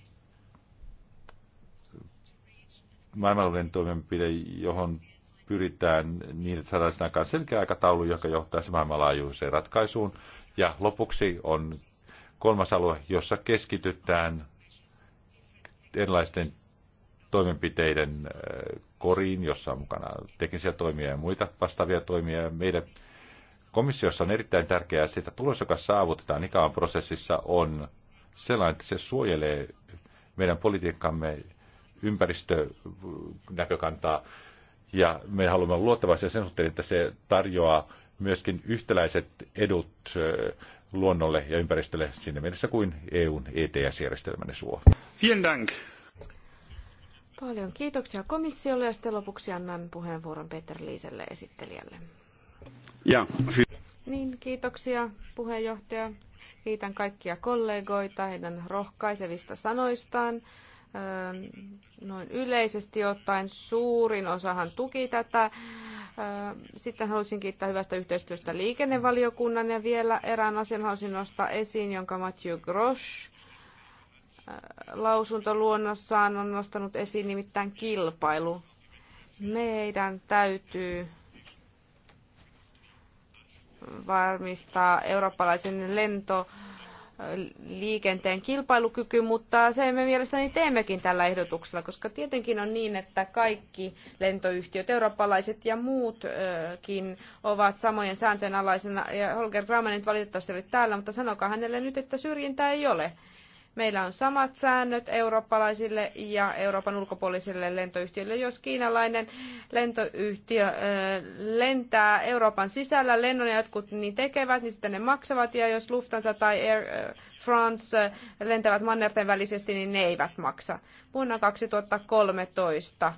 maailmanlainen toimenpide, johon pyritään niin, että saadaan aikaan selkeä aikataulu, joka johtaisi maailmanlaajuiseen ratkaisuun. Ja lopuksi on kolmas alue, jossa keskitytään erilaisten toimenpiteiden äh, koriin, jossa on mukana teknisiä toimia ja muita vastaavia toimia. Meidän komissiossa on erittäin tärkeää se, että tulos, joka saavutetaan ikävän prosessissa, on sellainen, että se suojelee meidän politiikkamme ympäristönäkökantaa. Ja me haluamme luottavaisia sen suhteen, että se tarjoaa myöskin yhtäläiset edut luonnolle ja ympäristölle siinä mielessä kuin EUn ETS-järjestelmänne suo. Vielen dank.
Paljon kiitoksia komissiolle ja sitten lopuksi annan puheenvuoron Peter Liiselle esittelijälle. Ja. Niin, kiitoksia puheenjohtaja. Kiitän kaikkia kollegoita heidän rohkaisevista sanoistaan. Ähm, noin yleisesti ottaen suurin osahan tuki tätä. Ähm, sitten haluaisin kiittää hyvästä yhteistyöstä liikennevaliokunnan ja vielä erään asian haluaisin nostaa esiin, jonka Matthew Grosch äh, lausuntoluonnossaan on nostanut esiin, nimittäin kilpailu. Meidän täytyy varmistaa eurooppalaisen lento liikenteen kilpailukyky, mutta se me mielestäni teemmekin tällä ehdotuksella, koska tietenkin on niin, että kaikki lentoyhtiöt, eurooppalaiset ja muutkin ovat samojen sääntöjen alaisena. Ja Holger Gramenet valitettavasti oli täällä, mutta sanokaa hänelle nyt, että syrjintää ei ole. Meillä on samat säännöt eurooppalaisille ja Euroopan ulkopuolisille lentoyhtiöille. Jos kiinalainen lentoyhtiö lentää Euroopan sisällä, lennon ja jotkut niin tekevät, niin sitten ne maksavat. Ja jos Lufthansa tai Air France lentävät mannerten välisesti, niin ne eivät maksa. Vuonna 2013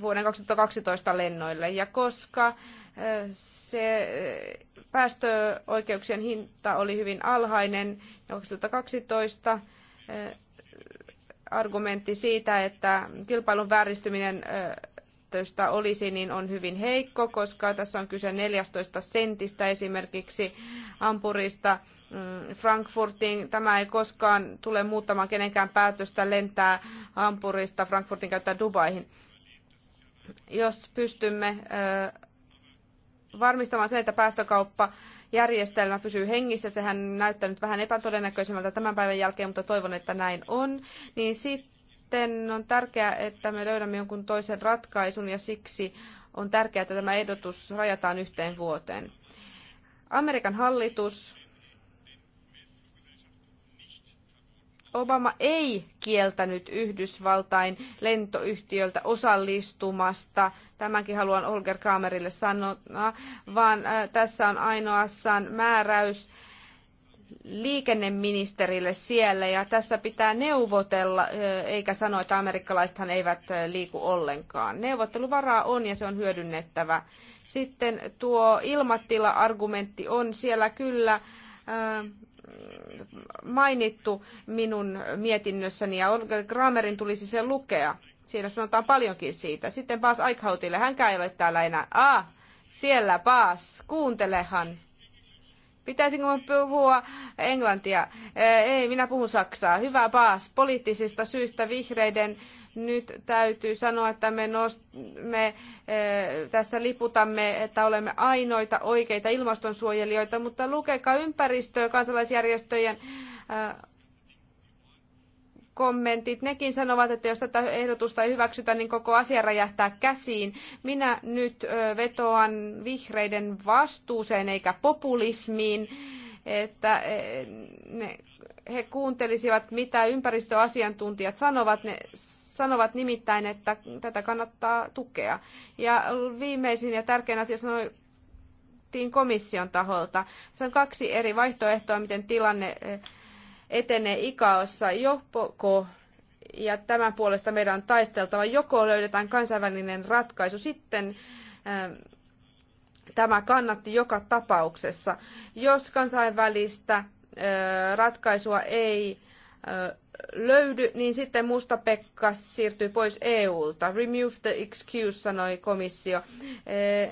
vuoden 2012 lennoille. Ja koska se päästöoikeuksien hinta oli hyvin alhainen ja 2012 eh, argumentti siitä, että kilpailun vääristyminen eh, tästä olisi, niin on hyvin heikko, koska tässä on kyse 14 sentistä esimerkiksi ampurista mm, Frankfurtin. Tämä ei koskaan tule muuttamaan kenenkään päätöstä lentää ampurista Frankfurtin käyttää Dubaihin. Jos pystymme eh, varmistamaan sen, että päästökauppajärjestelmä pysyy hengissä, sehän näyttää nyt vähän epätodennäköisemmältä tämän päivän jälkeen, mutta toivon, että näin on, niin sitten on tärkeää, että me löydämme jonkun toisen ratkaisun ja siksi on tärkeää, että tämä ehdotus rajataan yhteen vuoteen. Amerikan hallitus Obama ei kieltänyt Yhdysvaltain lentoyhtiöltä osallistumasta, tämänkin haluan Holger Kramerille sanoa, vaan äh, tässä on ainoastaan määräys liikenneministerille siellä ja tässä pitää neuvotella, äh, eikä sanoa, että amerikkalaisethan eivät äh, liiku ollenkaan. Neuvotteluvaraa on ja se on hyödynnettävä. Sitten tuo ilmatila-argumentti on siellä kyllä mainittu minun mietinnössäni ja Olga Kramerin tulisi se lukea. Siinä sanotaan paljonkin siitä. Sitten Paas Aikhautille, hänkään ei ole täällä enää. Ah, siellä Paas, kuuntelehan. Pitäisikö puhua englantia? Ei, minä puhun saksaa. Hyvä Paas, poliittisista syistä vihreiden nyt täytyy sanoa, että me, nost- me eh, tässä liputamme, että olemme ainoita oikeita ilmastonsuojelijoita, mutta lukekaa ympäristö kansalaisjärjestöjen eh, kommentit. Nekin sanovat, että jos tätä ehdotusta ei hyväksytä, niin koko asia räjähtää käsiin. Minä nyt eh, vetoan vihreiden vastuuseen eikä populismiin, että ne, he kuuntelisivat, mitä ympäristöasiantuntijat sanovat. Ne sanovat nimittäin, että tätä kannattaa tukea. Ja viimeisin ja tärkein asia sanoi komission taholta. Se on kaksi eri vaihtoehtoa, miten tilanne eh, etenee ikaossa. Joko ja tämän puolesta meidän on taisteltava. Joko löydetään kansainvälinen ratkaisu, sitten eh, tämä kannatti joka tapauksessa. Jos kansainvälistä eh, ratkaisua ei löydy, niin sitten Mustapekka siirtyy pois EUlta. Remove the excuse, sanoi komissio. E,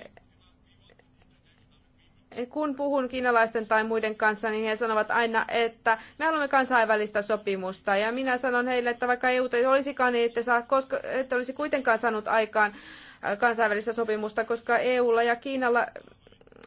kun puhun kiinalaisten tai muiden kanssa, niin he sanovat aina, että me haluamme kansainvälistä sopimusta. Ja minä sanon heille, että vaikka EU ei olisikaan, niin ette, saa, koska, ette olisi kuitenkaan saanut aikaan kansainvälistä sopimusta, koska EUlla ja Kiinalla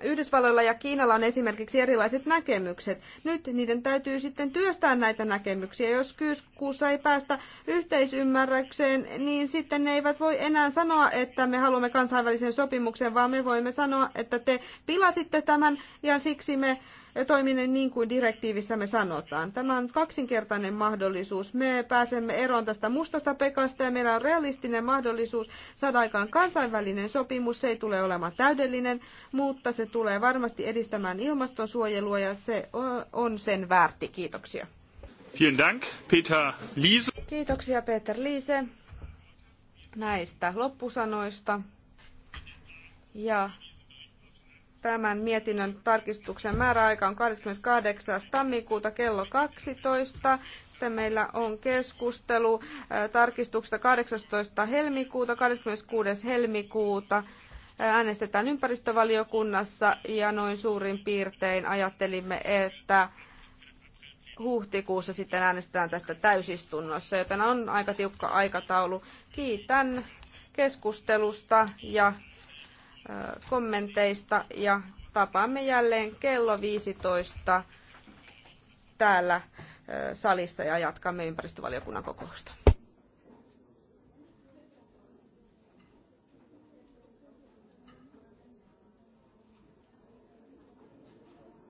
Yhdysvalloilla ja Kiinalla on esimerkiksi erilaiset näkemykset. Nyt niiden täytyy sitten työstää näitä näkemyksiä. Jos syyskuussa ei päästä yhteisymmärrykseen, niin sitten ne eivät voi enää sanoa, että me haluamme kansainvälisen sopimuksen, vaan me voimme sanoa, että te pilasitte tämän ja siksi me toiminen niin kuin direktiivissä me sanotaan. Tämä on kaksinkertainen mahdollisuus. Me pääsemme eroon tästä mustasta pekasta ja meillä on realistinen mahdollisuus saada aikaan kansainvälinen sopimus. Se ei tule olemaan täydellinen, mutta se tulee varmasti edistämään ilmastonsuojelua ja se on sen väärti. Kiitoksia.
Vielen Dank, Peter Liese.
Kiitoksia Peter Liise näistä loppusanoista. Ja Tämän mietinnön tarkistuksen määräaika on 28. tammikuuta kello 12. Sitten meillä on keskustelu tarkistuksesta 18. helmikuuta, 26. helmikuuta äänestetään ympäristövaliokunnassa ja noin suurin piirtein ajattelimme, että huhtikuussa sitten äänestetään tästä täysistunnossa, joten on aika tiukka aikataulu. Kiitän keskustelusta ja kommenteista ja tapaamme jälleen kello 15 täällä salissa ja jatkamme ympäristövaliokunnan kokousta.